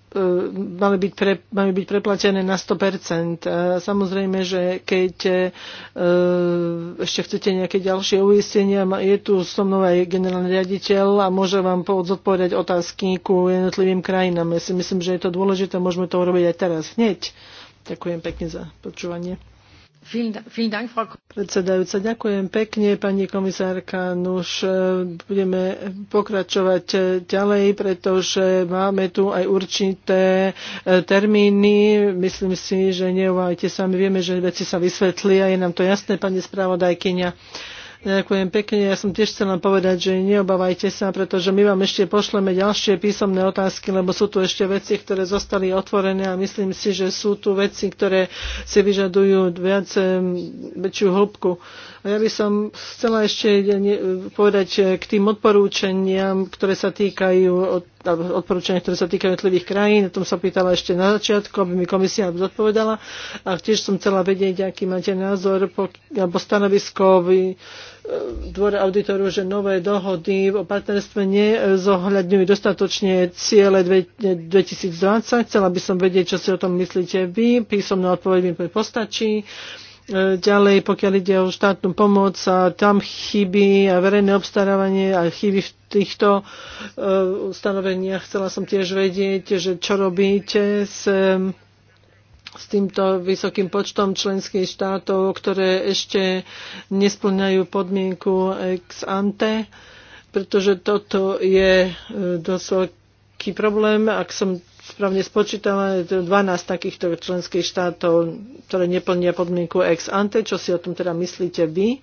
E, mali byť, pre, mali byť preplatené na 100%. A samozrejme, že keď e, ešte chcete nejaké ďalšie uistenia, je tu so mnou aj generálny riaditeľ a môže vám zodpovedať otázky ku jednotlivým krajinám. Ja si myslím, že je to dôležité, môžeme to urobiť aj teraz, hneď. Ďakujem pekne za počúvanie. Predsedajúca, ďakujem pekne, pani komisárka. Nuž e, budeme pokračovať e, ďalej, pretože máme tu aj určité e, termíny. Myslím si, že neuvajte sa, my vieme, že veci sa vysvetlia, je nám to jasné, pani správodajkyňa. Ďakujem pekne. Ja som tiež chcela povedať, že neobávajte sa, pretože my vám ešte pošleme ďalšie písomné otázky, lebo sú tu ešte veci, ktoré zostali otvorené a myslím si, že sú tu veci, ktoré si vyžadujú viac, väčšiu hĺbku a ja by som chcela ešte povedať e, k tým odporúčaniam, ktoré sa týkajú odporúčania, ktoré sa týkajú jednotlivých krajín. O tom sa pýtala ešte na začiatku, aby mi komisia zodpovedala. A tiež som chcela vedieť, aký máte názor alebo stanovisko e, dvore dvora auditoru, že nové dohody o partnerstve nezohľadňujú dostatočne ciele 2020. Chcela by som vedieť, čo si o tom myslíte vy. Písomná odpoveď mi postačí. Ďalej, pokiaľ ide o štátnu pomoc, a tam chyby a verejné obstarávanie a chyby v týchto e, ustanoveniach. Chcela som tiež vedieť, že čo robíte s e, s týmto vysokým počtom členských štátov, ktoré ešte nesplňajú podmienku ex ante, pretože toto je e, dosť veľký problém. Ak som správne spočítala, 12 takýchto členských štátov, ktoré neplnia podmienku ex ante. Čo si o tom teda myslíte vy?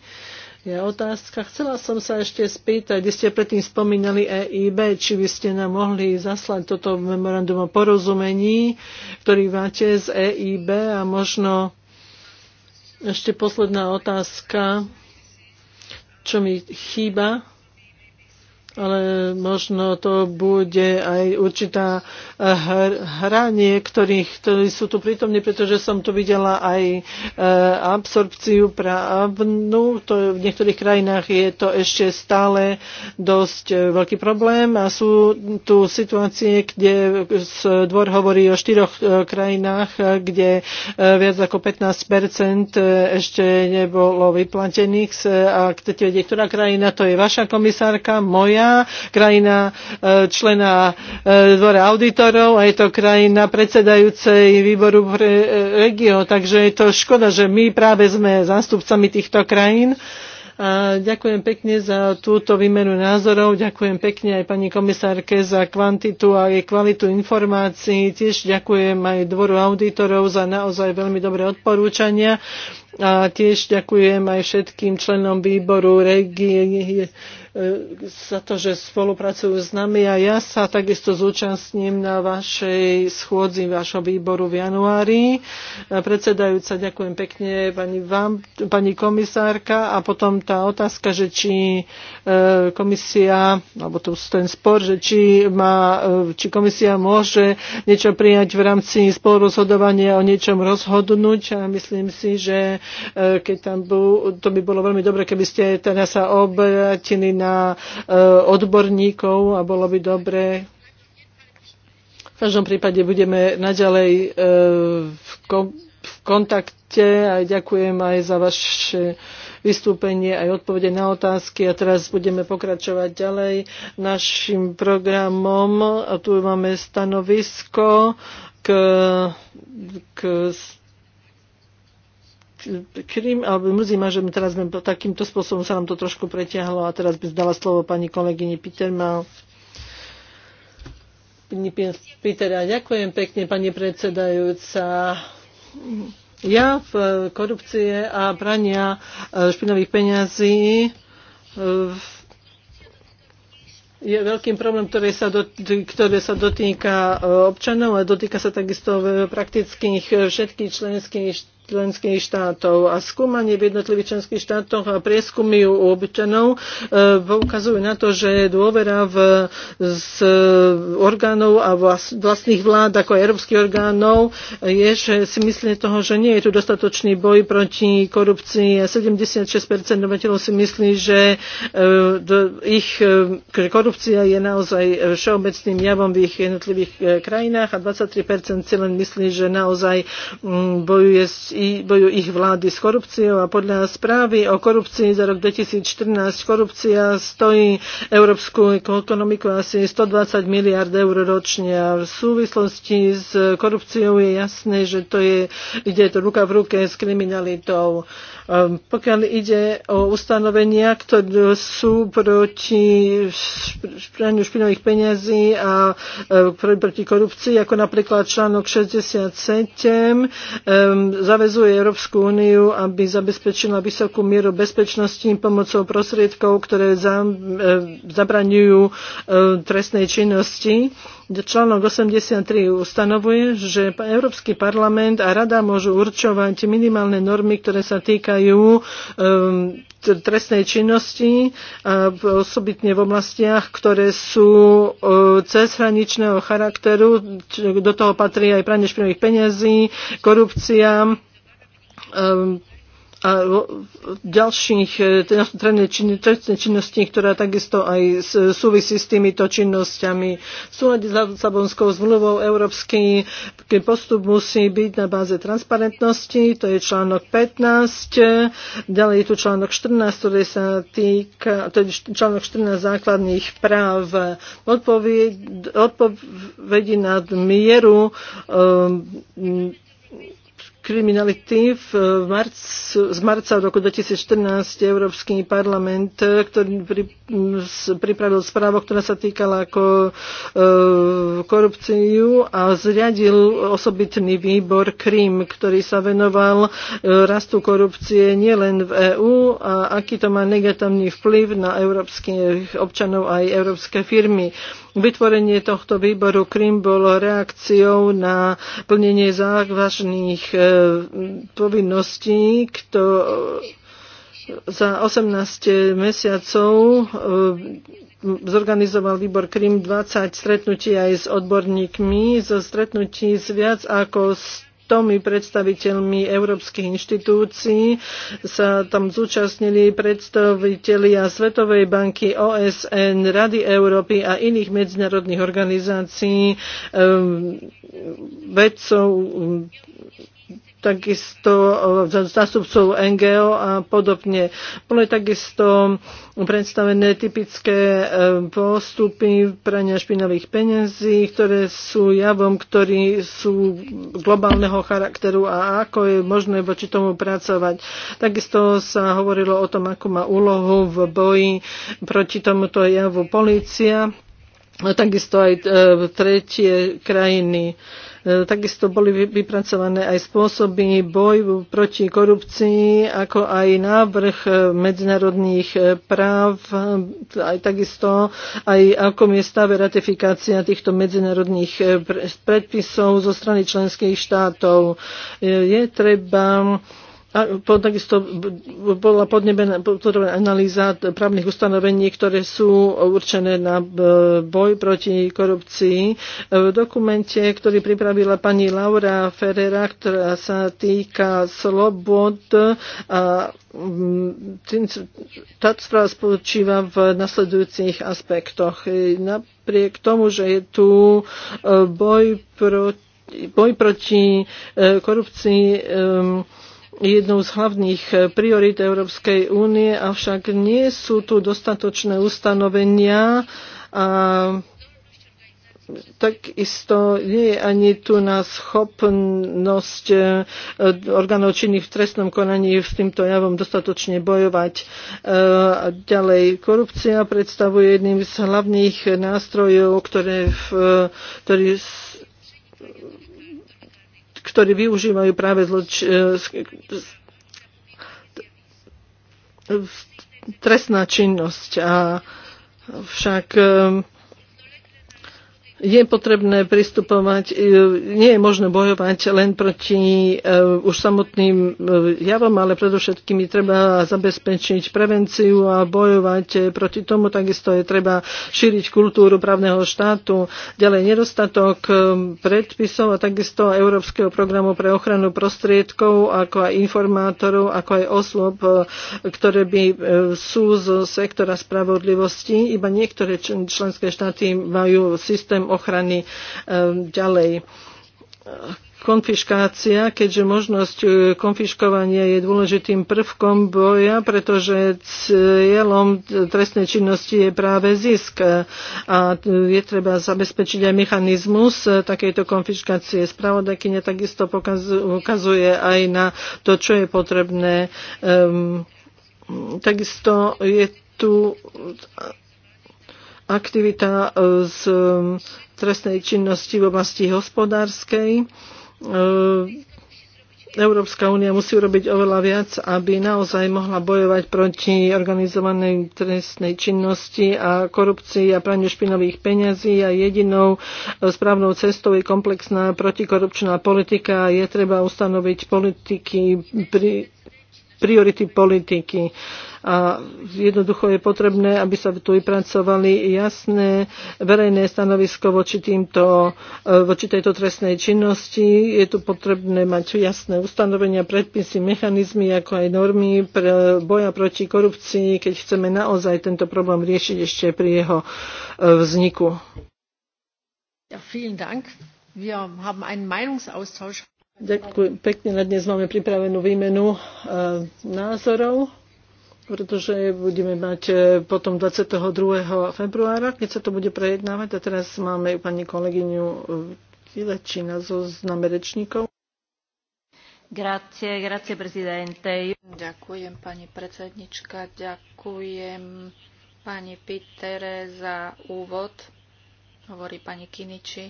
je otázka. Chcela som sa ešte spýtať, vy ste predtým spomínali EIB, či by ste nám mohli zaslať toto memorandum o porozumení, ktorý máte z EIB a možno ešte posledná otázka, čo mi chýba ale možno to bude aj určitá eh, hr- hra niektorých, ktorí sú tu prítomní, pretože som tu videla aj eh, absorpciu právnu. To v niektorých krajinách je to ešte stále dosť eh, veľký problém a sú tu situácie, kde dvor hovorí o štyroch krajinách, kde viac ako 15 ešte nebolo vyplatených. A ktorá krajina, to je vaša komisárka, moja krajina e, člena e, dvora auditorov a je to krajina predsedajúcej výboru pre e, regio. Takže je to škoda, že my práve sme zástupcami týchto krajín. A ďakujem pekne za túto výmenu názorov, ďakujem pekne aj pani komisárke za kvantitu a jej kvalitu informácií, tiež ďakujem aj dvoru auditorov za naozaj veľmi dobré odporúčania a tiež ďakujem aj všetkým členom výboru regie E, za to, že spolupracujú s nami a ja sa takisto zúčastním na vašej schôdzi vašom výboru v januári. E, predsedajúca, ďakujem pekne pani, vám, pani komisárka a potom tá otázka, že či e, komisia, alebo to ten spor, že či, má, či komisia môže niečo prijať v rámci spolurozhodovania o niečom rozhodnúť a myslím si, že keď tam bu, to by bolo veľmi dobre, keby ste teraz sa obratili na na e, odborníkov a bolo by dobré, v každom prípade budeme naďalej e, v, kom, v kontakte a ďakujem aj za vaše vystúpenie, aj odpovede na otázky a teraz budeme pokračovať ďalej našim programom. A tu máme stanovisko k, k Krim, alebo Muzima, že teraz sme, takýmto spôsobom sa nám to trošku pretiahlo a teraz by zdala slovo pani kolegyni Peter a ďakujem pekne, pani predsedajúca. Ja v korupcie a prania e, špinových peňazí e, je veľkým problém, ktorý sa, ktoré sa dotýka e, občanov a dotýka sa takisto praktických všetkých členských členských štátov a skúmanie v jednotlivých členských štátoch a prieskumy u občanov e, poukazujú na to, že dôvera v, z orgánov a vlastných vlád ako európskych orgánov je, že si myslí toho, že nie je tu dostatočný boj proti korupcii a 76% obyvateľov si myslí, že e, ich e, korupcia je naozaj všeobecným javom v ich jednotlivých krajinách a 23% si len myslí, že naozaj mm, bojuje s bojujú ich vlády s korupciou a podľa správy o korupcii za rok 2014 korupcia stojí európsku ekonomiku asi 120 miliard eur ročne a v súvislosti s korupciou je jasné, že to je, ide to ruka v ruke s kriminalitou. Ehm, pokiaľ ide o ustanovenia, ktoré sú proti špraniu špinových peňazí a ehm, proti korupcii, ako napríklad článok 67, ehm, zavezuje Európsku úniu, aby zabezpečila vysokú mieru bezpečnosti pomocou prostriedkov, ktoré zabraňujú trestnej činnosti. Článok 83 ustanovuje, že Európsky parlament a Rada môžu určovať minimálne normy, ktoré sa týkajú týkajú ehm, trestnej činnosti, a osobitne v oblastiach, ktoré sú e, cezhraničného charakteru. Do toho patrí aj pranie špinavých peniazí, korupcia, ehm, a ďalších e, teda trestné činnosti, ktorá takisto aj súvisí s týmito činnosťami. Súhľadí s Lisabonskou zmluvou európsky postup musí byť na báze transparentnosti, to je článok 15, ďalej je tu článok 14, ktorý sa týka, to je článok 14 základných práv odpovedi na mieru um, kriminality v eh, marc, z marca roku 2014 Európsky parlament, eh, ktorý pri, pripravil správu, ktorá sa týkala ako, e, korupciu a zriadil osobitný výbor Krím, ktorý sa venoval e, rastu korupcie nielen v EÚ a aký to má negatívny vplyv na európskych občanov aj európske firmy. Vytvorenie tohto výboru Krym bolo reakciou na plnenie závažných e, povinností, kto za 18 mesiacov e, zorganizoval výbor Krym 20 stretnutí aj s odborníkmi, zo stretnutí s viac ako tomi predstaviteľmi európskych inštitúcií sa tam zúčastnili predstavitelia Svetovej banky, OSN, Rady Európy a iných medzinárodných organizácií, ehm, vedcov, takisto eh, zástupcov NGO a podobne. Boli takisto predstavené typické eh, postupy prania špinavých peniazí, ktoré sú javom, ktorí sú globálneho charakteru a ako je možné voči tomu pracovať. Takisto sa hovorilo o tom, ako má úlohu v boji proti tomuto javu polícia takisto aj e, tretie krajiny. E, takisto boli vypracované aj spôsoby boju proti korupcii, ako aj návrh e, medzinárodných práv, aj takisto aj ako je stave ratifikácia týchto medzinárodných predpisov zo strany členských štátov. Je treba Takisto bola podnebená analýza právnych ustanovení, ktoré sú určené na e, boj proti korupcii. E, v dokumente, ktorý pripravila pani Laura Ferrera, ktorá sa týka slobod a tá správa spočíva v nasledujúcich aspektoch. E, napriek tomu, že je tu boj proti, boj proti korupcii, jednou z hlavných eh, priorit Európskej únie, avšak nie sú tu dostatočné ustanovenia a takisto nie je ani tu na schopnosť eh, orgánov činných v trestnom konaní s týmto javom dostatočne bojovať. Eh, a ďalej, korupcia predstavuje jedným z hlavných nástrojov, ktoré v, ktorý ktorí využívajú práve zloč, e, trestná činnosť. A však e, je potrebné pristupovať, e, nie je možné bojovať len proti e, už samotným e, javom, ale predovšetkým treba zabezpečiť prevenciu a bojovať proti tomu. Takisto je treba šíriť kultúru právneho štátu, ďalej nedostatok predpisov a takisto Európskeho programu pre ochranu prostriedkov, ako aj informátorov, ako aj osôb, ktoré by sú z sektora spravodlivosti. Iba niektoré členské štáty majú systém ochrany e, ďalej konfiškácia, keďže možnosť e, konfiškovania je dôležitým prvkom boja, pretože cieľom trestnej činnosti je práve zisk e, a je treba zabezpečiť aj mechanizmus takejto konfiškácie. Spravodajkyňa takisto ukazuje aj na to, čo je potrebné. Ehm, takisto je tu aktivita e, z trestnej činnosti v oblasti hospodárskej. E, Európska únia musí urobiť oveľa viac, aby naozaj mohla bojovať proti organizovanej trestnej činnosti a korupcii a praniu špinových peňazí a jedinou e, správnou cestou je komplexná protikorupčná politika. Je treba ustanoviť politiky pri priority politiky. A jednoducho je potrebné, aby sa tu vypracovali jasné verejné stanovisko voči, týmto, e, voči tejto trestnej činnosti. Je tu potrebné mať jasné ustanovenia, predpisy, mechanizmy, ako aj normy pre boja proti korupcii, keď chceme naozaj tento problém riešiť ešte pri jeho e, vzniku. Ja, vielen Dank. Wir haben einen Meinungsaustausch. Ďakujem pekne. Na dnes máme pripravenú výmenu e, názorov, pretože budeme mať e, potom 22. februára, keď sa to bude prejednávať. A teraz máme pani kolegyňu Filečina e, zo znamerečníkov. rečníkov. Grazie, grazie prezidente. Ďakujem pani predsednička, ďakujem pani Pitere za úvod, hovorí pani Kiniči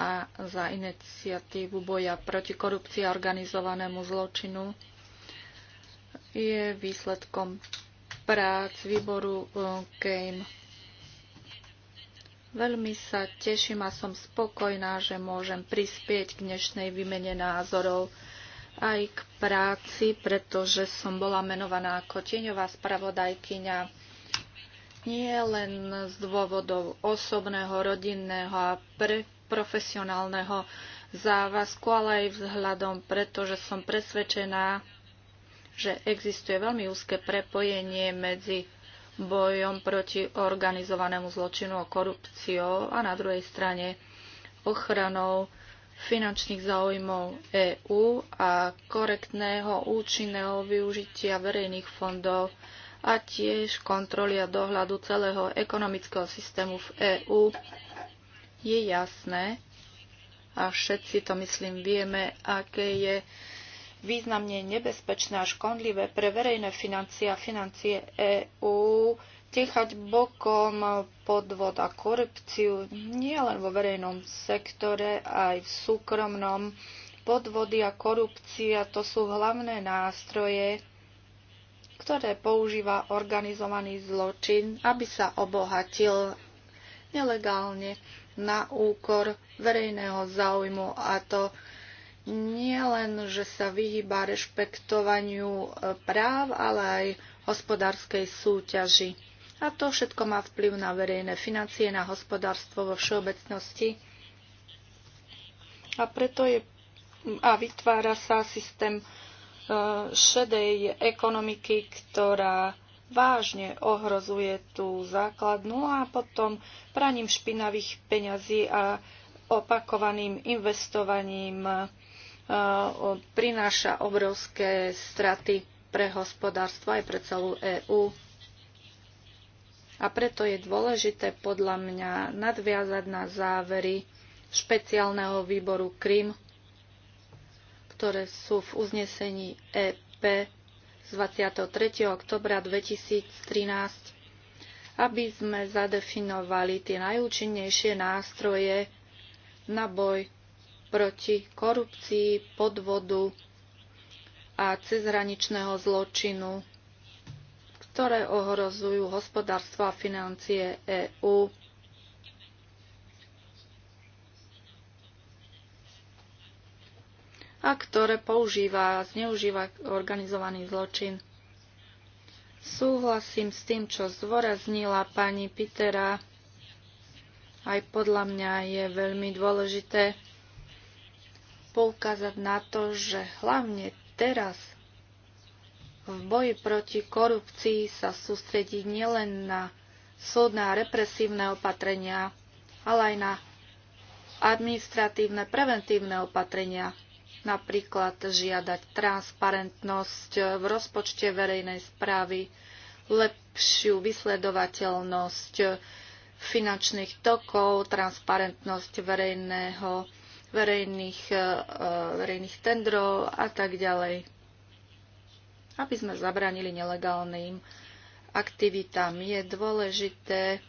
a za iniciatívu boja proti korupcii a organizovanému zločinu je výsledkom prác výboru eh, KEIM. Veľmi sa teším a som spokojná, že môžem prispieť k dnešnej výmene názorov aj k práci, pretože som bola menovaná ako tieňová spravodajkyňa nie len z dôvodov osobného, rodinného a pre profesionálneho závazku, ale aj vzhľadom, pretože som presvedčená, že existuje veľmi úzke prepojenie medzi bojom proti organizovanému zločinu a korupciou a na druhej strane ochranou finančných záujmov EÚ a korektného účinného využitia verejných fondov a tiež kontroly a dohľadu celého ekonomického systému v EÚ je jasné, a všetci to myslím vieme, aké je významne nebezpečné a škodlivé pre verejné financie a financie EÚ tiechať bokom podvod a korupciu nielen vo verejnom sektore, aj v súkromnom. Podvody a korupcia to sú hlavné nástroje, ktoré používa organizovaný zločin, aby sa obohatil nelegálne na úkor verejného záujmu a to nie len, že sa vyhýba rešpektovaniu e, práv, ale aj hospodárskej súťaži. A to všetko má vplyv na verejné financie, na hospodárstvo vo všeobecnosti. A preto je a vytvára sa systém e, šedej ekonomiky, ktorá vážne ohrozuje tú základnú a potom praním špinavých peňazí a opakovaným investovaním e, prináša obrovské straty pre hospodárstvo aj pre celú EÚ. A preto je dôležité podľa mňa nadviazať na závery špeciálneho výboru Krym, ktoré sú v uznesení EP z 23. oktobra 2013, aby sme zadefinovali tie najúčinnejšie nástroje na boj proti korupcii, podvodu a cezhraničného zločinu, ktoré ohrozujú hospodárstvo a financie EÚ a ktoré používa a zneužíva organizovaný zločin. Súhlasím s tým, čo zdôraznila pani Pitera. Aj podľa mňa je veľmi dôležité poukázať na to, že hlavne teraz v boji proti korupcii sa sústredí nielen na súdne a represívne opatrenia, ale aj na administratívne preventívne opatrenia napríklad žiadať transparentnosť v rozpočte verejnej správy, lepšiu vysledovateľnosť finančných tokov, transparentnosť verejného, verejných, e, verejných tendrov a tak ďalej, aby sme zabránili nelegálnym aktivitám. Je dôležité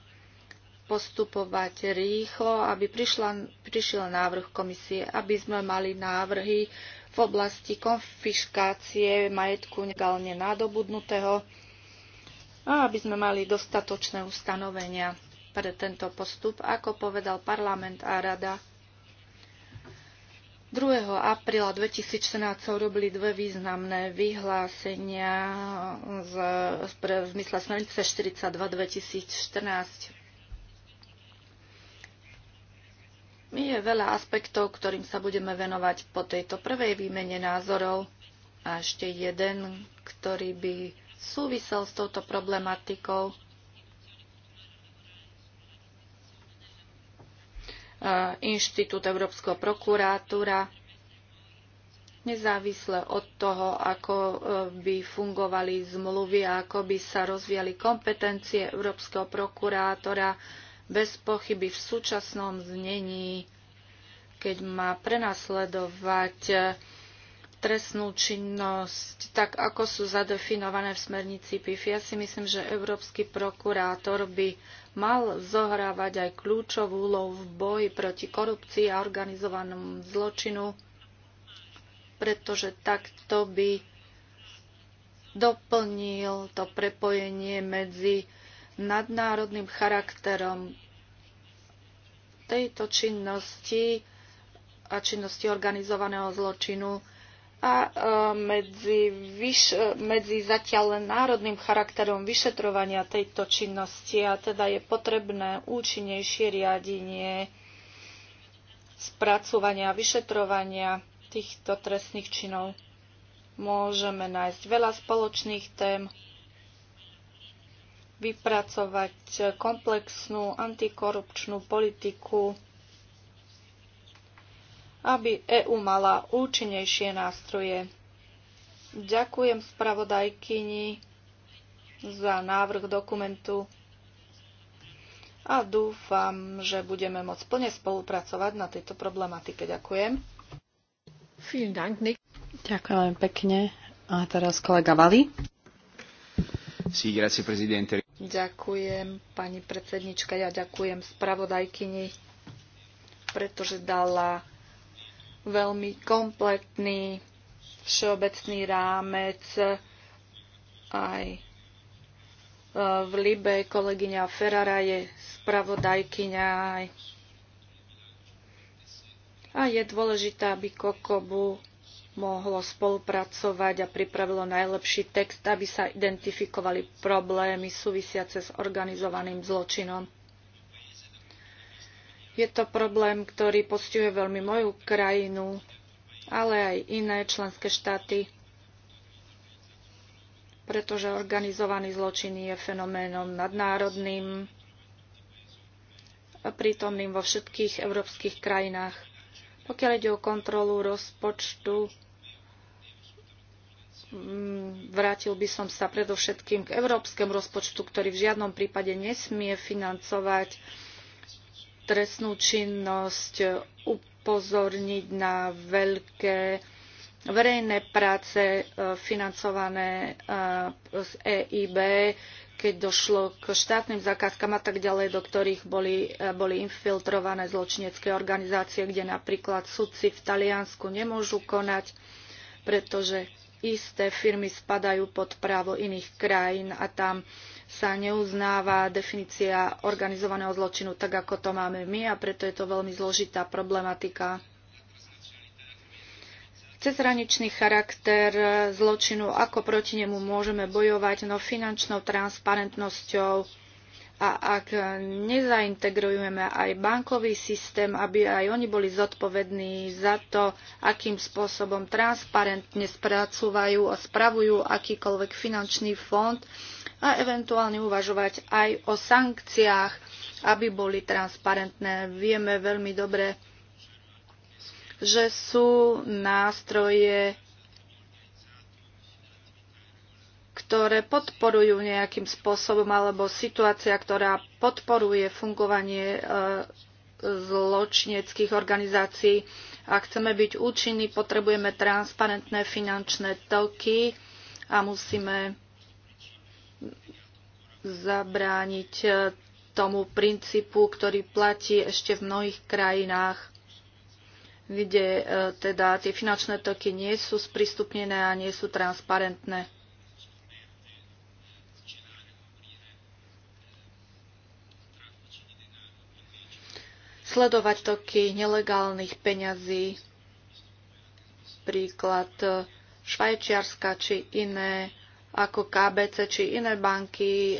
postupovať rýchlo, aby prišla, prišiel návrh komisie, aby sme mali návrhy v oblasti konfiškácie majetku negálne nadobudnutého a aby sme mali dostatočné ustanovenia pre tento postup, ako povedal parlament a rada. 2. apríla 2014 sa urobili dve významné vyhlásenia z, v zmysle smernice 42 2014 Je veľa aspektov, ktorým sa budeme venovať po tejto prvej výmene názorov a ešte jeden, ktorý by súvisel s touto problematikou. Inštitút Európskeho prokurátora, nezávisle od toho, ako e, by fungovali zmluvy a ako by sa rozvíjali kompetencie Európskeho prokurátora, bez pochyby v súčasnom znení, keď má prenasledovať eh, trestnú činnosť, tak ako sú zadefinované v smernici PIF. Ja si myslím, že európsky prokurátor by mal zohrávať aj kľúčovú úlohu v boji proti korupcii a organizovanom zločinu, pretože takto by doplnil to prepojenie medzi nadnárodným charakterom tejto činnosti a činnosti organizovaného zločinu a e, medzi, vyš, e, medzi zatiaľ len národným charakterom vyšetrovania tejto činnosti a teda je potrebné účinnejšie riadenie spracovania a vyšetrovania týchto trestných činov. Môžeme nájsť veľa spoločných tém, vypracovať komplexnú antikorupčnú politiku, aby EÚ mala účinnejšie nástroje. Ďakujem spravodajkyni za návrh dokumentu a dúfam, že budeme môcť plne spolupracovať na tejto problematike. Ďakujem. Ďakujem pekne. A teraz kolega Vali. Sí, grazie, presidente. Ďakujem, pani predsednička, ja ďakujem spravodajkyni, pretože dala veľmi kompletný všeobecný rámec aj e, v Libe kolegyňa Ferrara je spravodajkyňa aj a je dôležité, aby Kokobu mohlo spolupracovať a pripravilo najlepší text, aby sa identifikovali problémy súvisiace s organizovaným zločinom. Je to problém, ktorý postihuje veľmi moju krajinu, ale aj iné členské štáty, pretože organizovaný zločin je fenoménom nadnárodným, a prítomným vo všetkých európskych krajinách. Pokiaľ ide o kontrolu rozpočtu, Mm, vrátil by som sa predovšetkým k európskemu rozpočtu, ktorý v žiadnom prípade nesmie financovať trestnú činnosť, upozorniť na veľké verejné práce e, financované e, z EIB, keď došlo k štátnym zakázkam a tak ďalej, do ktorých boli, e, boli infiltrované zločinecké organizácie, kde napríklad sudci v Taliansku nemôžu konať, pretože isté firmy spadajú pod právo iných krajín a tam sa neuznáva definícia organizovaného zločinu tak, ako to máme my a preto je to veľmi zložitá problematika. Cezhraničný charakter zločinu, ako proti nemu môžeme bojovať, no finančnou transparentnosťou, a ak nezaintegrujeme aj bankový systém, aby aj oni boli zodpovední za to, akým spôsobom transparentne spracúvajú a spravujú akýkoľvek finančný fond a eventuálne uvažovať aj o sankciách, aby boli transparentné. Vieme veľmi dobre, že sú nástroje ktoré podporujú nejakým spôsobom, alebo situácia, ktorá podporuje fungovanie e, zločineckých organizácií. Ak chceme byť účinní, potrebujeme transparentné finančné toky a musíme zabrániť e, tomu princípu, ktorý platí ešte v mnohých krajinách, kde e, teda tie finančné toky nie sú sprístupnené a nie sú transparentné. sledovať toky nelegálnych peňazí, príklad e, Švajčiarska či iné, ako KBC či iné banky,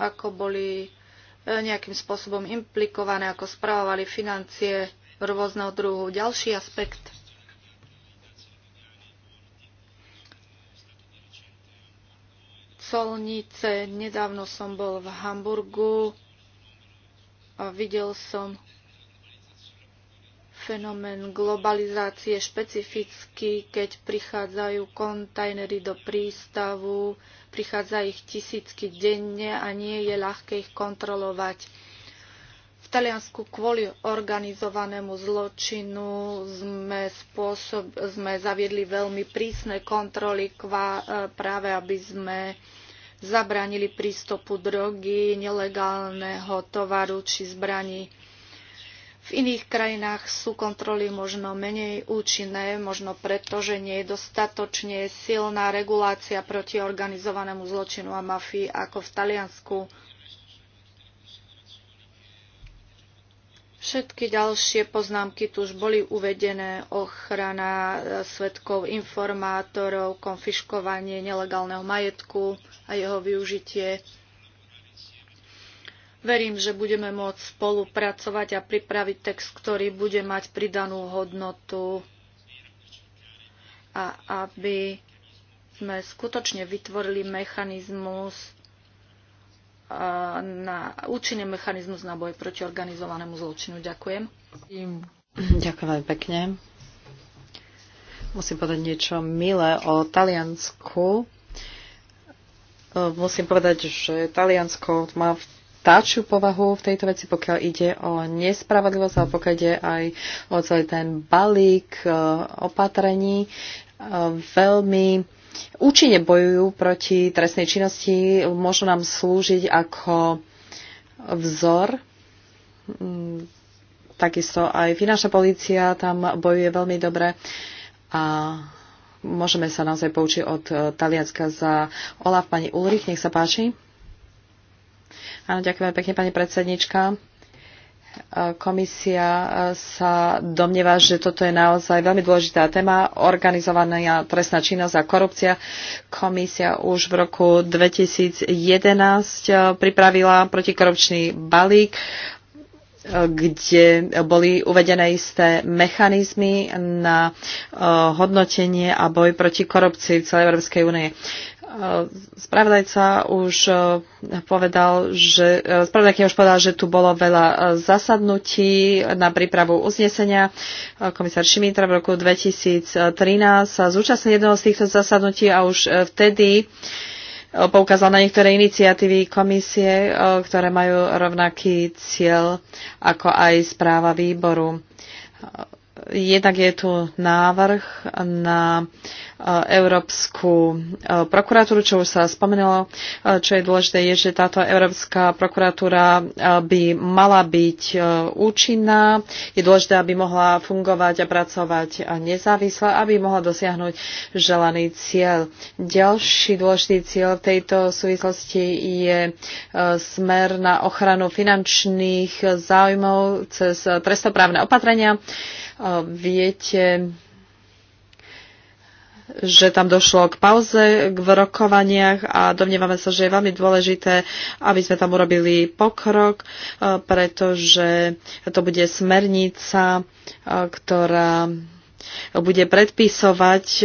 ako boli e, nejakým spôsobom implikované, ako spravovali financie rôzneho druhu. Ďalší aspekt. Colnice. Nedávno som bol v Hamburgu videl som fenomén globalizácie špecificky, keď prichádzajú kontajnery do prístavu, prichádza ich tisícky denne a nie je ľahké ich kontrolovať. V Taliansku kvôli organizovanému zločinu sme, spôsob, sme zaviedli veľmi prísne kontroly kva, e, práve aby sme zabránili prístupu drogy, nelegálneho tovaru či zbraní. V iných krajinách sú kontroly možno menej účinné, možno preto, že nie je dostatočne silná regulácia proti organizovanému zločinu a mafii ako v Taliansku. Všetky ďalšie poznámky tu už boli uvedené. Ochrana eh, svetkov, informátorov, konfiškovanie nelegálneho majetku, a jeho využitie. Verím, že budeme môcť spolupracovať a pripraviť text, ktorý bude mať pridanú hodnotu a aby sme skutočne vytvorili mechanizmus na účinný mechanizmus na boj proti organizovanému zločinu. Ďakujem. Ďakujem veľmi pekne. Musím povedať niečo milé o Taliansku musím povedať, že Taliansko má táčiu povahu v tejto veci, pokiaľ ide o nespravodlivosť, ale pokiaľ ide aj o celý ten balík e, opatrení. E, veľmi účinne bojujú proti trestnej činnosti, môžu nám slúžiť ako vzor. Mm, takisto aj finančná polícia tam bojuje veľmi dobre a môžeme sa naozaj poučiť od e, Talianska za Olaf. Pani Ulrich, nech sa páči. Áno, ďakujem pekne, pani predsednička. E, komisia e, sa domnieva, že toto je naozaj veľmi dôležitá téma, organizovaná trestná činnosť a korupcia. Komisia už v roku 2011 pripravila protikorupčný balík kde boli uvedené isté mechanizmy na eh, hodnotenie a boj proti korupcii v celej Európskej únie. Eh, spravodajca už eh, povedal, že, spravodajka už povedal, že tu bolo veľa zasadnutí na prípravu uznesenia. Komisár Šimitra v roku 2013 sa zúčastnil jedného z týchto zasadnutí a už vtedy uh, poukázal na niektoré iniciatívy komisie, e, ktoré majú rovnaký cieľ ako aj správa výboru. Jednak je tu návrh na e, Európsku e, prokuratúru, čo už sa spomenulo. E, čo je dôležité, je, že táto Európska prokuratúra by mala byť účinná. Je dôležité, aby mohla fungovať a pracovať nezávisle, aby mohla dosiahnuť želaný cieľ. Ďalší dôležitý cieľ v tejto súvislosti je smer na ochranu finančných záujmov cez trestoprávne opatrenia. Viete, že tam došlo k pauze v rokovaniach a domnievame sa, že je veľmi dôležité, aby sme tam urobili pokrok, e, pretože to bude smernica, e, ktorá bude predpisovať, e,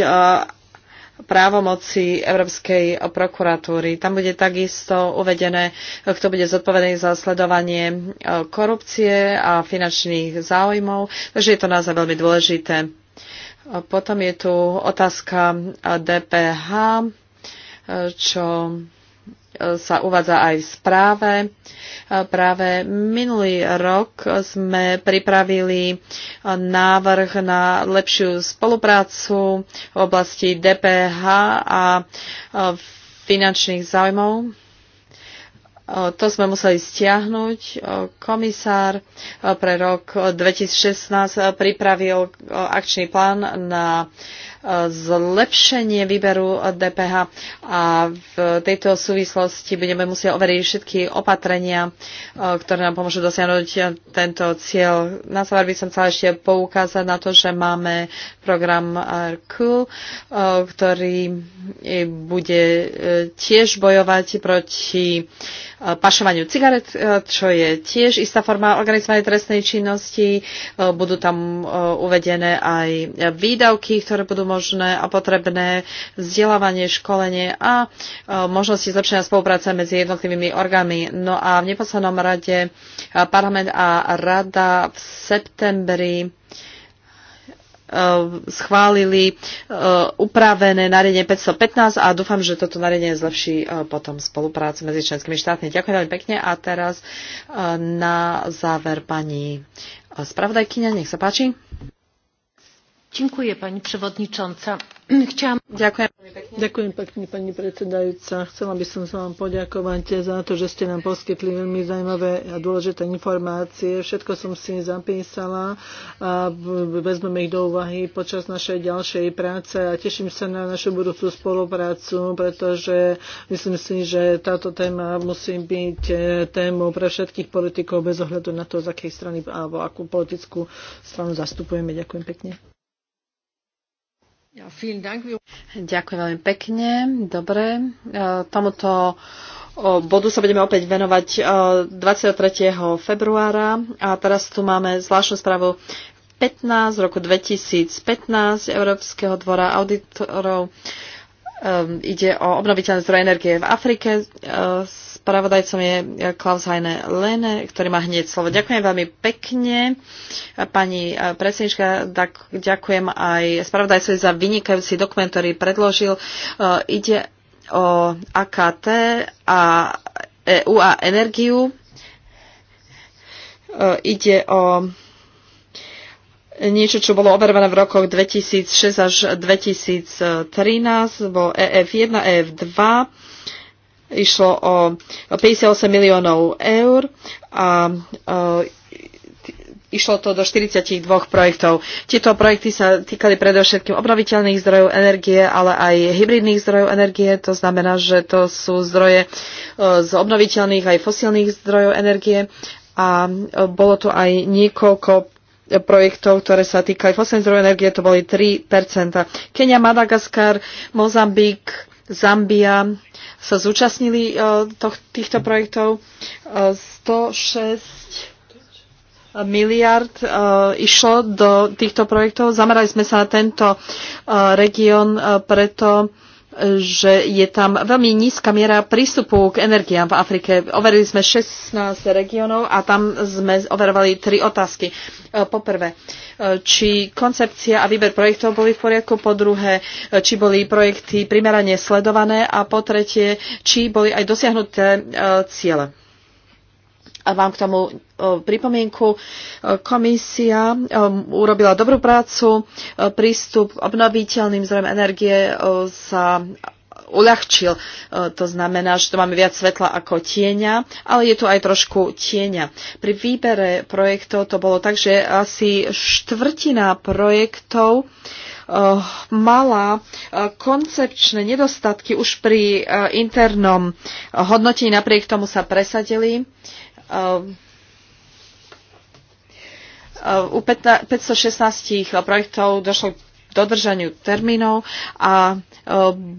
právomoci Európskej prokuratúry. Tam bude takisto uvedené, kto bude zodpovedný za sledovanie e, korupcie a finančných záujmov, takže je to naozaj veľmi dôležité. E, potom je tu otázka e, DPH, čo sa uvádza aj v správe. Práve minulý rok sme pripravili návrh na lepšiu spoluprácu v oblasti DPH a finančných záujmov. To sme museli stiahnuť. Komisár pre rok 2016 pripravil akčný plán na zlepšenie výberu DPH a v tejto súvislosti budeme musieť overiť všetky opatrenia, e, ktoré nám pomôžu dosiahnuť tento cieľ. Na záver by som chcela ešte poukázať na to, že máme program RQ, e, ktorý bude e, tiež bojovať proti E, pašovaniu cigaret, e, čo je tiež istá forma organizovanej trestnej činnosti. E, budú tam uvedené aj výdavky, ktoré budú možné a potrebné, vzdelávanie, školenie a možnosti zlepšenia spolupráce medzi jednotlivými orgánmi. No a v neposlednom rade parlament a rada v septembri Eh, schválili eh, upravené nariadenie 515 a dúfam, že toto nariadenie zlepší eh, potom spoluprácu medzi členskými štátmi. Ďakujem veľmi pekne a teraz na záver pani spravodajkyňa, nech sa páči. Dziękuję pani przewodnicząca Ďakujem. Ďakujem pekne, pani predsedajúca. Chcela by som sa vám poďakovať za to, že ste nám poskytli veľmi zaujímavé a dôležité informácie. Všetko som si zapísala a vezmeme ich do úvahy počas našej ďalšej práce a teším sa na našu budúcu spoluprácu, pretože myslím si, že táto téma musí byť e, témou pre všetkých politikov bez ohľadu na to, z akej strany alebo akú politickú stranu zastupujeme. Ďakujem pekne. Ďakujem veľmi pekne. Dobre. E, tomuto bodu sa budeme opäť venovať 23. E, februára. A teraz tu máme zvláštnu správu 15 z roku 2015 Európskeho dvora auditorov Ehm, ide o obnoviteľné zdroje energie v Afrike. Ehm, spravodajcom je Klaus Heine Lene, ktorý má hneď slovo. Ďakujem veľmi pekne, pani e, predsednička. Ďakujem aj spravodajcovi za vynikajúci dokument, ktorý predložil. Ehm, ide o AKT a EU a energiu. Ide o niečo, čo bolo overované v rokoch 2006 až 2013, bol EF1, EF2. Išlo o 58 miliónov eur a e, išlo to do 42 projektov. Tieto projekty sa týkali predovšetkým obnoviteľných zdrojov energie, ale aj hybridných zdrojov energie. To znamená, že to sú zdroje e, z obnoviteľných aj fosílnych zdrojov energie a e, bolo tu aj niekoľko projektov, ktoré sa týkali fosilných zdrojov energie, to boli 3 Kenia, Madagaskar, Mozambik, Zambia sa zúčastnili e, týchto projektov. 106 e, miliard e, išlo do týchto projektov. Zamerali sme sa na tento región, preto že je tam veľmi nízka miera prístupu k energiám v Afrike. Overili sme 16 regiónov a tam sme overovali tri otázky. E, poprvé, e, či koncepcia a výber projektov boli v poriadku, po druhé, e, či boli projekty primerane sledované a po tretie, či boli aj dosiahnuté ciele. Mám k tomu e, pripomienku. E, komisia e, urobila dobrú prácu, prístup obnoviteľným zdrojom energie sa uľahčil. To znamená, že tu máme viac svetla ako tieňa, ale je tu aj trošku tieňa. Pri výbere projektov to bolo tak, že asi štvrtina projektov mala koncepčné nedostatky už pri internom hodnotení, napriek tomu sa presadili Ehm, ehm, u 516 projektov došlo k dodržaniu termínov a ehm,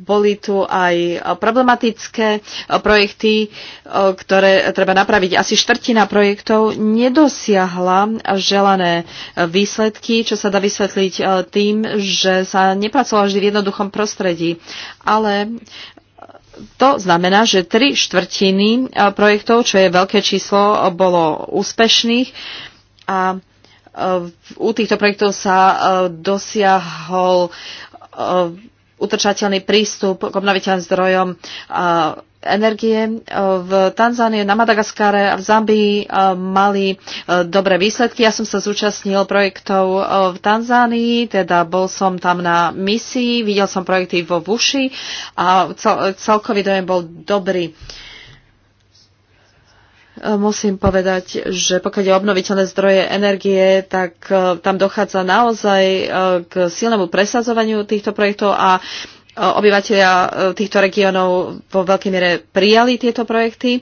boli tu aj problematické projekty, ktoré treba napraviť. Asi štvrtina projektov nedosiahla želané výsledky, čo sa dá vysvetliť tým, že sa nepracovala vždy v jednoduchom prostredí. Ale to znamená, že tri štvrtiny eh, projektov, čo je veľké číslo, bolo úspešných a eh, u týchto projektov sa eh, dosiahol utrčateľný prístup k obnoviteľným zdrojom energie. E, v Tanzánii, na Madagaskare a v Zambii e, mali e, dobré výsledky. Ja som sa zúčastnil projektov v Tanzánii, teda bol som tam na misii, videl som projekty vo Vuši a cel, celkový dojem bol dobrý. Musím povedať, že pokiaľ je obnoviteľné zdroje energie, tak tam dochádza naozaj k silnému presazovaniu týchto projektov a obyvateľia e, týchto regiónov vo veľkej miere prijali tieto projekty. E,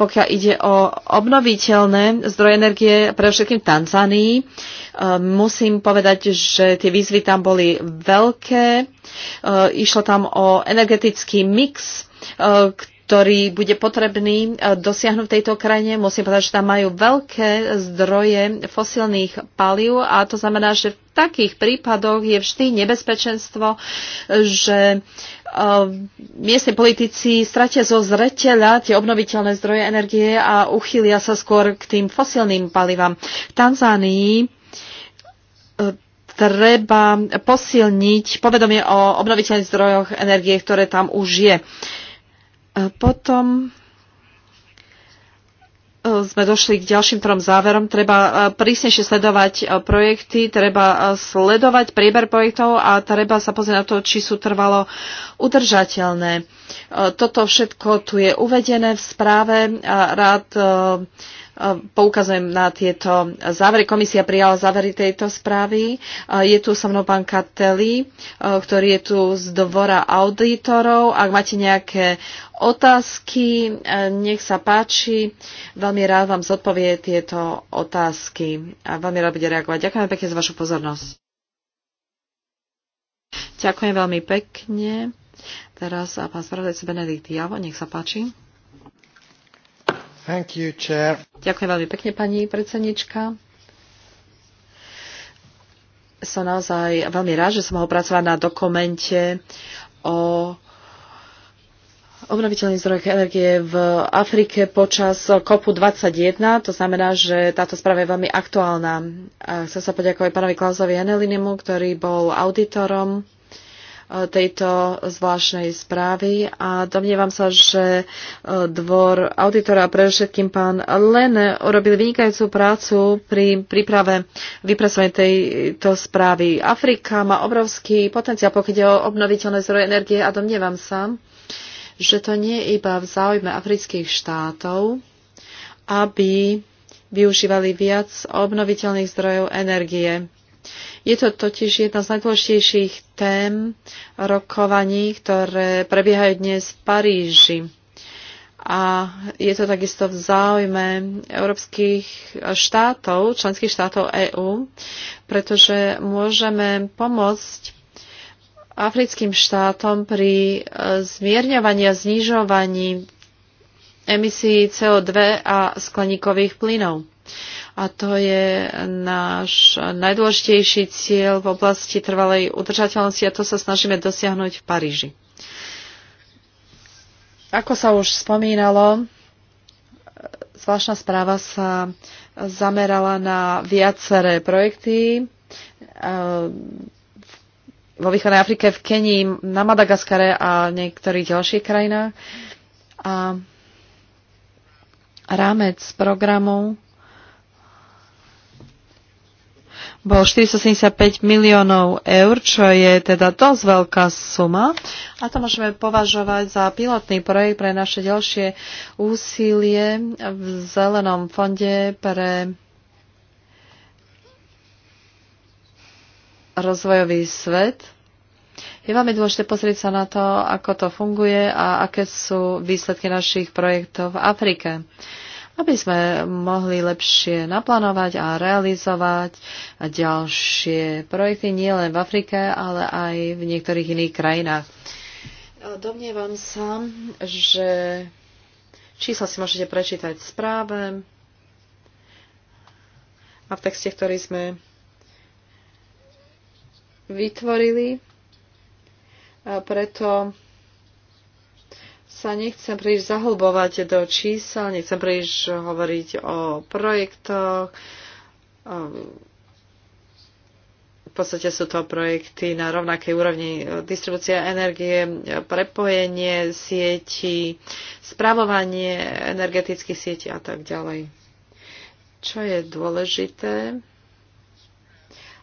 pokiaľ ide o obnoviteľné zdroje energie, pre všetkým v Tanzánii, e, musím povedať, že tie výzvy tam boli veľké. Išlo tam o energetický mix, ktorý bude potrebný e, dosiahnuť v tejto krajine. Musím povedať, že tam majú veľké zdroje fosilných palív a to znamená, že v takých prípadoch je vždy nebezpečenstvo, že e, miestni politici stratia zo zreteľa tie obnoviteľné zdroje energie a uchylia sa skôr k tým fosilným palivám. V Tanzánii e, treba posilniť povedomie o obnoviteľných zdrojoch energie, ktoré tam už je. Uh, E, potom e, sme došli k ďalším trom záverom. Treba e, prísnejšie sledovať projekty, treba sledovať prieber projektov a treba sa pozrieť na to, či sú trvalo udržateľné. Toto všetko tu je uvedené v správe. Rád poukazujem na tieto závery. Komisia prijala závery tejto správy. Je tu so mnou pán Kateli, ktorý je tu z dvora auditorov. Ak máte nejaké otázky, nech sa páči. Veľmi rád vám zodpovie tieto otázky a veľmi rád bude reagovať. Ďakujem pekne za vašu pozornosť. Ďakujem veľmi pekne. Teraz pán spravodajca Benedikt Javo, nech sa páči. You, Ďakujem veľmi pekne, pani predsednička. Som naozaj veľmi rád, že som mohol pracovať na dokumente o obnoviteľných zdrojoch energie v Afrike počas COP21. To znamená, že táto správa je veľmi aktuálna. Chcem sa poďakovať pánovi Klausovi Henelinimu, ktorý bol auditorom tejto zvláštnej správy a domnievam sa, že e, dvor auditora a predovšetkým pán Len urobil vynikajúcu prácu pri príprave vypracovania tejto správy. Afrika má obrovský potenciál, pokiaľ ide o obnoviteľné zdroje energie a domnievam sa, že to nie je iba v záujme afrických štátov, aby využívali viac obnoviteľných zdrojov energie. Je to totiž jedna z najdôležitejších tém rokovaní, ktoré prebiehajú dnes v Paríži. A je to takisto v záujme európskych štátov, členských štátov EÚ, pretože môžeme pomôcť africkým štátom pri e, zmierňovaní a znižovaní emisí CO2 a skleníkových plynov a to je náš najdôležitejší cieľ v oblasti trvalej udržateľnosti a to sa snažíme dosiahnuť v Paríži. Ako sa už spomínalo, zvláštna správa sa zamerala na viaceré projekty eh, vo východnej Afrike, v Kenii, na Madagaskare a niektorých ďalších krajinách. A rámec programov bol 475 miliónov eur, čo je teda dosť veľká suma a to môžeme považovať za pilotný projekt pre naše ďalšie úsilie v Zelenom fonde pre rozvojový svet. Je veľmi dôležité pozrieť sa na to, ako to funguje a aké sú výsledky našich projektov v Afrike aby sme mohli lepšie naplánovať a realizovať ďalšie projekty nielen v Afrike, ale aj v niektorých iných krajinách. Domnievam sa, že čísla si môžete prečítať v správe a v texte, ktorý sme vytvorili. A preto sa nechcem príliš zahlbovať do čísel, nechcem príliš hovoriť o projektoch. V podstate sú to projekty na rovnakej úrovni distribúcia energie, prepojenie sieti, spravovanie energetických sietí a tak ďalej. Čo je dôležité,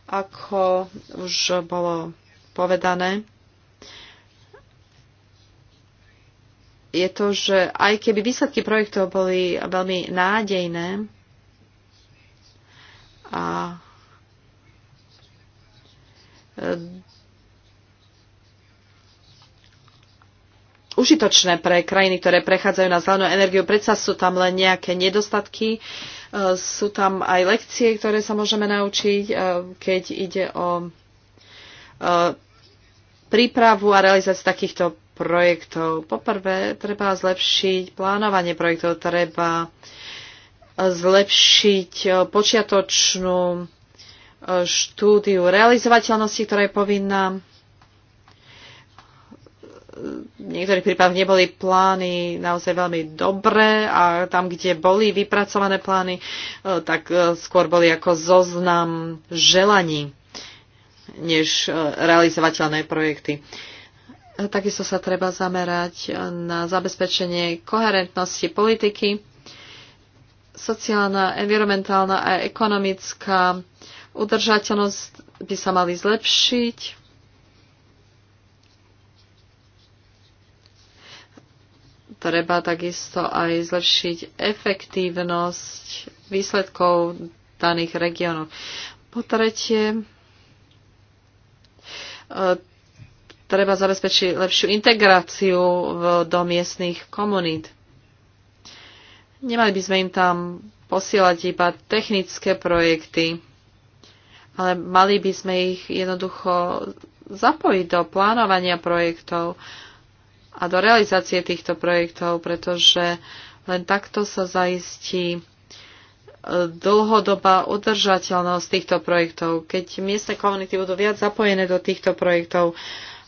ako už bolo povedané, je to, že aj keby výsledky projektov boli veľmi nádejné a e, užitočné pre krajiny, ktoré prechádzajú na zelenú energiu. Predsa sú tam len nejaké nedostatky, e, sú tam aj lekcie, ktoré sa môžeme naučiť, e, keď ide o prípravu a realizáciu takýchto projektov. Poprvé, treba zlepšiť plánovanie projektov, treba zlepšiť e, počiatočnú e, štúdiu realizovateľnosti, ktorá je povinná. V niektorých prípadoch neboli plány naozaj veľmi dobré a tam, kde boli vypracované plány, e, tak skôr boli ako zoznam želaní než realizovateľné projekty. Takisto sa treba zamerať na zabezpečenie koherentnosti politiky. Sociálna, environmentálna a ekonomická udržateľnosť by sa mali zlepšiť. Treba takisto aj zlepšiť efektívnosť výsledkov daných regiónov. Po tretie, treba zabezpečiť lepšiu integráciu v, do miestných komunít. Nemali by sme im tam posielať iba technické projekty, ale mali by sme ich jednoducho zapojiť do plánovania projektov a do realizácie týchto projektov, pretože len takto sa zaistí e, dlhodobá udržateľnosť týchto projektov. Keď miestne komunity budú viac zapojené do týchto projektov,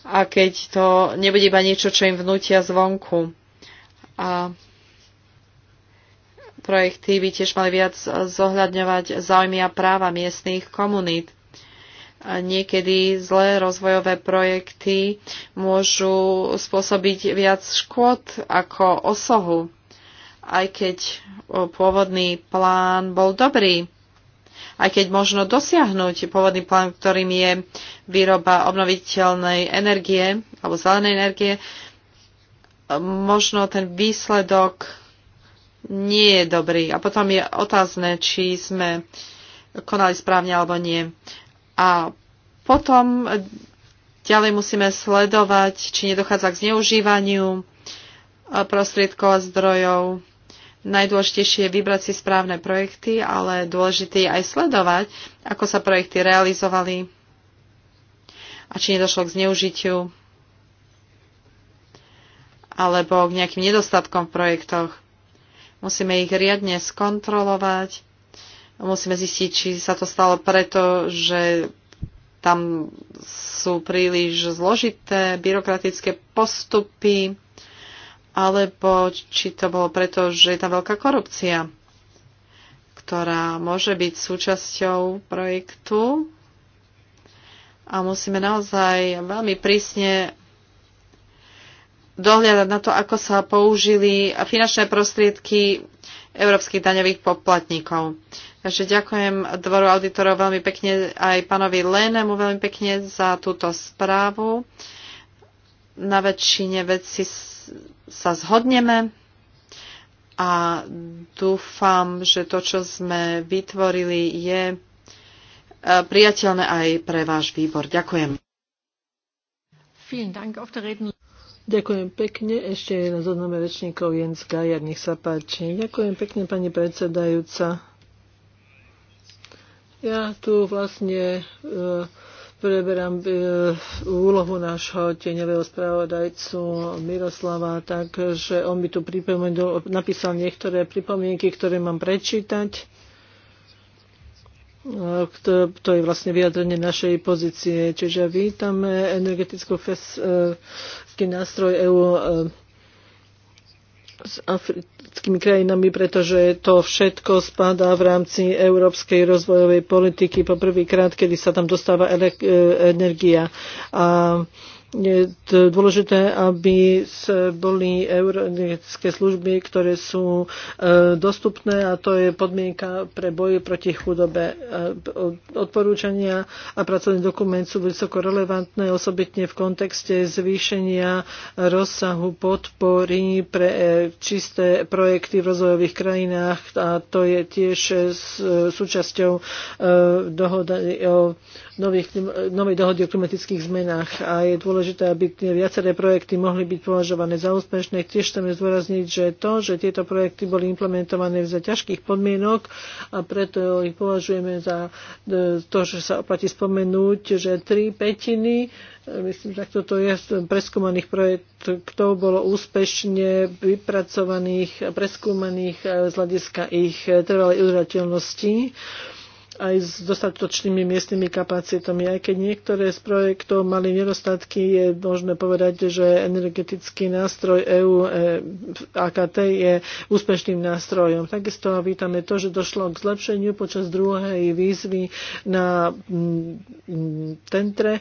a keď to nebude iba niečo, čo im vnútia zvonku. A projekty by tiež mali viac zohľadňovať záujmy a práva miestných komunít. A niekedy zlé rozvojové projekty môžu spôsobiť viac škôd ako osohu, aj keď pôvodný plán bol dobrý aj keď možno dosiahnuť pôvodný plán, ktorým je výroba obnoviteľnej energie alebo zelenej energie, možno ten výsledok nie je dobrý. A potom je otázne, či sme konali správne alebo nie. A potom ďalej musíme sledovať, či nedochádza k zneužívaniu prostriedkov a zdrojov Najdôležitejšie je vybrať si správne projekty, ale dôležité je aj sledovať, ako sa projekty realizovali a či nedošlo k zneužitiu alebo k nejakým nedostatkom v projektoch. Musíme ich riadne skontrolovať, musíme zistiť, či sa to stalo preto, že tam sú príliš zložité byrokratické postupy, alebo či to bolo preto, že je tam veľká korupcia, ktorá môže byť súčasťou projektu a musíme naozaj veľmi prísne dohľadať na to, ako sa použili finančné prostriedky európskych daňových poplatníkov. Takže ďakujem dvoru auditorov veľmi pekne aj pánovi Lénemu veľmi pekne za túto správu. Na väčšine veci sa zhodneme a dúfam, že to, čo sme vytvorili, je e, priateľné aj pre váš výbor. Ďakujem. Ďakujem pekne. Ešte jedna z zozname rečníkov Jens Gajar. Nech sa páči. Ďakujem pekne, pani predsedajúca. Ja tu vlastne uh, preberám e, úlohu nášho tieňového spravodajcu Miroslava, takže on by tu pripomenul, napísal niektoré pripomienky, ktoré mám prečítať. E, to, to je vlastne vyjadrenie našej pozície. Čiže vítame energetický e, nástroj EU s africkými krajinami, pretože to všetko spadá v rámci európskej rozvojovej politiky poprvýkrát, kedy sa tam dostáva e, energia. A je dôležité, aby boli európske služby, ktoré sú e, dostupné a to je podmienka pre boj proti chudobe. E, odporúčania a pracovný dokument sú vysoko relevantné, osobitne v kontexte zvýšenia rozsahu podpory pre e, čisté projekty v rozvojových krajinách a to je tiež súčasťou dohody o nových, novej dohody o klimatických zmenách a je dôležité dôležité, aby tie viaceré projekty mohli byť považované za úspešné. Tiež chceme zdôrazniť, že to, že tieto projekty boli implementované za ťažkých podmienok a preto ich považujeme za e, to, že sa oplatí spomenúť, že tri petiny e, myslím, že toto je preskúmaných projektov bolo úspešne vypracovaných a preskúmaných e, z hľadiska ich trvalej udržateľnosti aj s dostatočnými miestnymi kapacitami. Aj keď niektoré z projektov mali nedostatky, je možné povedať, že energetický nástroj EU e, AKT je úspešným nástrojom. Takisto vítame to, že došlo k zlepšeniu počas druhej výzvy na mm, tentre,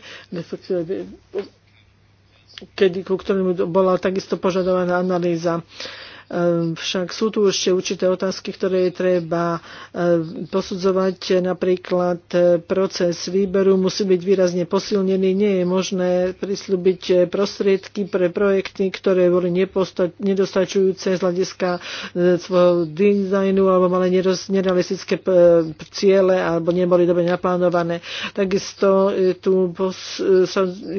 kedy, ku ktorému bola takisto požadovaná analýza. Uh, Ehm, však sú tu ešte určité otázky, ktoré treba ehm, posudzovať. Napríklad e, proces výberu musí byť výrazne posilnený. Nie je možné prislúbiť e, prostriedky pre projekty, ktoré boli nedostačujúce z hľadiska e, svojho dizajnu alebo mali nerealistické ciele alebo neboli dobre naplánované. Takisto tu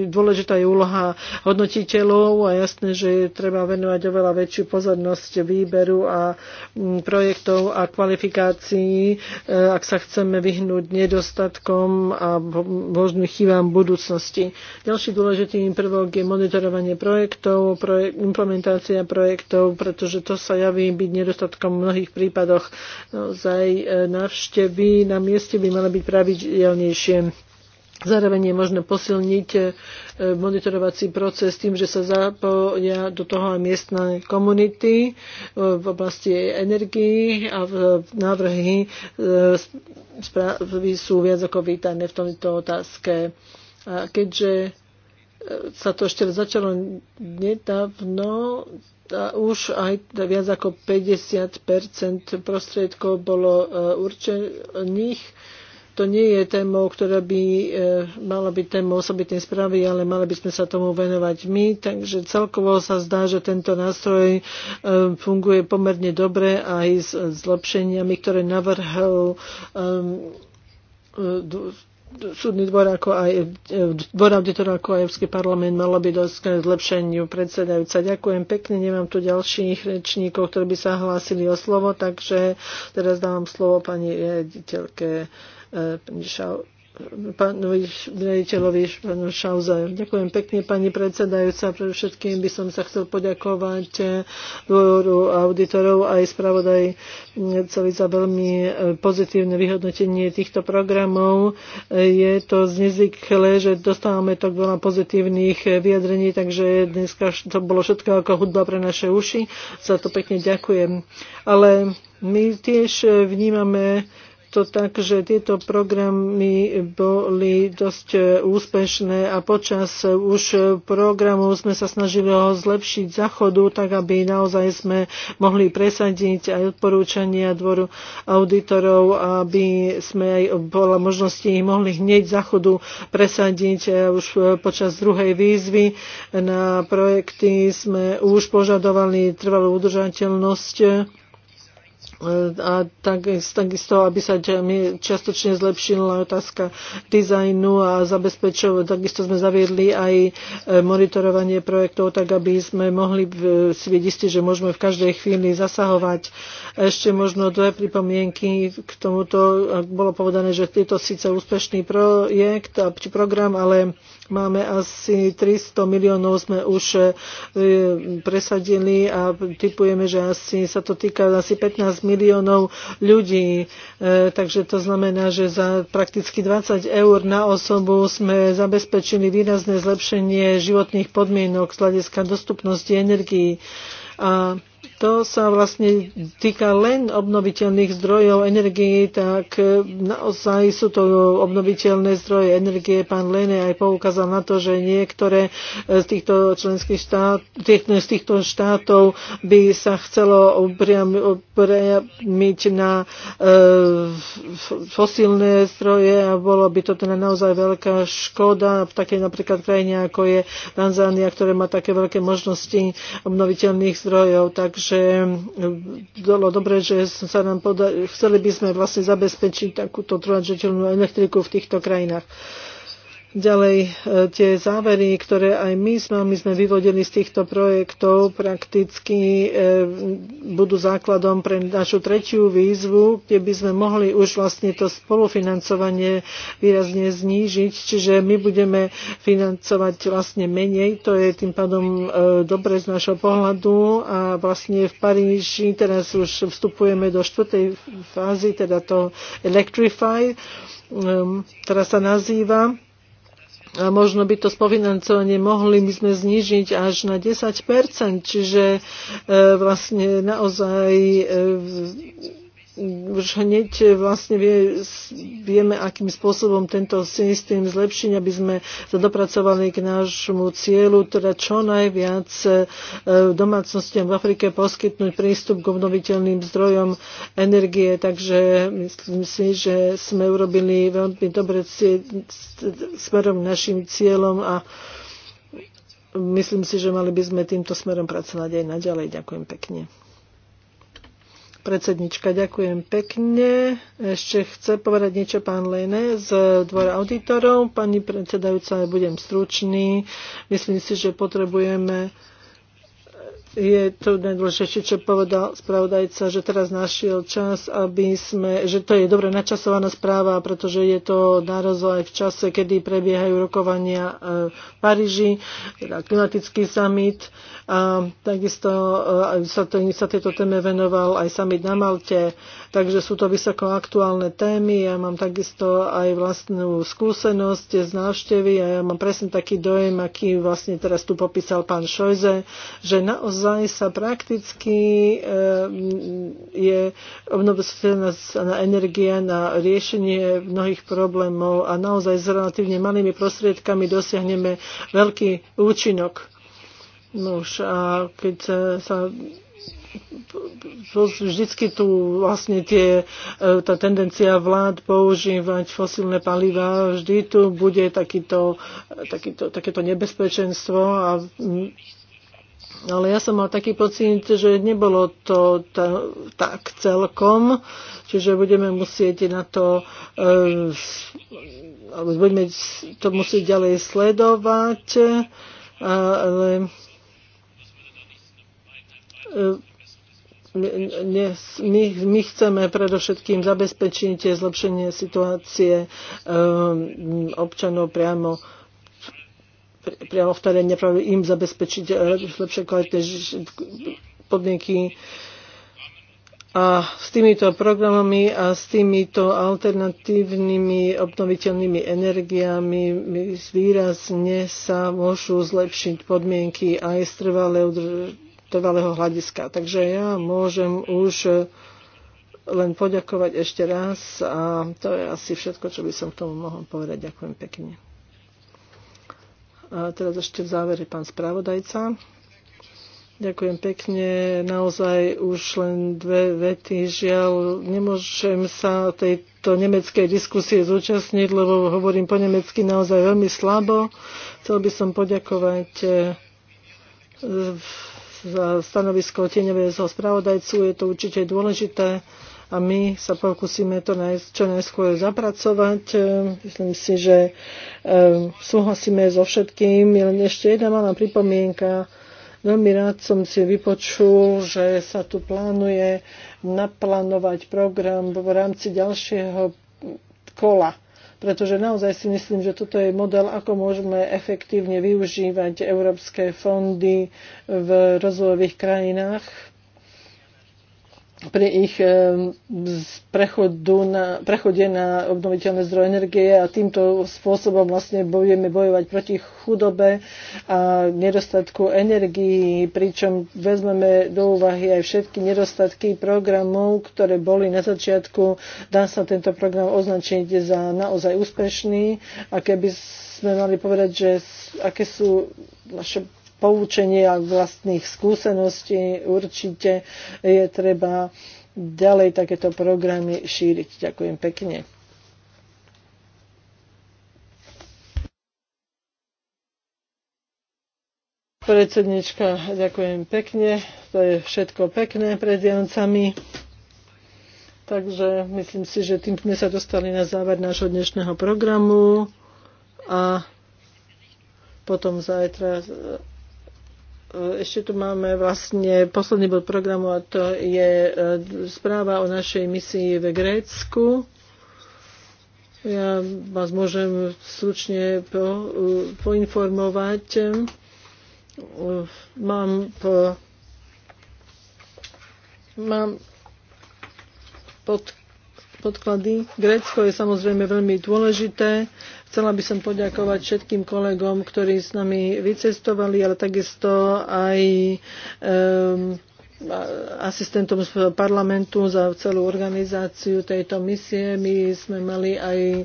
dôležitá je úloha hodnotiteľov a jasné, že treba venovať oveľa väčšiu pozornosť možnosť výberu a mm, projektov a kvalifikácií, e, ak sa chceme vyhnúť nedostatkom a možným chybám budúcnosti. Ďalší dôležitý prvok je monitorovanie projektov, implementácia projektov, pretože to sa javí byť nedostatkom v mnohých prípadoch. Naozaj e, návštevy na mieste by mali byť pravidelnejšie Zároveň je možné posilniť e, monitorovací proces tým, že sa zapoja do toho aj miestne komunity e, v oblasti energii a v návrhy e, správy sú viac ako vítané v tomto otázke. A keďže sa to ešte začalo nedávno, a už aj viac ako 50 prostriedkov bolo určených to nie je téma, ktorá by e, mala byť téma osobitnej správy, ale mali by sme sa tomu venovať my. Takže celkovo sa zdá, že tento nástroj e, funguje pomerne dobre aj s zlepšeniami, ktoré navrhol e, súdny dvor, ako aj dvor auditorov, ako aj Európsky parlament malo by dosť k zlepšeniu predsedajúca. Ďakujem pekne, nemám tu ďalších rečníkov, ktorí by sa hlásili o slovo, takže teraz dávam slovo pani riaditeľke pánovi riaditeľovi pánu Šauze. Ďakujem pekne, pani predsedajúca. Pre všetkým by som sa chcel poďakovať dôvodu auditorov aj spravodaj celý za veľmi e, pozitívne vyhodnotenie týchto programov. Je to znezvyklé, že dostávame tak veľa pozitívnych vyjadrení, takže dneska to bolo všetko ako hudba pre naše uši. Za to pekne ďakujem. Ale my tiež e, vnímame to tak, že tieto programy boli dosť e, úspešné a počas e, už programu sme sa snažili ho zlepšiť zachodu, tak aby naozaj sme mohli presadiť aj odporúčania dvoru auditorov, aby sme aj bola možnosti ich mohli hneď zachodu presadiť už e, počas druhej výzvy. Na projekty sme už požadovali trvalú udržateľnosť a takisto, takisto aby sa čiastočne zlepšila otázka dizajnu a zabezpečov. Takisto sme zaviedli aj e, monitorovanie projektov, tak aby sme mohli si byť istí, že môžeme v každej chvíli zasahovať. Ešte možno dve pripomienky k tomuto. Bolo povedané, že je to síce úspešný projekt či program, ale máme asi 300 miliónov sme už e, presadili a typujeme, že asi sa to týka asi 15 miliónov ľudí. E, takže to znamená, že za prakticky 20 eur na osobu sme zabezpečili výrazné zlepšenie životných podmienok z hľadiska dostupnosti energií. A to sa vlastne týka len obnoviteľných zdrojov energie, tak naozaj sú to obnoviteľné zdroje energie. Pán Lene aj poukázal na to, že niektoré z týchto členských štát, z týchto štátov by sa chcelo upriamiť na e, fosílne zdroje a bolo by to teda naozaj veľká škoda v takej napríklad krajine, ako je Tanzánia, ktoré má také veľké možnosti obnoviteľných zdrojov. Takže že bolo eh, dobre, že sa nám poda- chceli by sme vlastne zabezpečiť takúto trojadžateľnú elektriku v týchto krajinách. Ďalej e, tie závery, ktoré aj my s vami sme vyvodili z týchto projektov, prakticky e, budú základom pre našu tretiu výzvu, kde by sme mohli už vlastne to spolufinancovanie výrazne znížiť, čiže my budeme financovať vlastne menej, to je tým pádom e, dobre z našho pohľadu a vlastne v Paríži teraz už vstupujeme do štvrtej fázy, teda to Electrify, teraz sa nazýva a možno by to spovinancovanie mohli by sme znižiť až na 10%, čiže e, vlastne naozaj e, už hneď eh, vlastne vie, vieme, akým spôsobom tento systém zlepšiť, aby sme sa dopracovali k nášmu cieľu, teda čo najviac eh, eh, domácnostiam v Afrike poskytnúť prístup k obnoviteľným zdrojom energie. Takže myslím si, že sme urobili veľmi dobre smerom našim cieľom a myslím si, že mali by sme týmto smerom pracovať aj naďalej. Ďakujem pekne. Predsednička, ďakujem pekne. Ešte chce povedať niečo pán Lene z dvora auditorov. Pani predsedajúca, budem stručný. Myslím si, že potrebujeme je to najdôležitejšie, čo povedal spravodajca, že teraz našiel čas, aby sme, že to je dobre načasovaná správa, pretože je to aj v čase, kedy prebiehajú rokovania e, v Paríži, teda klimatický summit a takisto e, sa, to, sa tejto téme venoval aj summit na Malte, takže sú to vysoko aktuálne témy. Ja mám takisto aj vlastnú skúsenosť z návštevy a ja mám presne taký dojem, aký vlastne teraz tu popísal pán Šojze, že naozaj naozaj sa prakticky eh, je obnoviteľná energia na riešenie mnohých problémov a naozaj s relatívne malými prostriedkami dosiahneme veľký účinok. už, a keď sa vždycky tu vlastne tie, eh, tá tendencia vlád používať fosílne palivá, vždy tu bude takýto, eh, takýto, takéto nebezpečenstvo a mm, ale ja som mal taký pocit, že nebolo to tak celkom, čiže budeme musieť na to, e, alebo budeme to musieť ďalej sledovať, e, ale e, my, my chceme predovšetkým zabezpečiť zlepšenie situácie občanov priamo priamo v teréne práve im zabezpečiť lepšie kvalitné podmienky a s týmito programami a s týmito alternatívnymi obnoviteľnými energiami výrazne sa môžu zlepšiť podmienky aj z trvalého, trvalého hľadiska. Takže ja môžem už len poďakovať ešte raz a to je asi všetko, čo by som k tomu mohol povedať. Ďakujem pekne. A teraz ešte v závere pán spravodajca. Ďakujem pekne. Naozaj už len dve vety. Žiaľ, nemôžem sa tejto nemeckej diskusie zúčastniť, lebo hovorím po nemecky naozaj veľmi slabo. Chcel by som poďakovať e, za stanovisko tieňového spravodajcu. Je to určite dôležité a my sa pokúsime to čo najskôr zapracovať. Ehm, myslím si, že ehm, súhlasíme so všetkým. Je len ešte jedna malá pripomienka. Veľmi rád som si vypočul, že sa tu plánuje naplánovať program v rámci ďalšieho kola pretože naozaj si myslím, že toto je model, ako môžeme efektívne využívať európske fondy v rozvojových krajinách pri ich prechodu na, prechode na obnoviteľné zdroje energie a týmto spôsobom vlastne budeme bojovať proti chudobe a nedostatku energií, pričom vezmeme do úvahy aj všetky nedostatky programov, ktoré boli na začiatku. Dá sa tento program označiť za naozaj úspešný a keby sme mali povedať, že aké sú naše poučenie a vlastných skúseností určite je treba ďalej takéto programy šíriť. Ďakujem pekne. Predsednička, ďakujem pekne. To je všetko pekné pred Jancami. Takže myslím si, že tým sme sa dostali na záver nášho dnešného programu a potom zajtra E, ešte tu máme vlastne posledný bod programu a to je e, správa o našej misii v Grécku. Ja vás môžem slučne po, poinformovať. E, mám, po, mám pod podklady. Grécko je samozrejme veľmi dôležité. Chcela by som poďakovať všetkým kolegom, ktorí s nami vycestovali, ale takisto aj um, asistentom z parlamentu za celú organizáciu tejto misie. My sme mali aj e,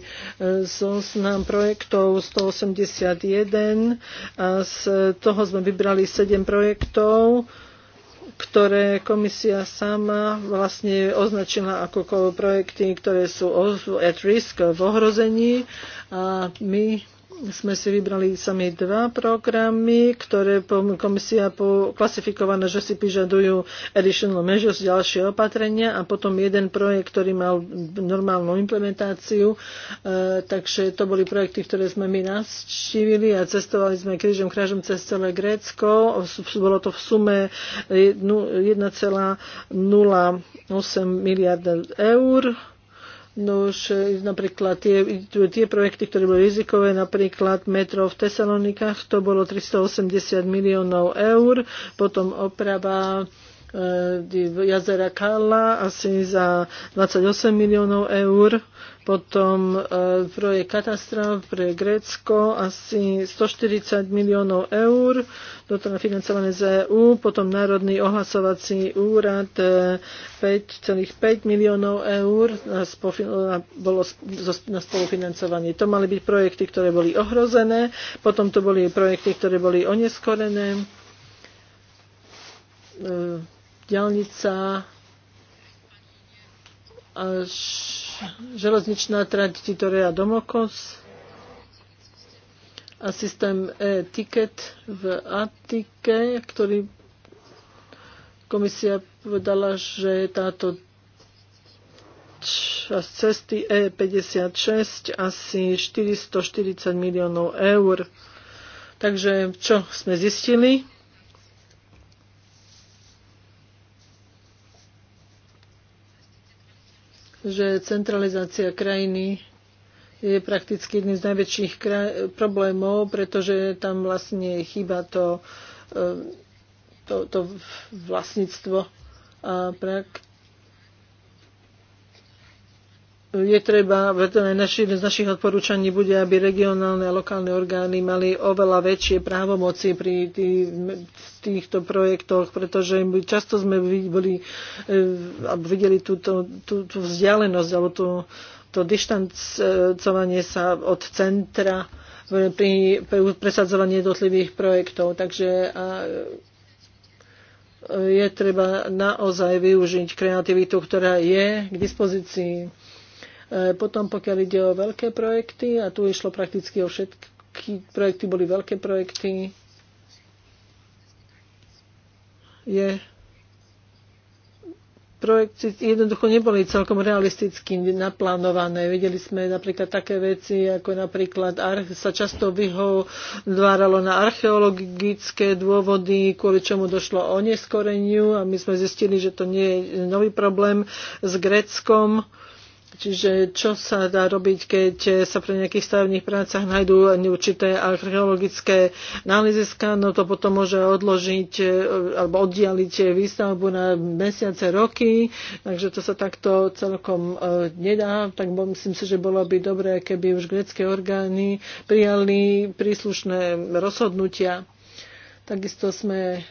zoznam projektov 181 a z toho sme vybrali 7 projektov ktoré komisia sama vlastne označila ako projekty, ktoré sú at risk v ohrození a my sme si vybrali sami dva programy, ktoré komisia klasifikovaná, že si vyžadujú additional measures, ďalšie opatrenia a potom jeden projekt, ktorý mal normálnu implementáciu. E, takže to boli projekty, ktoré sme my navštívili a cestovali sme krížom krážom cez celé Grécko. Bolo to v sume 1,08 miliarda eur Nož e, napríklad tie, tie projekty, ktoré boli rizikové, napríklad metro v Tesalonikách, to bolo 380 miliónov eur, potom oprava e, jazera Kala asi za 28 miliónov eur potom e, projekt katastrof pre Grécko asi 140 miliónov eur, doteraz financované z EU. Potom Národný ohlasovací úrad 5,5 e, miliónov eur na, na, bolo na spolufinancovanie. To mali byť projekty, ktoré boli ohrozené. Potom to boli projekty, ktoré boli oneskorené. E, ďalnica až železničná trať Titorea Domokos a systém e-ticket v Atike, ktorý komisia povedala, že táto časť cesty E56 asi 440 miliónov eur. Takže čo sme zistili? že centralizácia krajiny je prakticky jedným z najväčších problémov, pretože tam vlastne chýba to, e, to, to vlastníctvo a prakticky je treba, z našich odporúčaní bude, aby regionálne a lokálne orgány mali oveľa väčšie právomoci pri tých, týchto projektoch, pretože my často sme boli, e, videli túto, tú, tú vzdialenosť alebo tú, to dištancovanie sa od centra pri, presadzovaní jednotlivých projektov. Takže a, e, je treba naozaj využiť kreativitu, ktorá je k dispozícii E, potom, pokiaľ ide o veľké projekty, a tu išlo prakticky o všetky projekty, boli veľké projekty, je projekty jednoducho neboli celkom realisticky naplánované. Videli sme napríklad také veci, ako napríklad sa často vyhováralo na archeologické dôvody, kvôli čomu došlo o neskoreniu a my sme zistili, že to nie je nový problém s Gréckom Čiže čo sa dá robiť, keď sa pri nejakých stavebných prácach nájdú určité archeologické náleziska, no to potom môže odložiť e, alebo oddialiť výstavbu na mesiace, roky, takže to sa takto celkom e, nedá, tak myslím si, že bolo by dobré, keby už grecké orgány prijali príslušné rozhodnutia. Takisto sme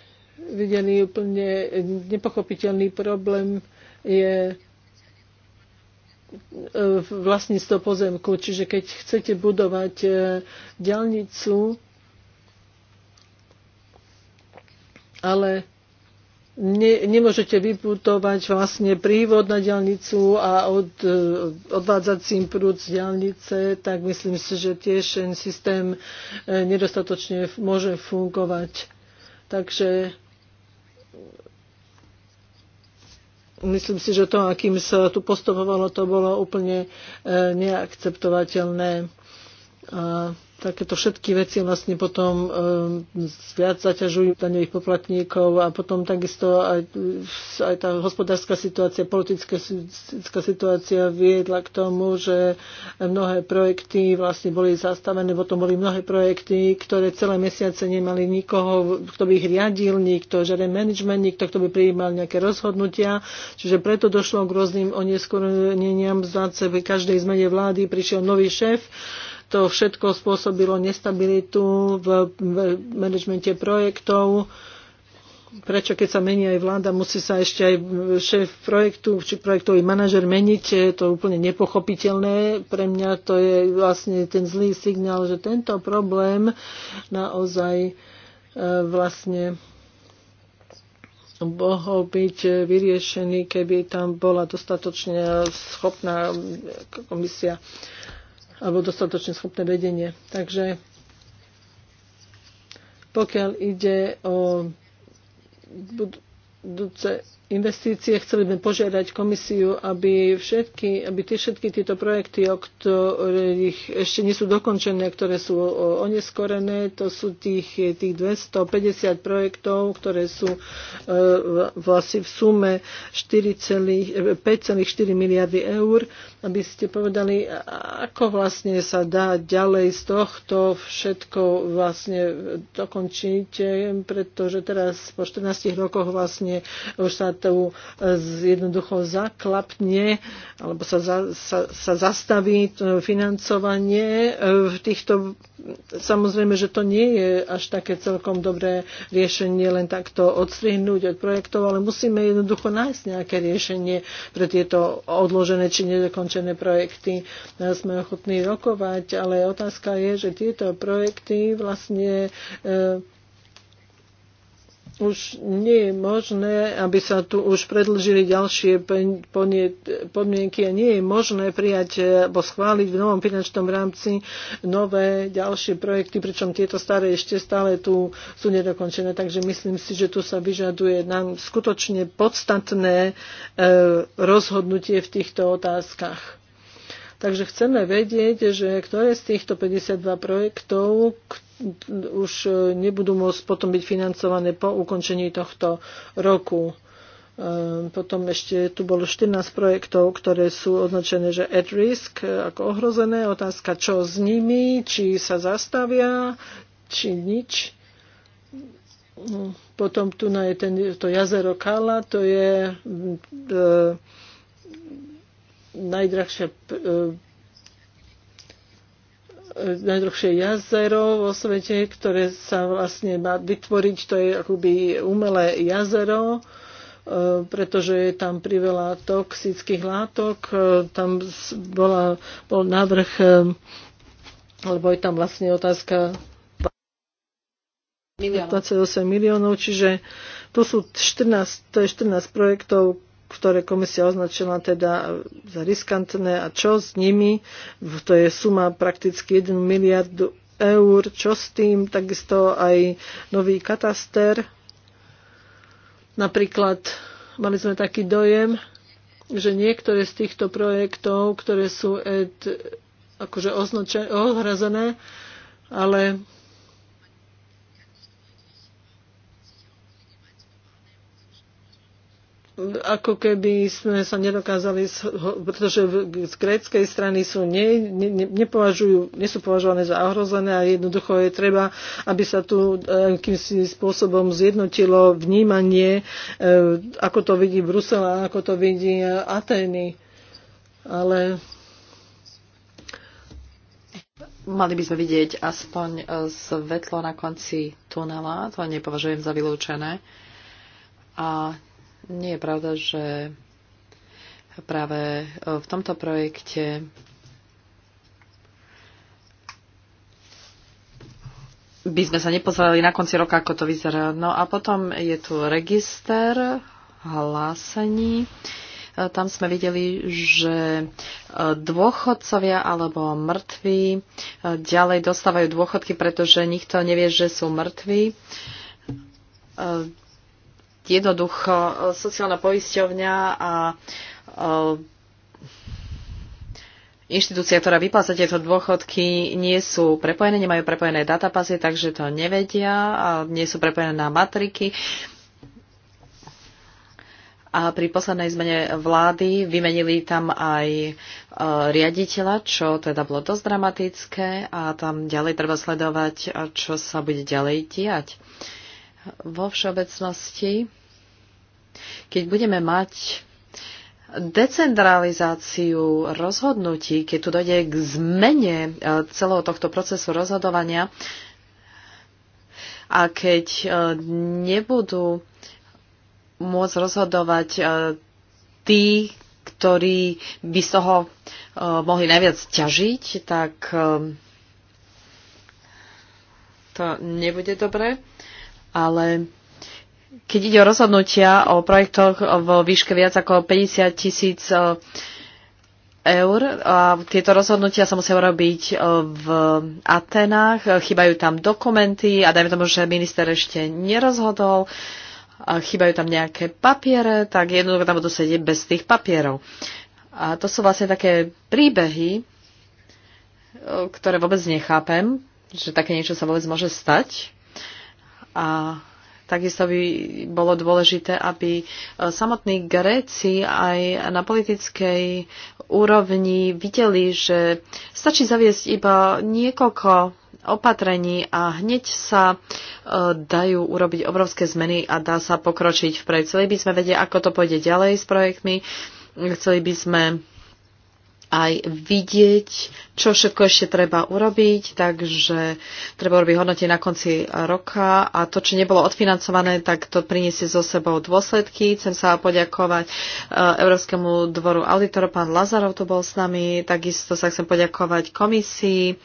videli úplne nepochopiteľný problém je E, vlastníctvo pozemku. Čiže keď chcete budovať e, diálnicu, ale ne, nemôžete vybudovať vlastne prívod na diálnicu a od, e, odvádzacím prúd z diálnice, tak myslím si, že tiež ten systém nedostatočne môže fungovať. Takže myslím si, že to, akým sa tu postupovalo, to bolo úplne eh, neakceptovateľné. A takéto všetky veci vlastne potom e, viac zaťažujú daňových poplatníkov a potom takisto aj, aj tá hospodárska situácia, politická situácia viedla k tomu, že mnohé projekty vlastne boli zastavené, potom boli mnohé projekty, ktoré celé mesiace nemali nikoho, kto by ich riadil, nikto, žiaden management, nikto, kto by prijímal nejaké rozhodnutia. Čiže preto došlo k rôznym oneskoreniam v každej zmene vlády, prišiel nový šéf, to všetko spôsobilo nestabilitu v manažmente projektov. Prečo keď sa mení aj vláda, musí sa ešte aj šéf projektu či projektový manažer meniť? Je to úplne nepochopiteľné. Pre mňa to je vlastne ten zlý signál, že tento problém naozaj e, vlastne mohol byť vyriešený, keby tam bola dostatočne schopná komisia alebo dostatočne schopné vedenie. Takže pokiaľ ide o budúce investície, chceli sme požiadať komisiu, aby, všetky, aby tie, všetky tieto projekty, o ktorých ešte nie sú dokončené, ktoré sú oneskorené, to sú tých, tých 250 projektov, ktoré sú e, vlastne v sume 5,4 e, miliardy eur aby ste povedali, ako vlastne sa dá ďalej z tohto všetko vlastne dokončiť, eh, pretože teraz po 14 rokoch vlastne už sa to eh, jednoducho zaklapne alebo sa, za, sa, sa zastaví financovanie eh, v týchto samozrejme, že to nie je až také celkom dobré riešenie len takto odstrihnúť od projektov, ale musíme jednoducho nájsť nejaké riešenie pre tieto odložené či nedokončené ukončené projekty. E, sme ochotní rokovať, ale otázka je, že tieto projekty vlastne e, už nie je možné, aby sa tu už predlžili ďalšie podmienky a nie je možné prijať eh, alebo schváliť v novom finančnom rámci nové ďalšie projekty, pričom tieto staré ešte stále tu sú nedokončené. Takže myslím si, že tu sa vyžaduje nám skutočne podstatné eh, rozhodnutie v týchto otázkach. Takže chceme vedieť, že ktoré z týchto 52 projektov, už e, nebudú môcť potom byť financované po ukončení tohto roku. E, potom ešte tu bolo 14 projektov, ktoré sú označené, že at risk, e, ako ohrozené. Otázka, čo s nimi, či sa zastavia, či nič. No, potom tu je ten, to jazero Kala, to je e, najdrahšia e, najdlhšie jazero vo svete, ktoré sa vlastne má vytvoriť. To je akoby umelé jazero, e, pretože je tam priveľa toxických látok. E, tam bola, bol návrh, e, lebo je tam vlastne otázka 28 miliónov, čiže to sú 14, to je 14 projektov, ktoré komisia označila teda za riskantné a čo s nimi, to je suma prakticky 1 miliardu eur, čo s tým, takisto aj nový kataster. Napríklad mali sme taký dojem, že niektoré z týchto projektov, ktoré sú ed, akože označené, ohrazené, ale ako keby sme sa nedokázali, pretože z gréckej strany sú ne, ne, nepovažujú, nie sú považované za ohrozené a jednoducho je treba, aby sa tu e, akýmsi spôsobom zjednotilo vnímanie, e, ako to vidí Brusel a ako to vidí e, Atény. Ale Mali by sme vidieť aspoň svetlo na konci tunela, to nepovažujem za vylúčené. A nie je pravda, že práve e, v tomto projekte by sme sa nepozerali na konci roka, ako to vyzerá. No a potom je tu register hlásení. E, tam sme videli, že e, dôchodcovia alebo mŕtvi ďalej dostávajú dôchodky, pretože nikto nevie, že sú mŕtvi jednoducho e, sociálna poisťovňa a e, inštitúcia, ktorá vypláca tieto dôchodky, nie sú prepojené, nemajú prepojené databázy, takže to nevedia a nie sú prepojené na matriky. A pri poslednej zmene vlády vymenili tam aj e, riaditeľa, čo teda bolo dosť dramatické a tam ďalej treba sledovať, čo sa bude ďalej diať vo všeobecnosti, keď budeme mať decentralizáciu rozhodnutí, keď tu dojde k zmene e, celého tohto procesu rozhodovania a keď e, nebudú môcť rozhodovať e, tí, ktorí by z toho mohli najviac ťažiť, tak to nebude dobré ale keď ide o rozhodnutia o projektoch vo výške viac ako 50 tisíc e, eur a tieto rozhodnutia sa musia robiť e, v Atenách, chýbajú tam dokumenty a dajme tomu, že minister ešte nerozhodol, chýbajú tam nejaké papiere, tak jednoducho tam budú sedieť bez tých papierov. A to sú vlastne také príbehy, e, ktoré vôbec nechápem, že také niečo sa vôbec môže stať a takisto by bolo dôležité, aby e, samotní Gréci aj na politickej úrovni videli, že stačí zaviesť iba niekoľko opatrení a hneď sa e, dajú urobiť obrovské zmeny a dá sa pokročiť vpred. Chceli by sme vedieť, ako to pôjde ďalej s projektmi. Chceli by sme aj vidieť, čo všetko ešte treba urobiť, takže treba urobiť hodnotie na konci roka a to, čo nebolo odfinancované, tak to priniesie so sebou dôsledky. Chcem sa poďakovať e, Európskemu dvoru auditorov, pán Lazarov tu bol s nami, takisto sa chcem poďakovať komisii, e,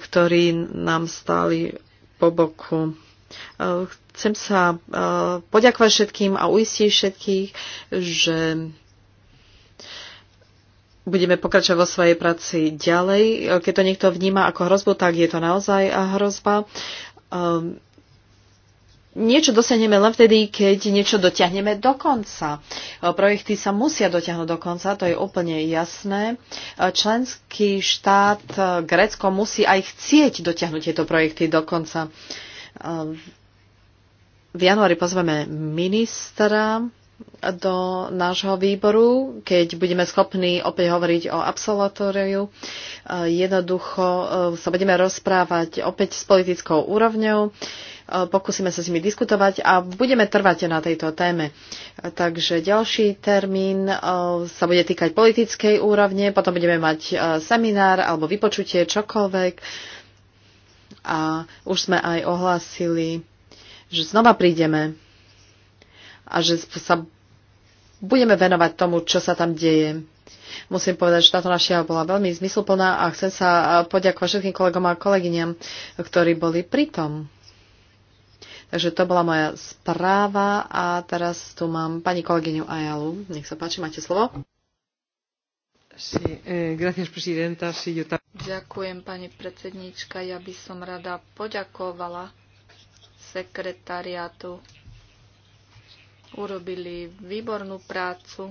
ktorí nám stáli po boku. E, chcem sa poďakovať všetkým a uistiť všetkých, že budeme pokračovať vo svojej práci ďalej. Keď to niekto vníma ako hrozbu, tak je to naozaj hrozba. Um, niečo dosiahneme len vtedy, keď niečo dotiahneme do konca. Ehm, projekty sa musia dotiahnuť do konca, to je úplne jasné. Ehm, členský štát Grécko musí aj chcieť dotiahnuť tieto projekty do konca. Um, v januári pozveme ministra do nášho výboru, keď budeme schopní opäť hovoriť o absolatóriu. Eh, jednoducho eh, sa budeme rozprávať opäť s politickou úrovňou, eh, pokúsime sa s nimi diskutovať a budeme trvať na tejto téme. Takže ďalší termín sa bude týkať politickej úrovne, potom budeme mať seminár alebo vypočutie, čokoľvek. A už sme aj ohlásili, že znova prídeme a že sa budeme venovať tomu, čo sa tam deje. Musím povedať, že táto naša bola veľmi zmysluplná a chcem sa e, poďakovať všetkým kolegom a kolegyňam, ktorí boli pritom. Takže to bola moja správa a teraz tu mám pani kolegyňu Ajalu. Nech sa páči, máte slovo. Eh, Ďakujem, pani predsednička. Ja by som rada poďakovala sekretariátu urobili výbornú prácu.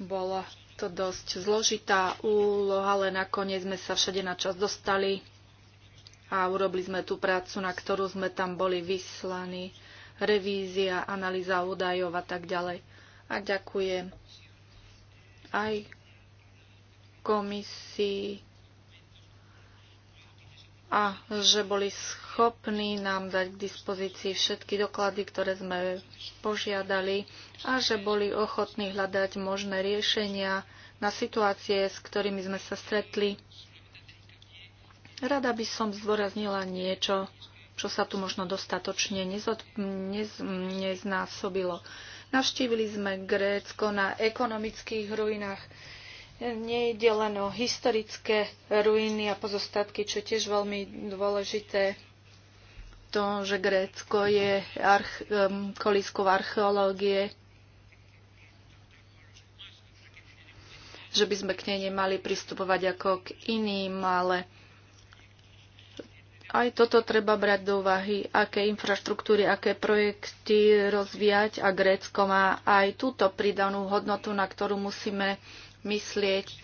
Bola to dosť zložitá úloha, ale nakoniec sme sa všade na čas dostali a urobili sme tú prácu, na ktorú sme tam boli vyslaní. Revízia, analýza údajov a tak ďalej. A ďakujem aj komisii a že boli schopní nám dať k dispozícii všetky doklady, ktoré sme požiadali a že boli ochotní hľadať možné riešenia na situácie, s ktorými sme sa stretli. Rada by som zdôraznila niečo, čo sa tu možno dostatočne nezod, nez, neznásobilo. Navštívili sme Grécko na ekonomických ruinách ide len o historické ruiny a pozostatky, čo je tiež veľmi dôležité. To, že Grécko je arch- kolískou archeológie, že by sme k nej nemali pristupovať ako k iným, ale aj toto treba brať do úvahy, aké infraštruktúry, aké projekty rozvíjať a Grécko má aj túto pridanú hodnotu, na ktorú musíme myslieť.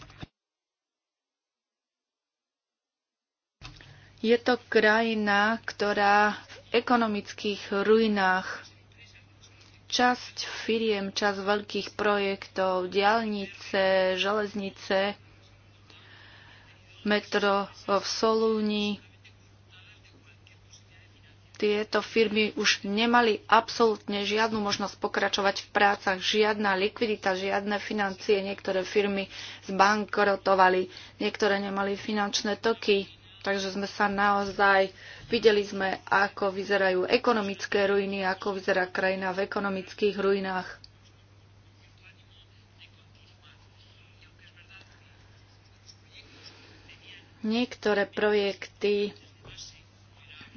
Je to krajina, ktorá v ekonomických ruinách časť firiem, časť veľkých projektov, diálnice, železnice, metro v Solúni, tieto firmy už nemali absolútne žiadnu možnosť pokračovať v prácach, žiadna likvidita, žiadne financie. Niektoré firmy zbankrotovali, niektoré nemali finančné toky. Takže sme sa naozaj videli sme, ako vyzerajú ekonomické ruiny, ako vyzerá krajina v ekonomických ruinách. Niektoré projekty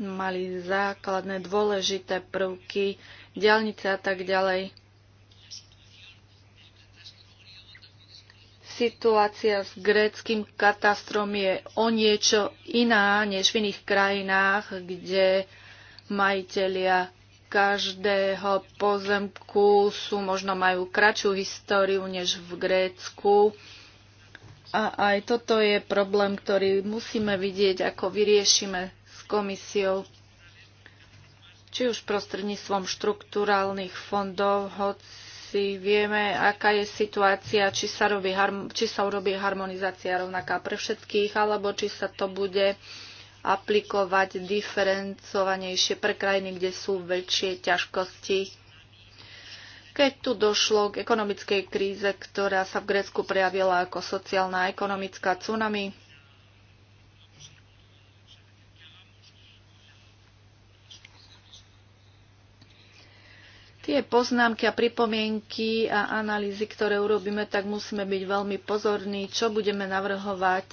mali základné dôležité prvky, diálnice a tak ďalej. Situácia s gréckým katastrom je o niečo iná než v iných krajinách, kde majitelia každého pozemku sú, možno majú kratšiu históriu než v Grécku. A aj toto je problém, ktorý musíme vidieť, ako vyriešime komisiou, či už prostredníctvom štruktúrálnych fondov, hoci vieme, aká je situácia, či sa, robí, či sa urobí harmonizácia rovnaká pre všetkých, alebo či sa to bude aplikovať diferencovanejšie pre krajiny, kde sú väčšie ťažkosti keď tu došlo k ekonomickej kríze, ktorá sa v Grécku prejavila ako sociálna a ekonomická tsunami. tie poznámky a pripomienky a analýzy, ktoré urobíme, tak musíme byť veľmi pozorní, čo budeme navrhovať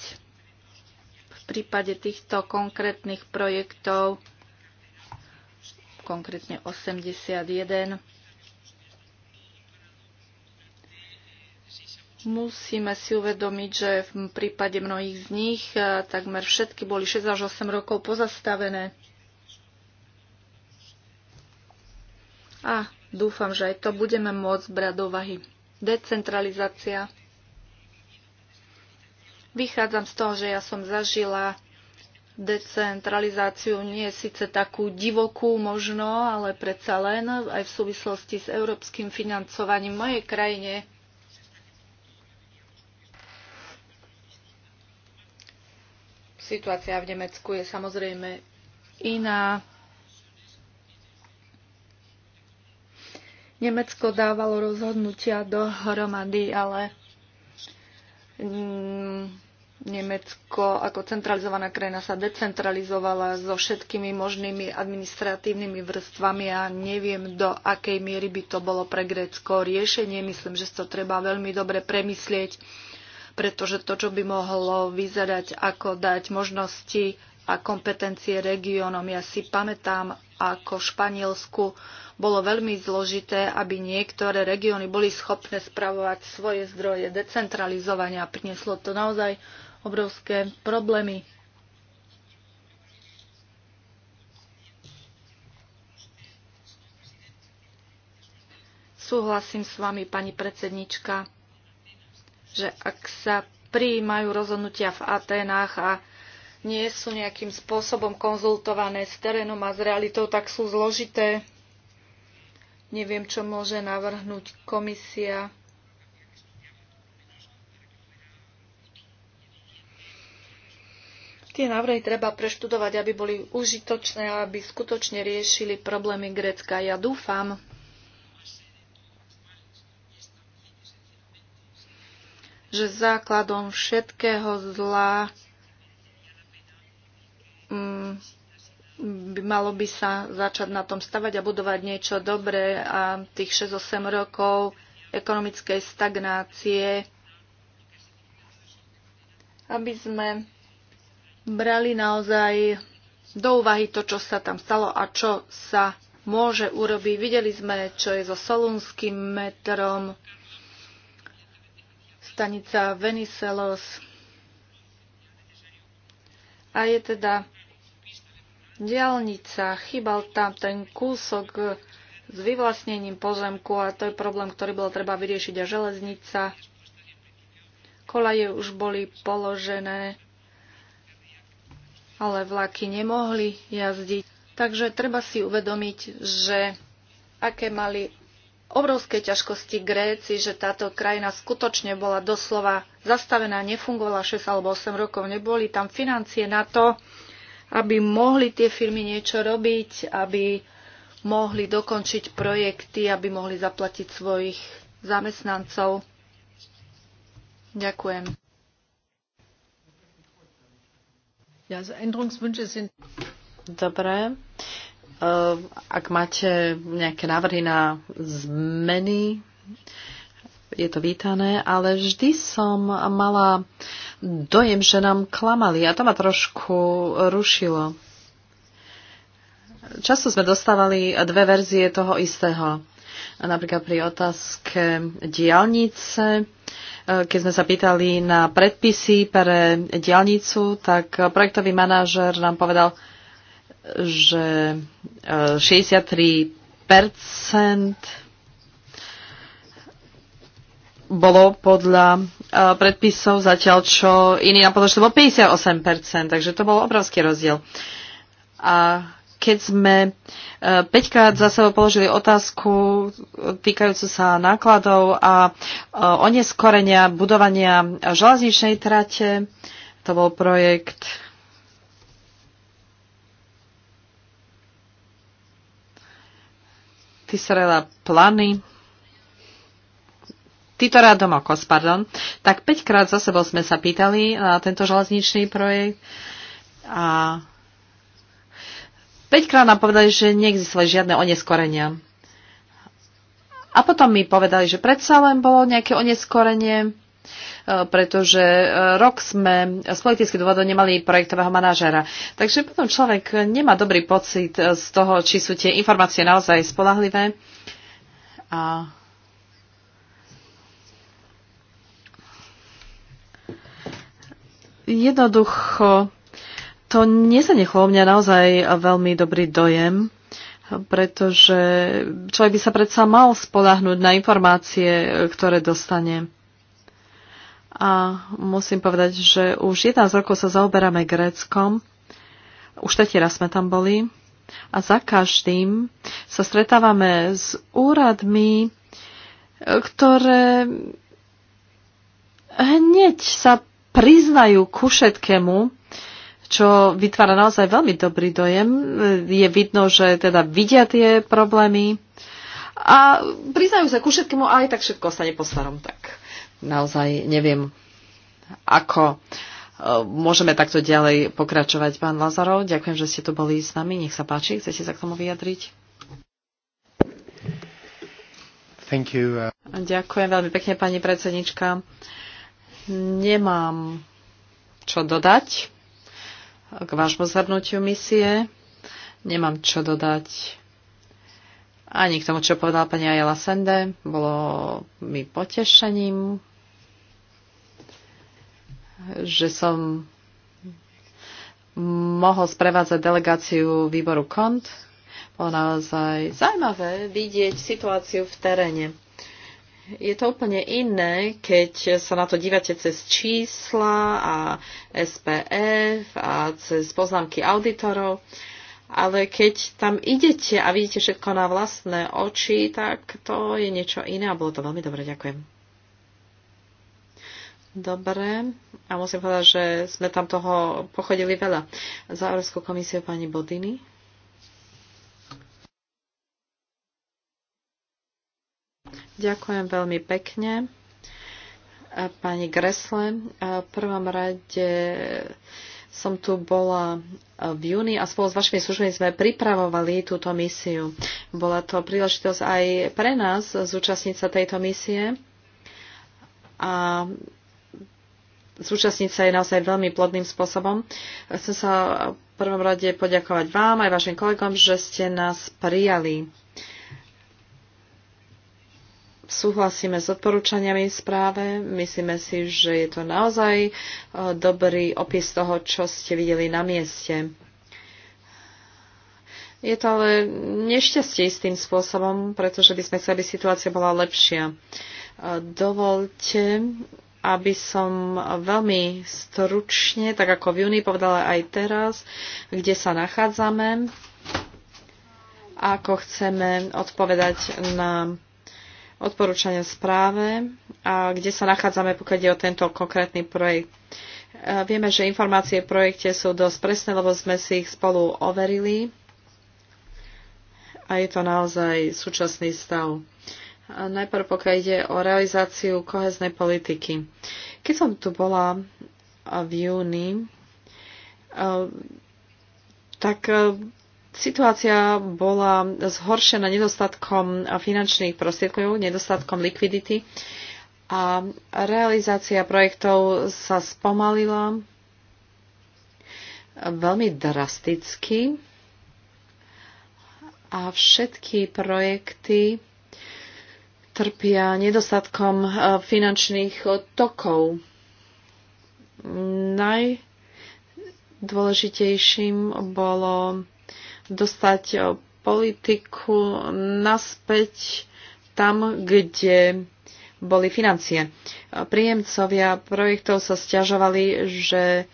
v prípade týchto konkrétnych projektov, konkrétne 81. Musíme si uvedomiť, že v prípade mnohých z nich e, takmer všetky boli 6 až 8 rokov pozastavené. A Dúfam, že aj to budeme môcť brať do vahy. Decentralizácia. Vychádzam z toho, že ja som zažila decentralizáciu nie je síce takú divokú možno, ale predsa len aj v súvislosti s európskym financovaním v mojej krajine. Situácia v Nemecku je samozrejme iná. Nemecko dávalo rozhodnutia dohromady, ale mm, Nemecko ako centralizovaná krajina sa decentralizovala so všetkými možnými administratívnymi vrstvami a neviem, do akej miery by to bolo pre Grécko riešenie. Myslím, že to treba veľmi dobre premyslieť, pretože to, čo by mohlo vyzerať ako dať možnosti a kompetencie regiónom. Ja si pamätám, ako v Španielsku bolo veľmi zložité, aby niektoré regióny boli schopné spravovať svoje zdroje decentralizovania. Prinieslo to naozaj obrovské problémy. Súhlasím s vami, pani predsednička, že ak sa prijímajú rozhodnutia v Aténách a nie sú nejakým spôsobom konzultované s terénom a s realitou, tak sú zložité. Neviem, čo môže navrhnúť komisia. Tie návrhy treba preštudovať, aby boli užitočné a aby skutočne riešili problémy Grécka. Ja dúfam, že základom všetkého zla malo by sa začať na tom stavať a budovať niečo dobré a tých 6-8 rokov ekonomickej stagnácie, aby sme brali naozaj do úvahy to, čo sa tam stalo a čo sa môže urobiť. Videli sme, čo je so solúnským metrom, stanica Veniselos. A je teda diálnica, chýbal tam ten kúsok s vyvlastnením pozemku a to je problém, ktorý bolo treba vyriešiť a železnica. Kolaje už boli položené, ale vlaky nemohli jazdiť. Takže treba si uvedomiť, že aké mali obrovské ťažkosti Gréci, že táto krajina skutočne bola doslova zastavená, nefungovala 6 alebo 8 rokov, neboli tam financie na to, aby mohli tie firmy niečo robiť, aby mohli dokončiť projekty, aby mohli zaplatiť svojich zamestnancov. Ďakujem. Dobre. Ak máte nejaké návrhy na zmeny, je to vítané, ale vždy som mala dojem, že nám klamali a to ma trošku rušilo. Často sme dostávali dve verzie toho istého. Napríklad pri otázke diálnice, e, keď sme sa pýtali na predpisy pre diálnicu, tak projektový manažer nám povedal, že 63 e, bolo podľa e, predpisov, zatiaľ čo iný na podľa, to bolo 58%, takže to bol obrovský rozdiel. A keď sme 5 e, krát za sebou položili otázku e, týkajúcu sa nákladov a oneskorenia budovania železničnej trate, to bol projekt Tisarela Plany, Titora okos, pardon, tak 5 krát za sebou sme sa pýtali na tento železničný projekt a 5 krát nám povedali, že neexistovali žiadne oneskorenia. A potom mi povedali, že predsa len bolo nejaké oneskorenie, e, pretože e, rok sme z politických dôvodov nemali projektového manažera. Takže potom človek nemá dobrý pocit z toho, či sú tie informácie naozaj spolahlivé. A Jednoducho, to nezanechalo mňa naozaj veľmi dobrý dojem, pretože človek by sa predsa mal spolahnuť na informácie, ktoré dostane. A musím povedať, že už 11 rokov sa zaoberáme Gréckom. Už tretí raz sme tam boli. A za každým sa stretávame s úradmi, ktoré hneď sa priznajú ku všetkému, čo vytvára naozaj veľmi dobrý dojem. Je vidno, že teda vidia tie problémy a priznajú sa ku všetkému a aj tak všetko ostane po starom. Tak naozaj neviem, ako e, môžeme takto ďalej pokračovať. Pán Lazarov, ďakujem, že ste tu boli s nami. Nech sa páči, chcete sa k tomu vyjadriť? Thank you. Uh, ďakujem veľmi pekne, pani predsednička. Nemám čo dodať k vášmu zhrnutiu misie. Nemám čo dodať ani k tomu, čo povedal pani Ajela Sende. Bolo mi potešením, že som mohol sprevádzať delegáciu výboru KONT. Bolo naozaj zaujímavé vidieť situáciu v teréne je to úplne iné, keď sa na to dívate cez čísla a SPF a cez poznámky auditorov, ale keď tam idete a vidíte všetko na vlastné oči, tak to je niečo iné a bolo to veľmi dobre. Ďakujem. Dobre. A musím povedať, že sme tam toho pochodili veľa. Za Európsku komisiu pani Bodiny. Ďakujem veľmi pekne. Pani Gresle, v prvom rade som tu bola v júni a spolu s vašimi službami sme pripravovali túto misiu. Bola to príležitosť aj pre nás zúčastniť sa tejto misie a zúčastniť sa je naozaj veľmi plodným spôsobom. Chcem sa v prvom rade poďakovať vám aj vašim kolegom, že ste nás prijali súhlasíme s odporúčaniami správe. Myslíme si, že je to naozaj e, dobrý opis toho, čo ste videli na mieste. Je to ale nešťastie istým spôsobom, pretože by sme chceli, aby situácia bola lepšia. E, dovolte, aby som veľmi stručne, tak ako v júni povedala aj teraz, kde sa nachádzame, ako chceme odpovedať na odporúčania správe a kde sa nachádzame, pokiaľ je o tento konkrétny projekt. Vieme, že informácie v projekte sú dosť presné, lebo sme si ich spolu overili a je to naozaj súčasný stav. A najprv pokiaľ ide o realizáciu koheznej politiky. Keď som tu bola v júni, tak Situácia bola zhoršená nedostatkom finančných prostriedkov, nedostatkom likvidity a realizácia projektov sa spomalila veľmi drasticky a všetky projekty trpia nedostatkom eh, finančných tokov. Najdôležitejším bolo dostať politiku naspäť tam, kde boli financie. Príjemcovia projektov sa stiažovali, že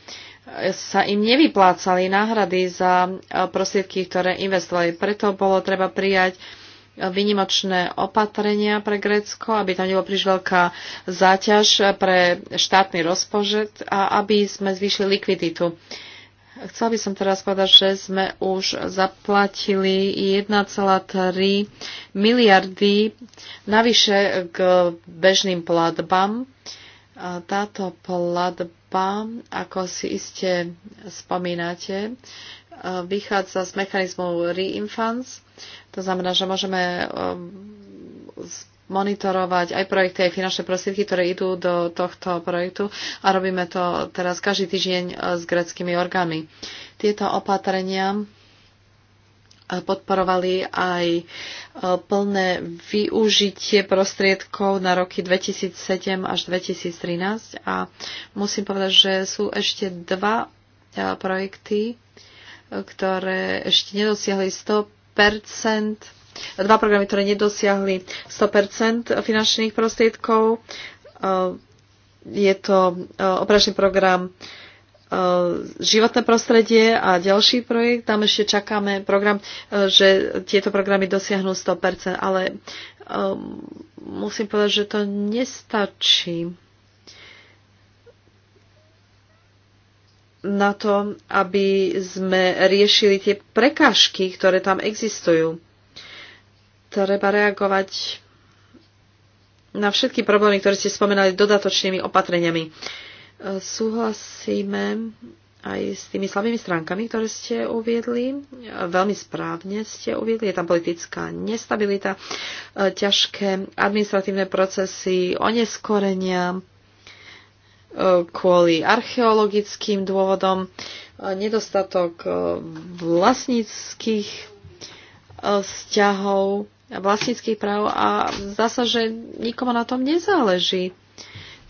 sa im nevyplácali náhrady za prostriedky, ktoré investovali. Preto bolo treba prijať vynimočné opatrenia pre Grécko, aby tam nebolo príliš veľká záťaž pre štátny rozpočet a aby sme zvýšili likviditu. Chcel by som teraz povedať, že sme už zaplatili 1,3 miliardy navyše k bežným platbám. Táto platba, ako si iste spomínate, e, vychádza z mechanizmu reinfance, To znamená, že môžeme e, monitorovať aj projekty, aj finančné prostriedky, ktoré idú do tohto projektu a robíme to teraz každý týždeň e, s greckými orgánmi. Tieto opatrenia e, podporovali aj e, plné využitie prostriedkov na roky 2007 až 2013 a musím povedať, že sú ešte dva projekty, ktoré ešte nedosiahli 100 dva programy, ktoré nedosiahli 100% finančných prostriedkov. E, je to e, operačný program e, životné prostredie a ďalší projekt. Tam ešte čakáme program, že tieto programy dosiahnu 100%, ale musím povedať, že to nestačí na to, aby sme riešili tie prekážky, ktoré tam existujú treba reagovať na všetky problémy, ktoré ste spomenali dodatočnými opatreniami. E, súhlasíme aj s tými slabými stránkami, ktoré ste uviedli. Veľmi správne ste uviedli. Je tam politická nestabilita, e, ťažké administratívne procesy, oneskorenia e, kvôli archeologickým dôvodom, nedostatok vlastníckých vzťahov vlastníckých práv a zdá sa, že nikomu na tom nezáleží.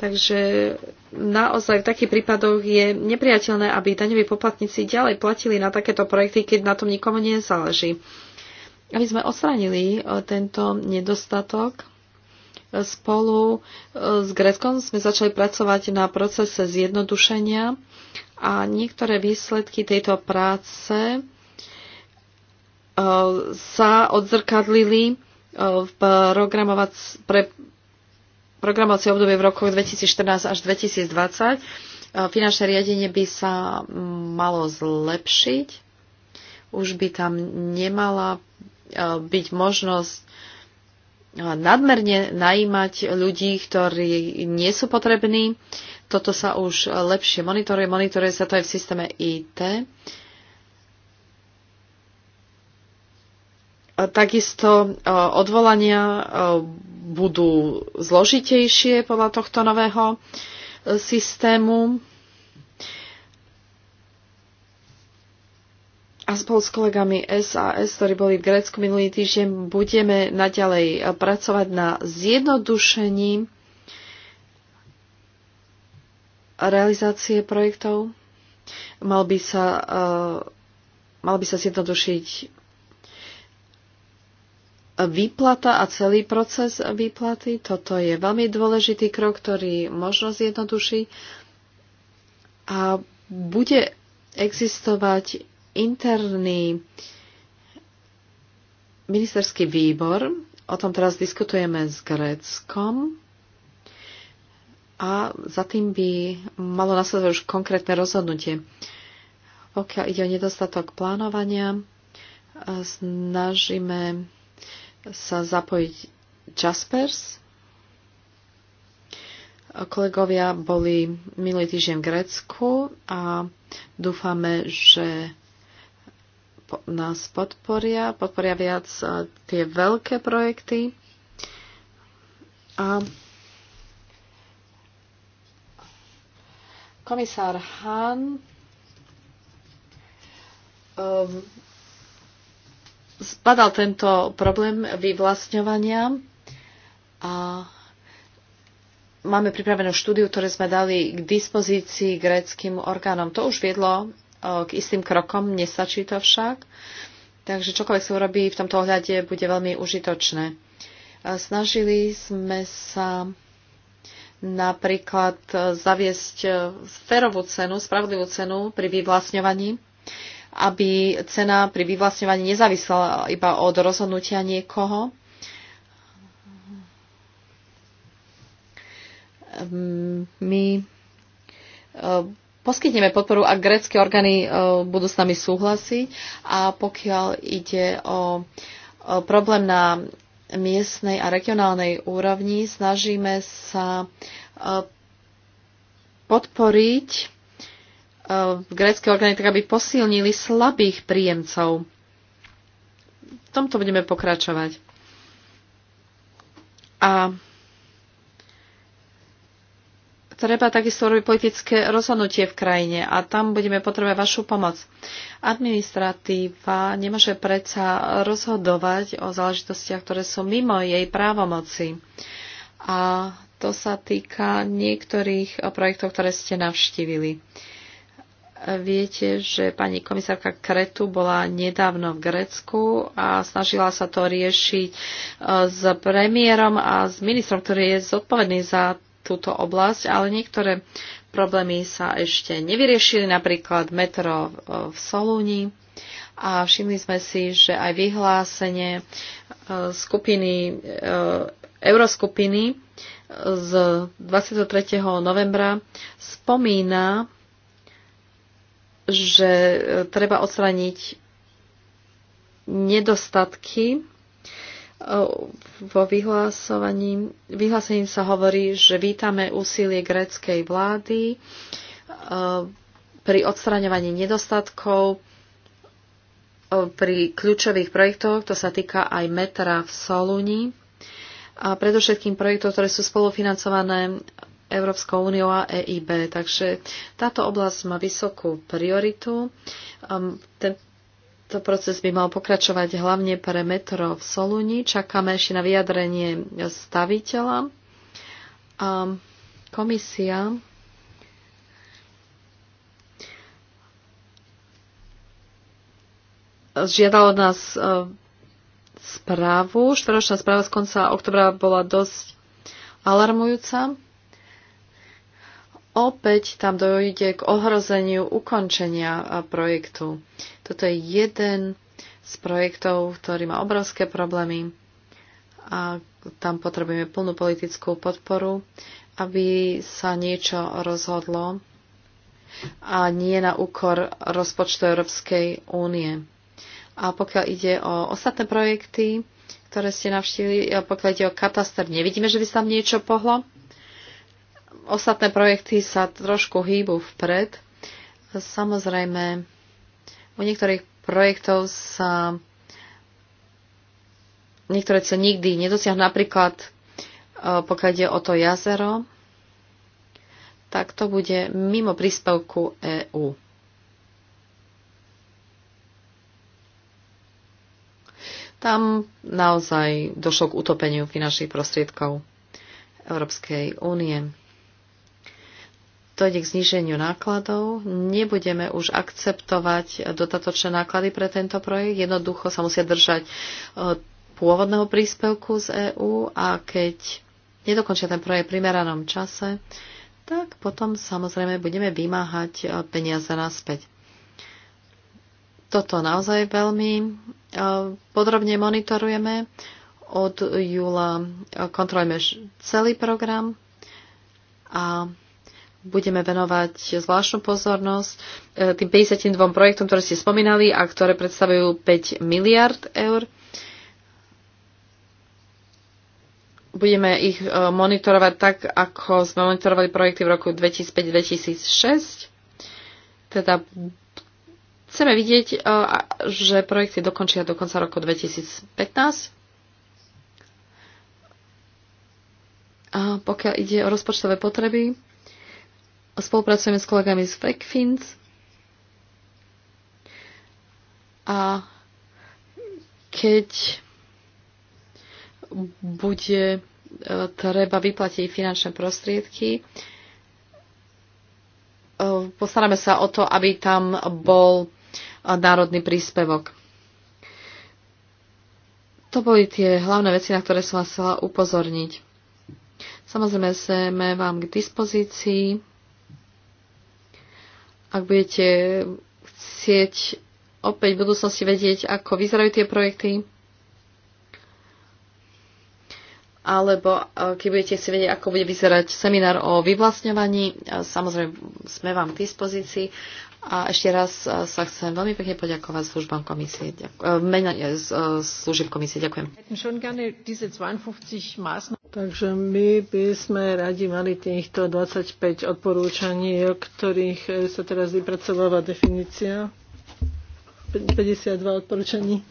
Takže naozaj v takých prípadoch je nepriateľné, aby daňoví poplatníci ďalej platili na takéto projekty, keď na tom nikomu nezáleží. Aby sme odstránili e, tento nedostatok, e, spolu e, s Greckom sme začali pracovať na procese zjednodušenia a niektoré výsledky tejto práce sa odzrkadlili e, v programovac, pre programovacie obdobie v rokoch 2014 až 2020. E, finančné riadenie by sa malo zlepšiť. Už by tam nemala e, byť možnosť nadmerne najímať ľudí, ktorí nie sú potrební. Toto sa už lepšie monitoruje. Monitoruje sa to aj v systéme IT. Takisto e, odvolania e, budú zložitejšie podľa tohto nového e, systému. A spolu s kolegami SAS, ktorí boli v Grécku minulý týždeň, budeme naďalej pracovať na zjednodušení realizácie projektov. Mal by sa, mal by sa zjednodušiť Výplata a celý proces výplaty, toto je veľmi dôležitý krok, ktorý možno zjednoduší a bude existovať interný ministerský výbor, o tom teraz diskutujeme s Gréckom a za tým by malo nasledovať už konkrétne rozhodnutie. Pokiaľ ide o nedostatok plánovania, snažíme sa zapojiť Jaspers. Kolegovia boli minulý týždeň v Grécku a dúfame, že nás podporia, podporia viac e, tie veľké projekty. A komisár Hahn spadal tento problém vyvlastňovania a máme pripravenú štúdiu, ktoré sme dali k dispozícii gréckým orgánom. To už viedlo e, k istým krokom, nestačí to však. Takže čokoľvek sa urobí v tomto ohľade bude veľmi užitočné. E, snažili sme sa napríklad e, zaviesť férovú cenu, spravodlivú cenu pri vyvlastňovaní aby cena pri vyvlastňovaní nezávisela iba od rozhodnutia niekoho. My e, poskytneme podporu, ak grécké orgány e, budú s nami súhlasiť a pokiaľ ide o e, problém na miestnej a regionálnej úrovni, snažíme sa podporiť E, grécké orgány tak, aby posilnili slabých príjemcov. V tomto budeme pokračovať. A treba takisto robiť politické rozhodnutie v krajine a tam budeme potrebovať vašu pomoc. Administratíva nemôže predsa rozhodovať o záležitostiach, ktoré sú mimo jej právomoci. A to sa týka niektorých projektov, ktoré ste navštívili. Uh, Viete, že pani komisárka Kretu bola nedávno v Grécku a snažila sa to riešiť e, s premiérom a s ministrom, ktorý je zodpovedný za túto oblasť, ale niektoré problémy sa ešte nevyriešili, napríklad metro v e, Solúni. A všimli sme si, že aj vyhlásenie e, skupiny, euroskupiny z 23. novembra spomína že e, treba odstraniť nedostatky e, vo vyhlásovaní. Vyhlásením sa hovorí, že vítame úsilie gréckej vlády e, pri odstraňovaní nedostatkov pri kľúčových projektoch, to sa týka aj metra v Soluni, a predovšetkým projektov, ktoré sú spolufinancované Európskou úniou a EIB. Takže táto oblasť má vysokú prioritu. Tento proces by mal pokračovať hlavne pre metro v Soluni. Čakáme ešte na vyjadrenie staviteľa. A komisia žiadala od nás e, správu. Štvoročná správa z konca oktobra bola dosť alarmujúca opäť tam dojde k ohrozeniu ukončenia projektu. Toto je jeden z projektov, ktorý má obrovské problémy a tam potrebujeme plnú politickú podporu, aby sa niečo rozhodlo a nie na úkor rozpočtu Európskej únie. A pokiaľ ide o ostatné projekty, ktoré ste navštívili, pokiaľ ide o kataster, nevidíme, že by sa tam niečo pohlo ostatné projekty sa trošku hýbu vpred. Samozrejme, u niektorých projektov sa niektoré sa nikdy nedosiahnu. Napríklad, e, pokiaľ ide o to jazero, tak to bude mimo príspevku EÚ. Tam naozaj došlo k utopeniu finančných prostriedkov Európskej únie dojde k zníženiu nákladov. Nebudeme už akceptovať dodatočné náklady pre tento projekt. Jednoducho sa musia držať e, pôvodného príspevku z EÚ a keď nedokončia ten projekt v primeranom čase, tak potom samozrejme budeme vymáhať e, peniaze naspäť. Toto naozaj veľmi e, podrobne monitorujeme. Od júla kontrolujeme celý program a budeme venovať zvláštnu pozornosť e, tým 52 projektom, ktoré ste spomínali a ktoré predstavujú 5 miliard eur. Budeme ich e, monitorovať tak, ako sme monitorovali projekty v roku 2005-2006. Teda chceme vidieť, e, že projekty dokončia do konca roku 2015. A pokiaľ ide o rozpočtové potreby, Spolupracujeme s kolegami z Backfins a keď bude e, treba vyplatiť finančné prostriedky, e, postaráme sa o to, aby tam bol e, národný príspevok. To boli tie hlavné veci, na ktoré som vás chcela upozorniť. Samozrejme, sme vám k dispozícii ak budete chcieť opäť v budúcnosti vedieť, ako vyzerajú tie projekty, alebo eh, keď budete si vedieť, ako bude vyzerať seminár o vyvlastňovaní, eh, samozrejme sme vám k dispozícii. A ešte raz eh, sa chcem veľmi pekne poďakovať službám komisie, ďakujem, služieb komisie. Ďakujem. Takže my by sme radi mali týchto 25 odporúčaní, o ktorých e, sa teraz vypracováva definícia. 52 odporúčaní.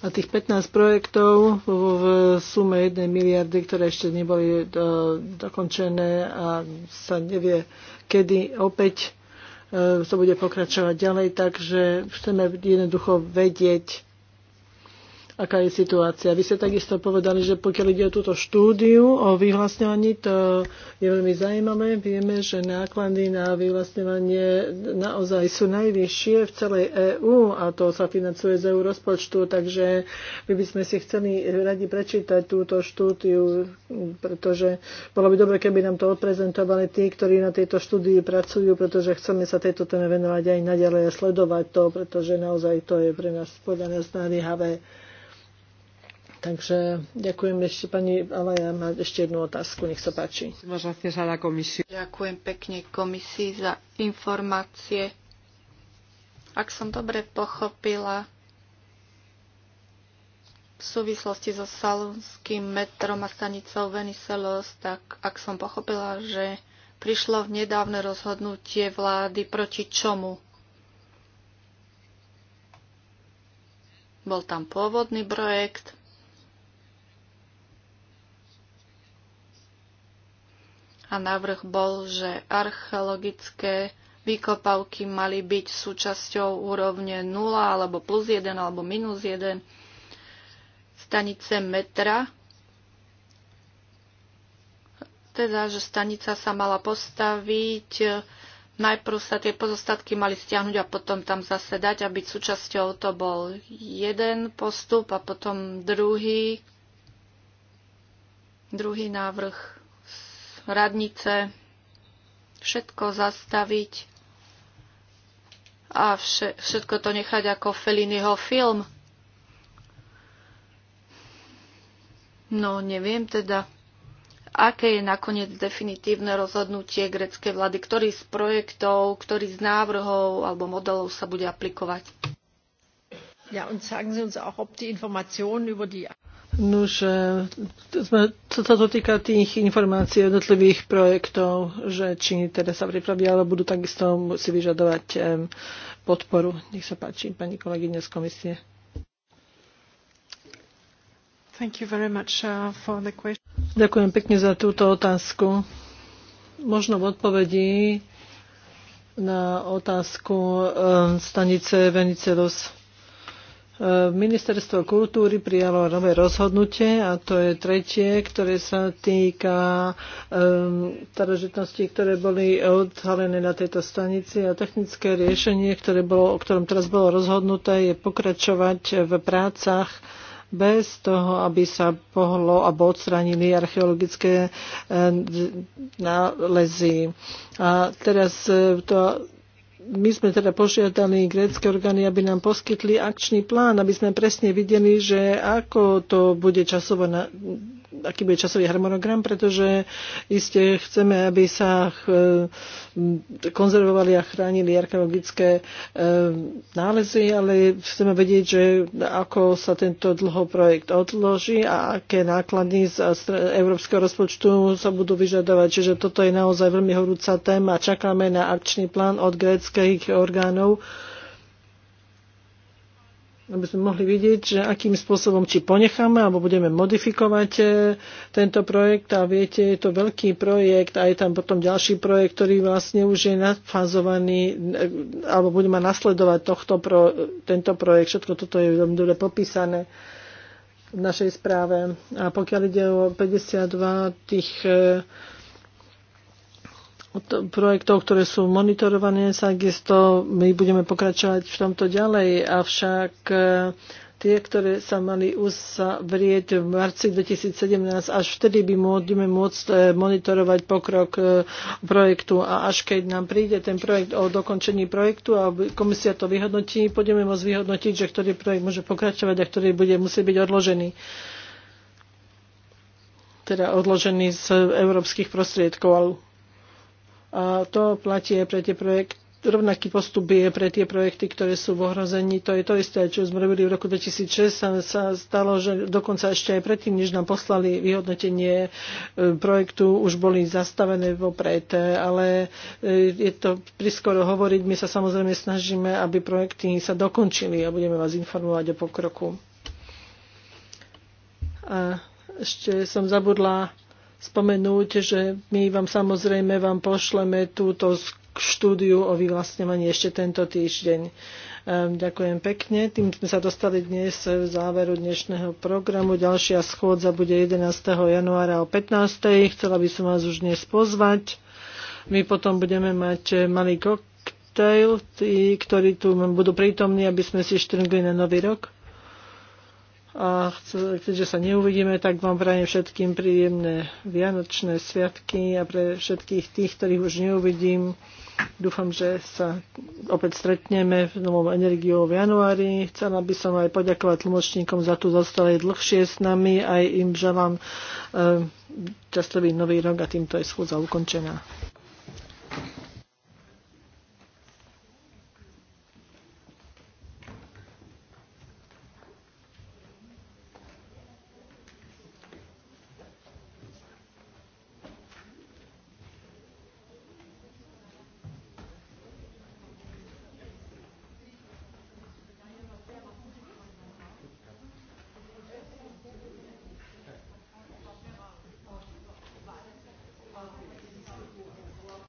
A tých 15 projektov v sume 1 miliardy, ktoré ešte neboli e, do, dokončené a sa nevie, kedy opäť e, to bude pokračovať ďalej. Takže chceme jednoducho vedieť, aká je situácia. Vy ste takisto povedali, že pokiaľ ide o túto štúdiu o vyhlasňovaní, to je veľmi zaujímavé. Vieme, že náklady na vyhlasňovanie naozaj sú najvyššie v celej EÚ a to sa financuje z EU rozpočtu, takže my by sme si chceli radi prečítať túto štúdiu, pretože bolo by dobre, keby nám to odprezentovali tí, ktorí na tejto štúdii pracujú, pretože chceme sa tejto téme venovať aj naďalej a sledovať to, pretože naozaj to je pre nás podľa nás naliehavé. Takže ďakujem ešte pani Alaja, má ešte jednu otázku, nech sa páči. Ďakujem pekne komisii za informácie. Ak som dobre pochopila, v súvislosti so salonským metrom a stanicou Veniselos, tak ak som pochopila, že prišlo v nedávne rozhodnutie vlády proti čomu? Bol tam pôvodný projekt, a návrh bol, že archeologické výkopavky mali byť súčasťou úrovne 0 alebo plus 1 alebo minus 1 stanice metra. Teda, že stanica sa mala postaviť, najprv sa tie pozostatky mali stiahnuť a potom tam zase dať a byť súčasťou. To bol jeden postup a potom druhý, druhý návrh radnice, všetko zastaviť a všetko to nechať ako Felliniho film. No, neviem teda, aké je nakoniec definitívne rozhodnutie greckej vlády, ktorý z projektov, ktorý z návrhov alebo modelov sa bude aplikovať. Ja, und sagen Sie uns auch, ob die Informationen über die Nuž, co e, sa to týka tých informácií jednotlivých projektov, že či teda sa pripravia, ale budú takisto si vyžadovať e, podporu. Nech sa páči, pani kolegyňa z komisie. Thank you very much uh, for the question. Ďakujem pekne za túto otázku. Možno v odpovedi na otázku e, stanice Venicelos Ministerstvo kultúry prijalo nové rozhodnutie a to je tretie, ktoré sa týka um, ehm, starožitností, ktoré boli odhalené na tejto stanici a technické riešenie, ktoré bolo, o ktorom teraz bolo rozhodnuté, je pokračovať v prácach bez toho, aby sa pohlo alebo odstránili archeologické eh, nálezy. A teraz eh, to my sme teda požiadali grécké orgány, aby nám poskytli akčný plán, aby sme presne videli, že ako to bude časovo aký bude časový harmonogram, pretože iste chceme, aby sa e, konzervovali a chránili archeologické e, nálezy, ale chceme vedieť, že ako sa tento dlho projekt odloží a aké náklady z európskeho rozpočtu sa budú vyžadovať. Čiže toto je naozaj veľmi horúca téma. Čakáme na akčný plán od gréckých orgánov, aby sme mohli vidieť, že akým spôsobom či ponecháme alebo budeme modifikovať e, tento projekt. A viete, je to veľký projekt a je tam potom ďalší projekt, ktorý vlastne už je nafazovaný, e, alebo budeme nasledovať tohto pro, tento projekt. Všetko toto je veľmi dobre popísané v našej správe. A pokiaľ ide o 52 tých e, projektov, ktoré sú monitorované, takisto my budeme pokračovať v tomto ďalej, avšak eh, tie, ktoré sa mali uzavrieť v marci 2017, až vtedy by môžeme môcť eh, monitorovať pokrok eh, projektu a až keď nám príde ten projekt o dokončení projektu a komisia to vyhodnotí, budeme môcť vyhodnotiť, že ktorý projekt môže pokračovať a ktorý bude musieť byť odložený teda odložený z európskych prostriedkov a to platí aj pre tie projekty, rovnaký postup je pre tie projekty, ktoré sú v ohrození. To je to isté, čo sme robili v roku 2006. Sa, sa stalo, že dokonca ešte aj predtým, než nám poslali vyhodnotenie e, projektu, už boli zastavené vopred. Ale e, je to priskoro hovoriť. My sa samozrejme snažíme, aby projekty sa dokončili a budeme vás informovať o pokroku. A ešte som zabudla spomenúť, že my vám samozrejme vám pošleme túto štúdiu o vyvlastňovaní ešte tento týždeň. Ehm, ďakujem pekne. Tým sme sa dostali dnes v záveru dnešného programu. Ďalšia schôdza bude 11. januára o 15. Chcela by som vás už dnes pozvať. My potom budeme mať eh, malý koktejl, tí, ktorí tu budú prítomní, aby sme si štrngli na nový rok a keďže sa neuvidíme, tak vám prajem všetkým príjemné Vianočné sviatky a pre všetkých tých, ktorých už neuvidím, dúfam, že sa opäť stretneme v novom energiou v januári. Chcela by som aj poďakovať tlmočníkom za tu zostali dlhšie s nami, aj im želám e, eh, častový nový rok a týmto je schôdza ukončená.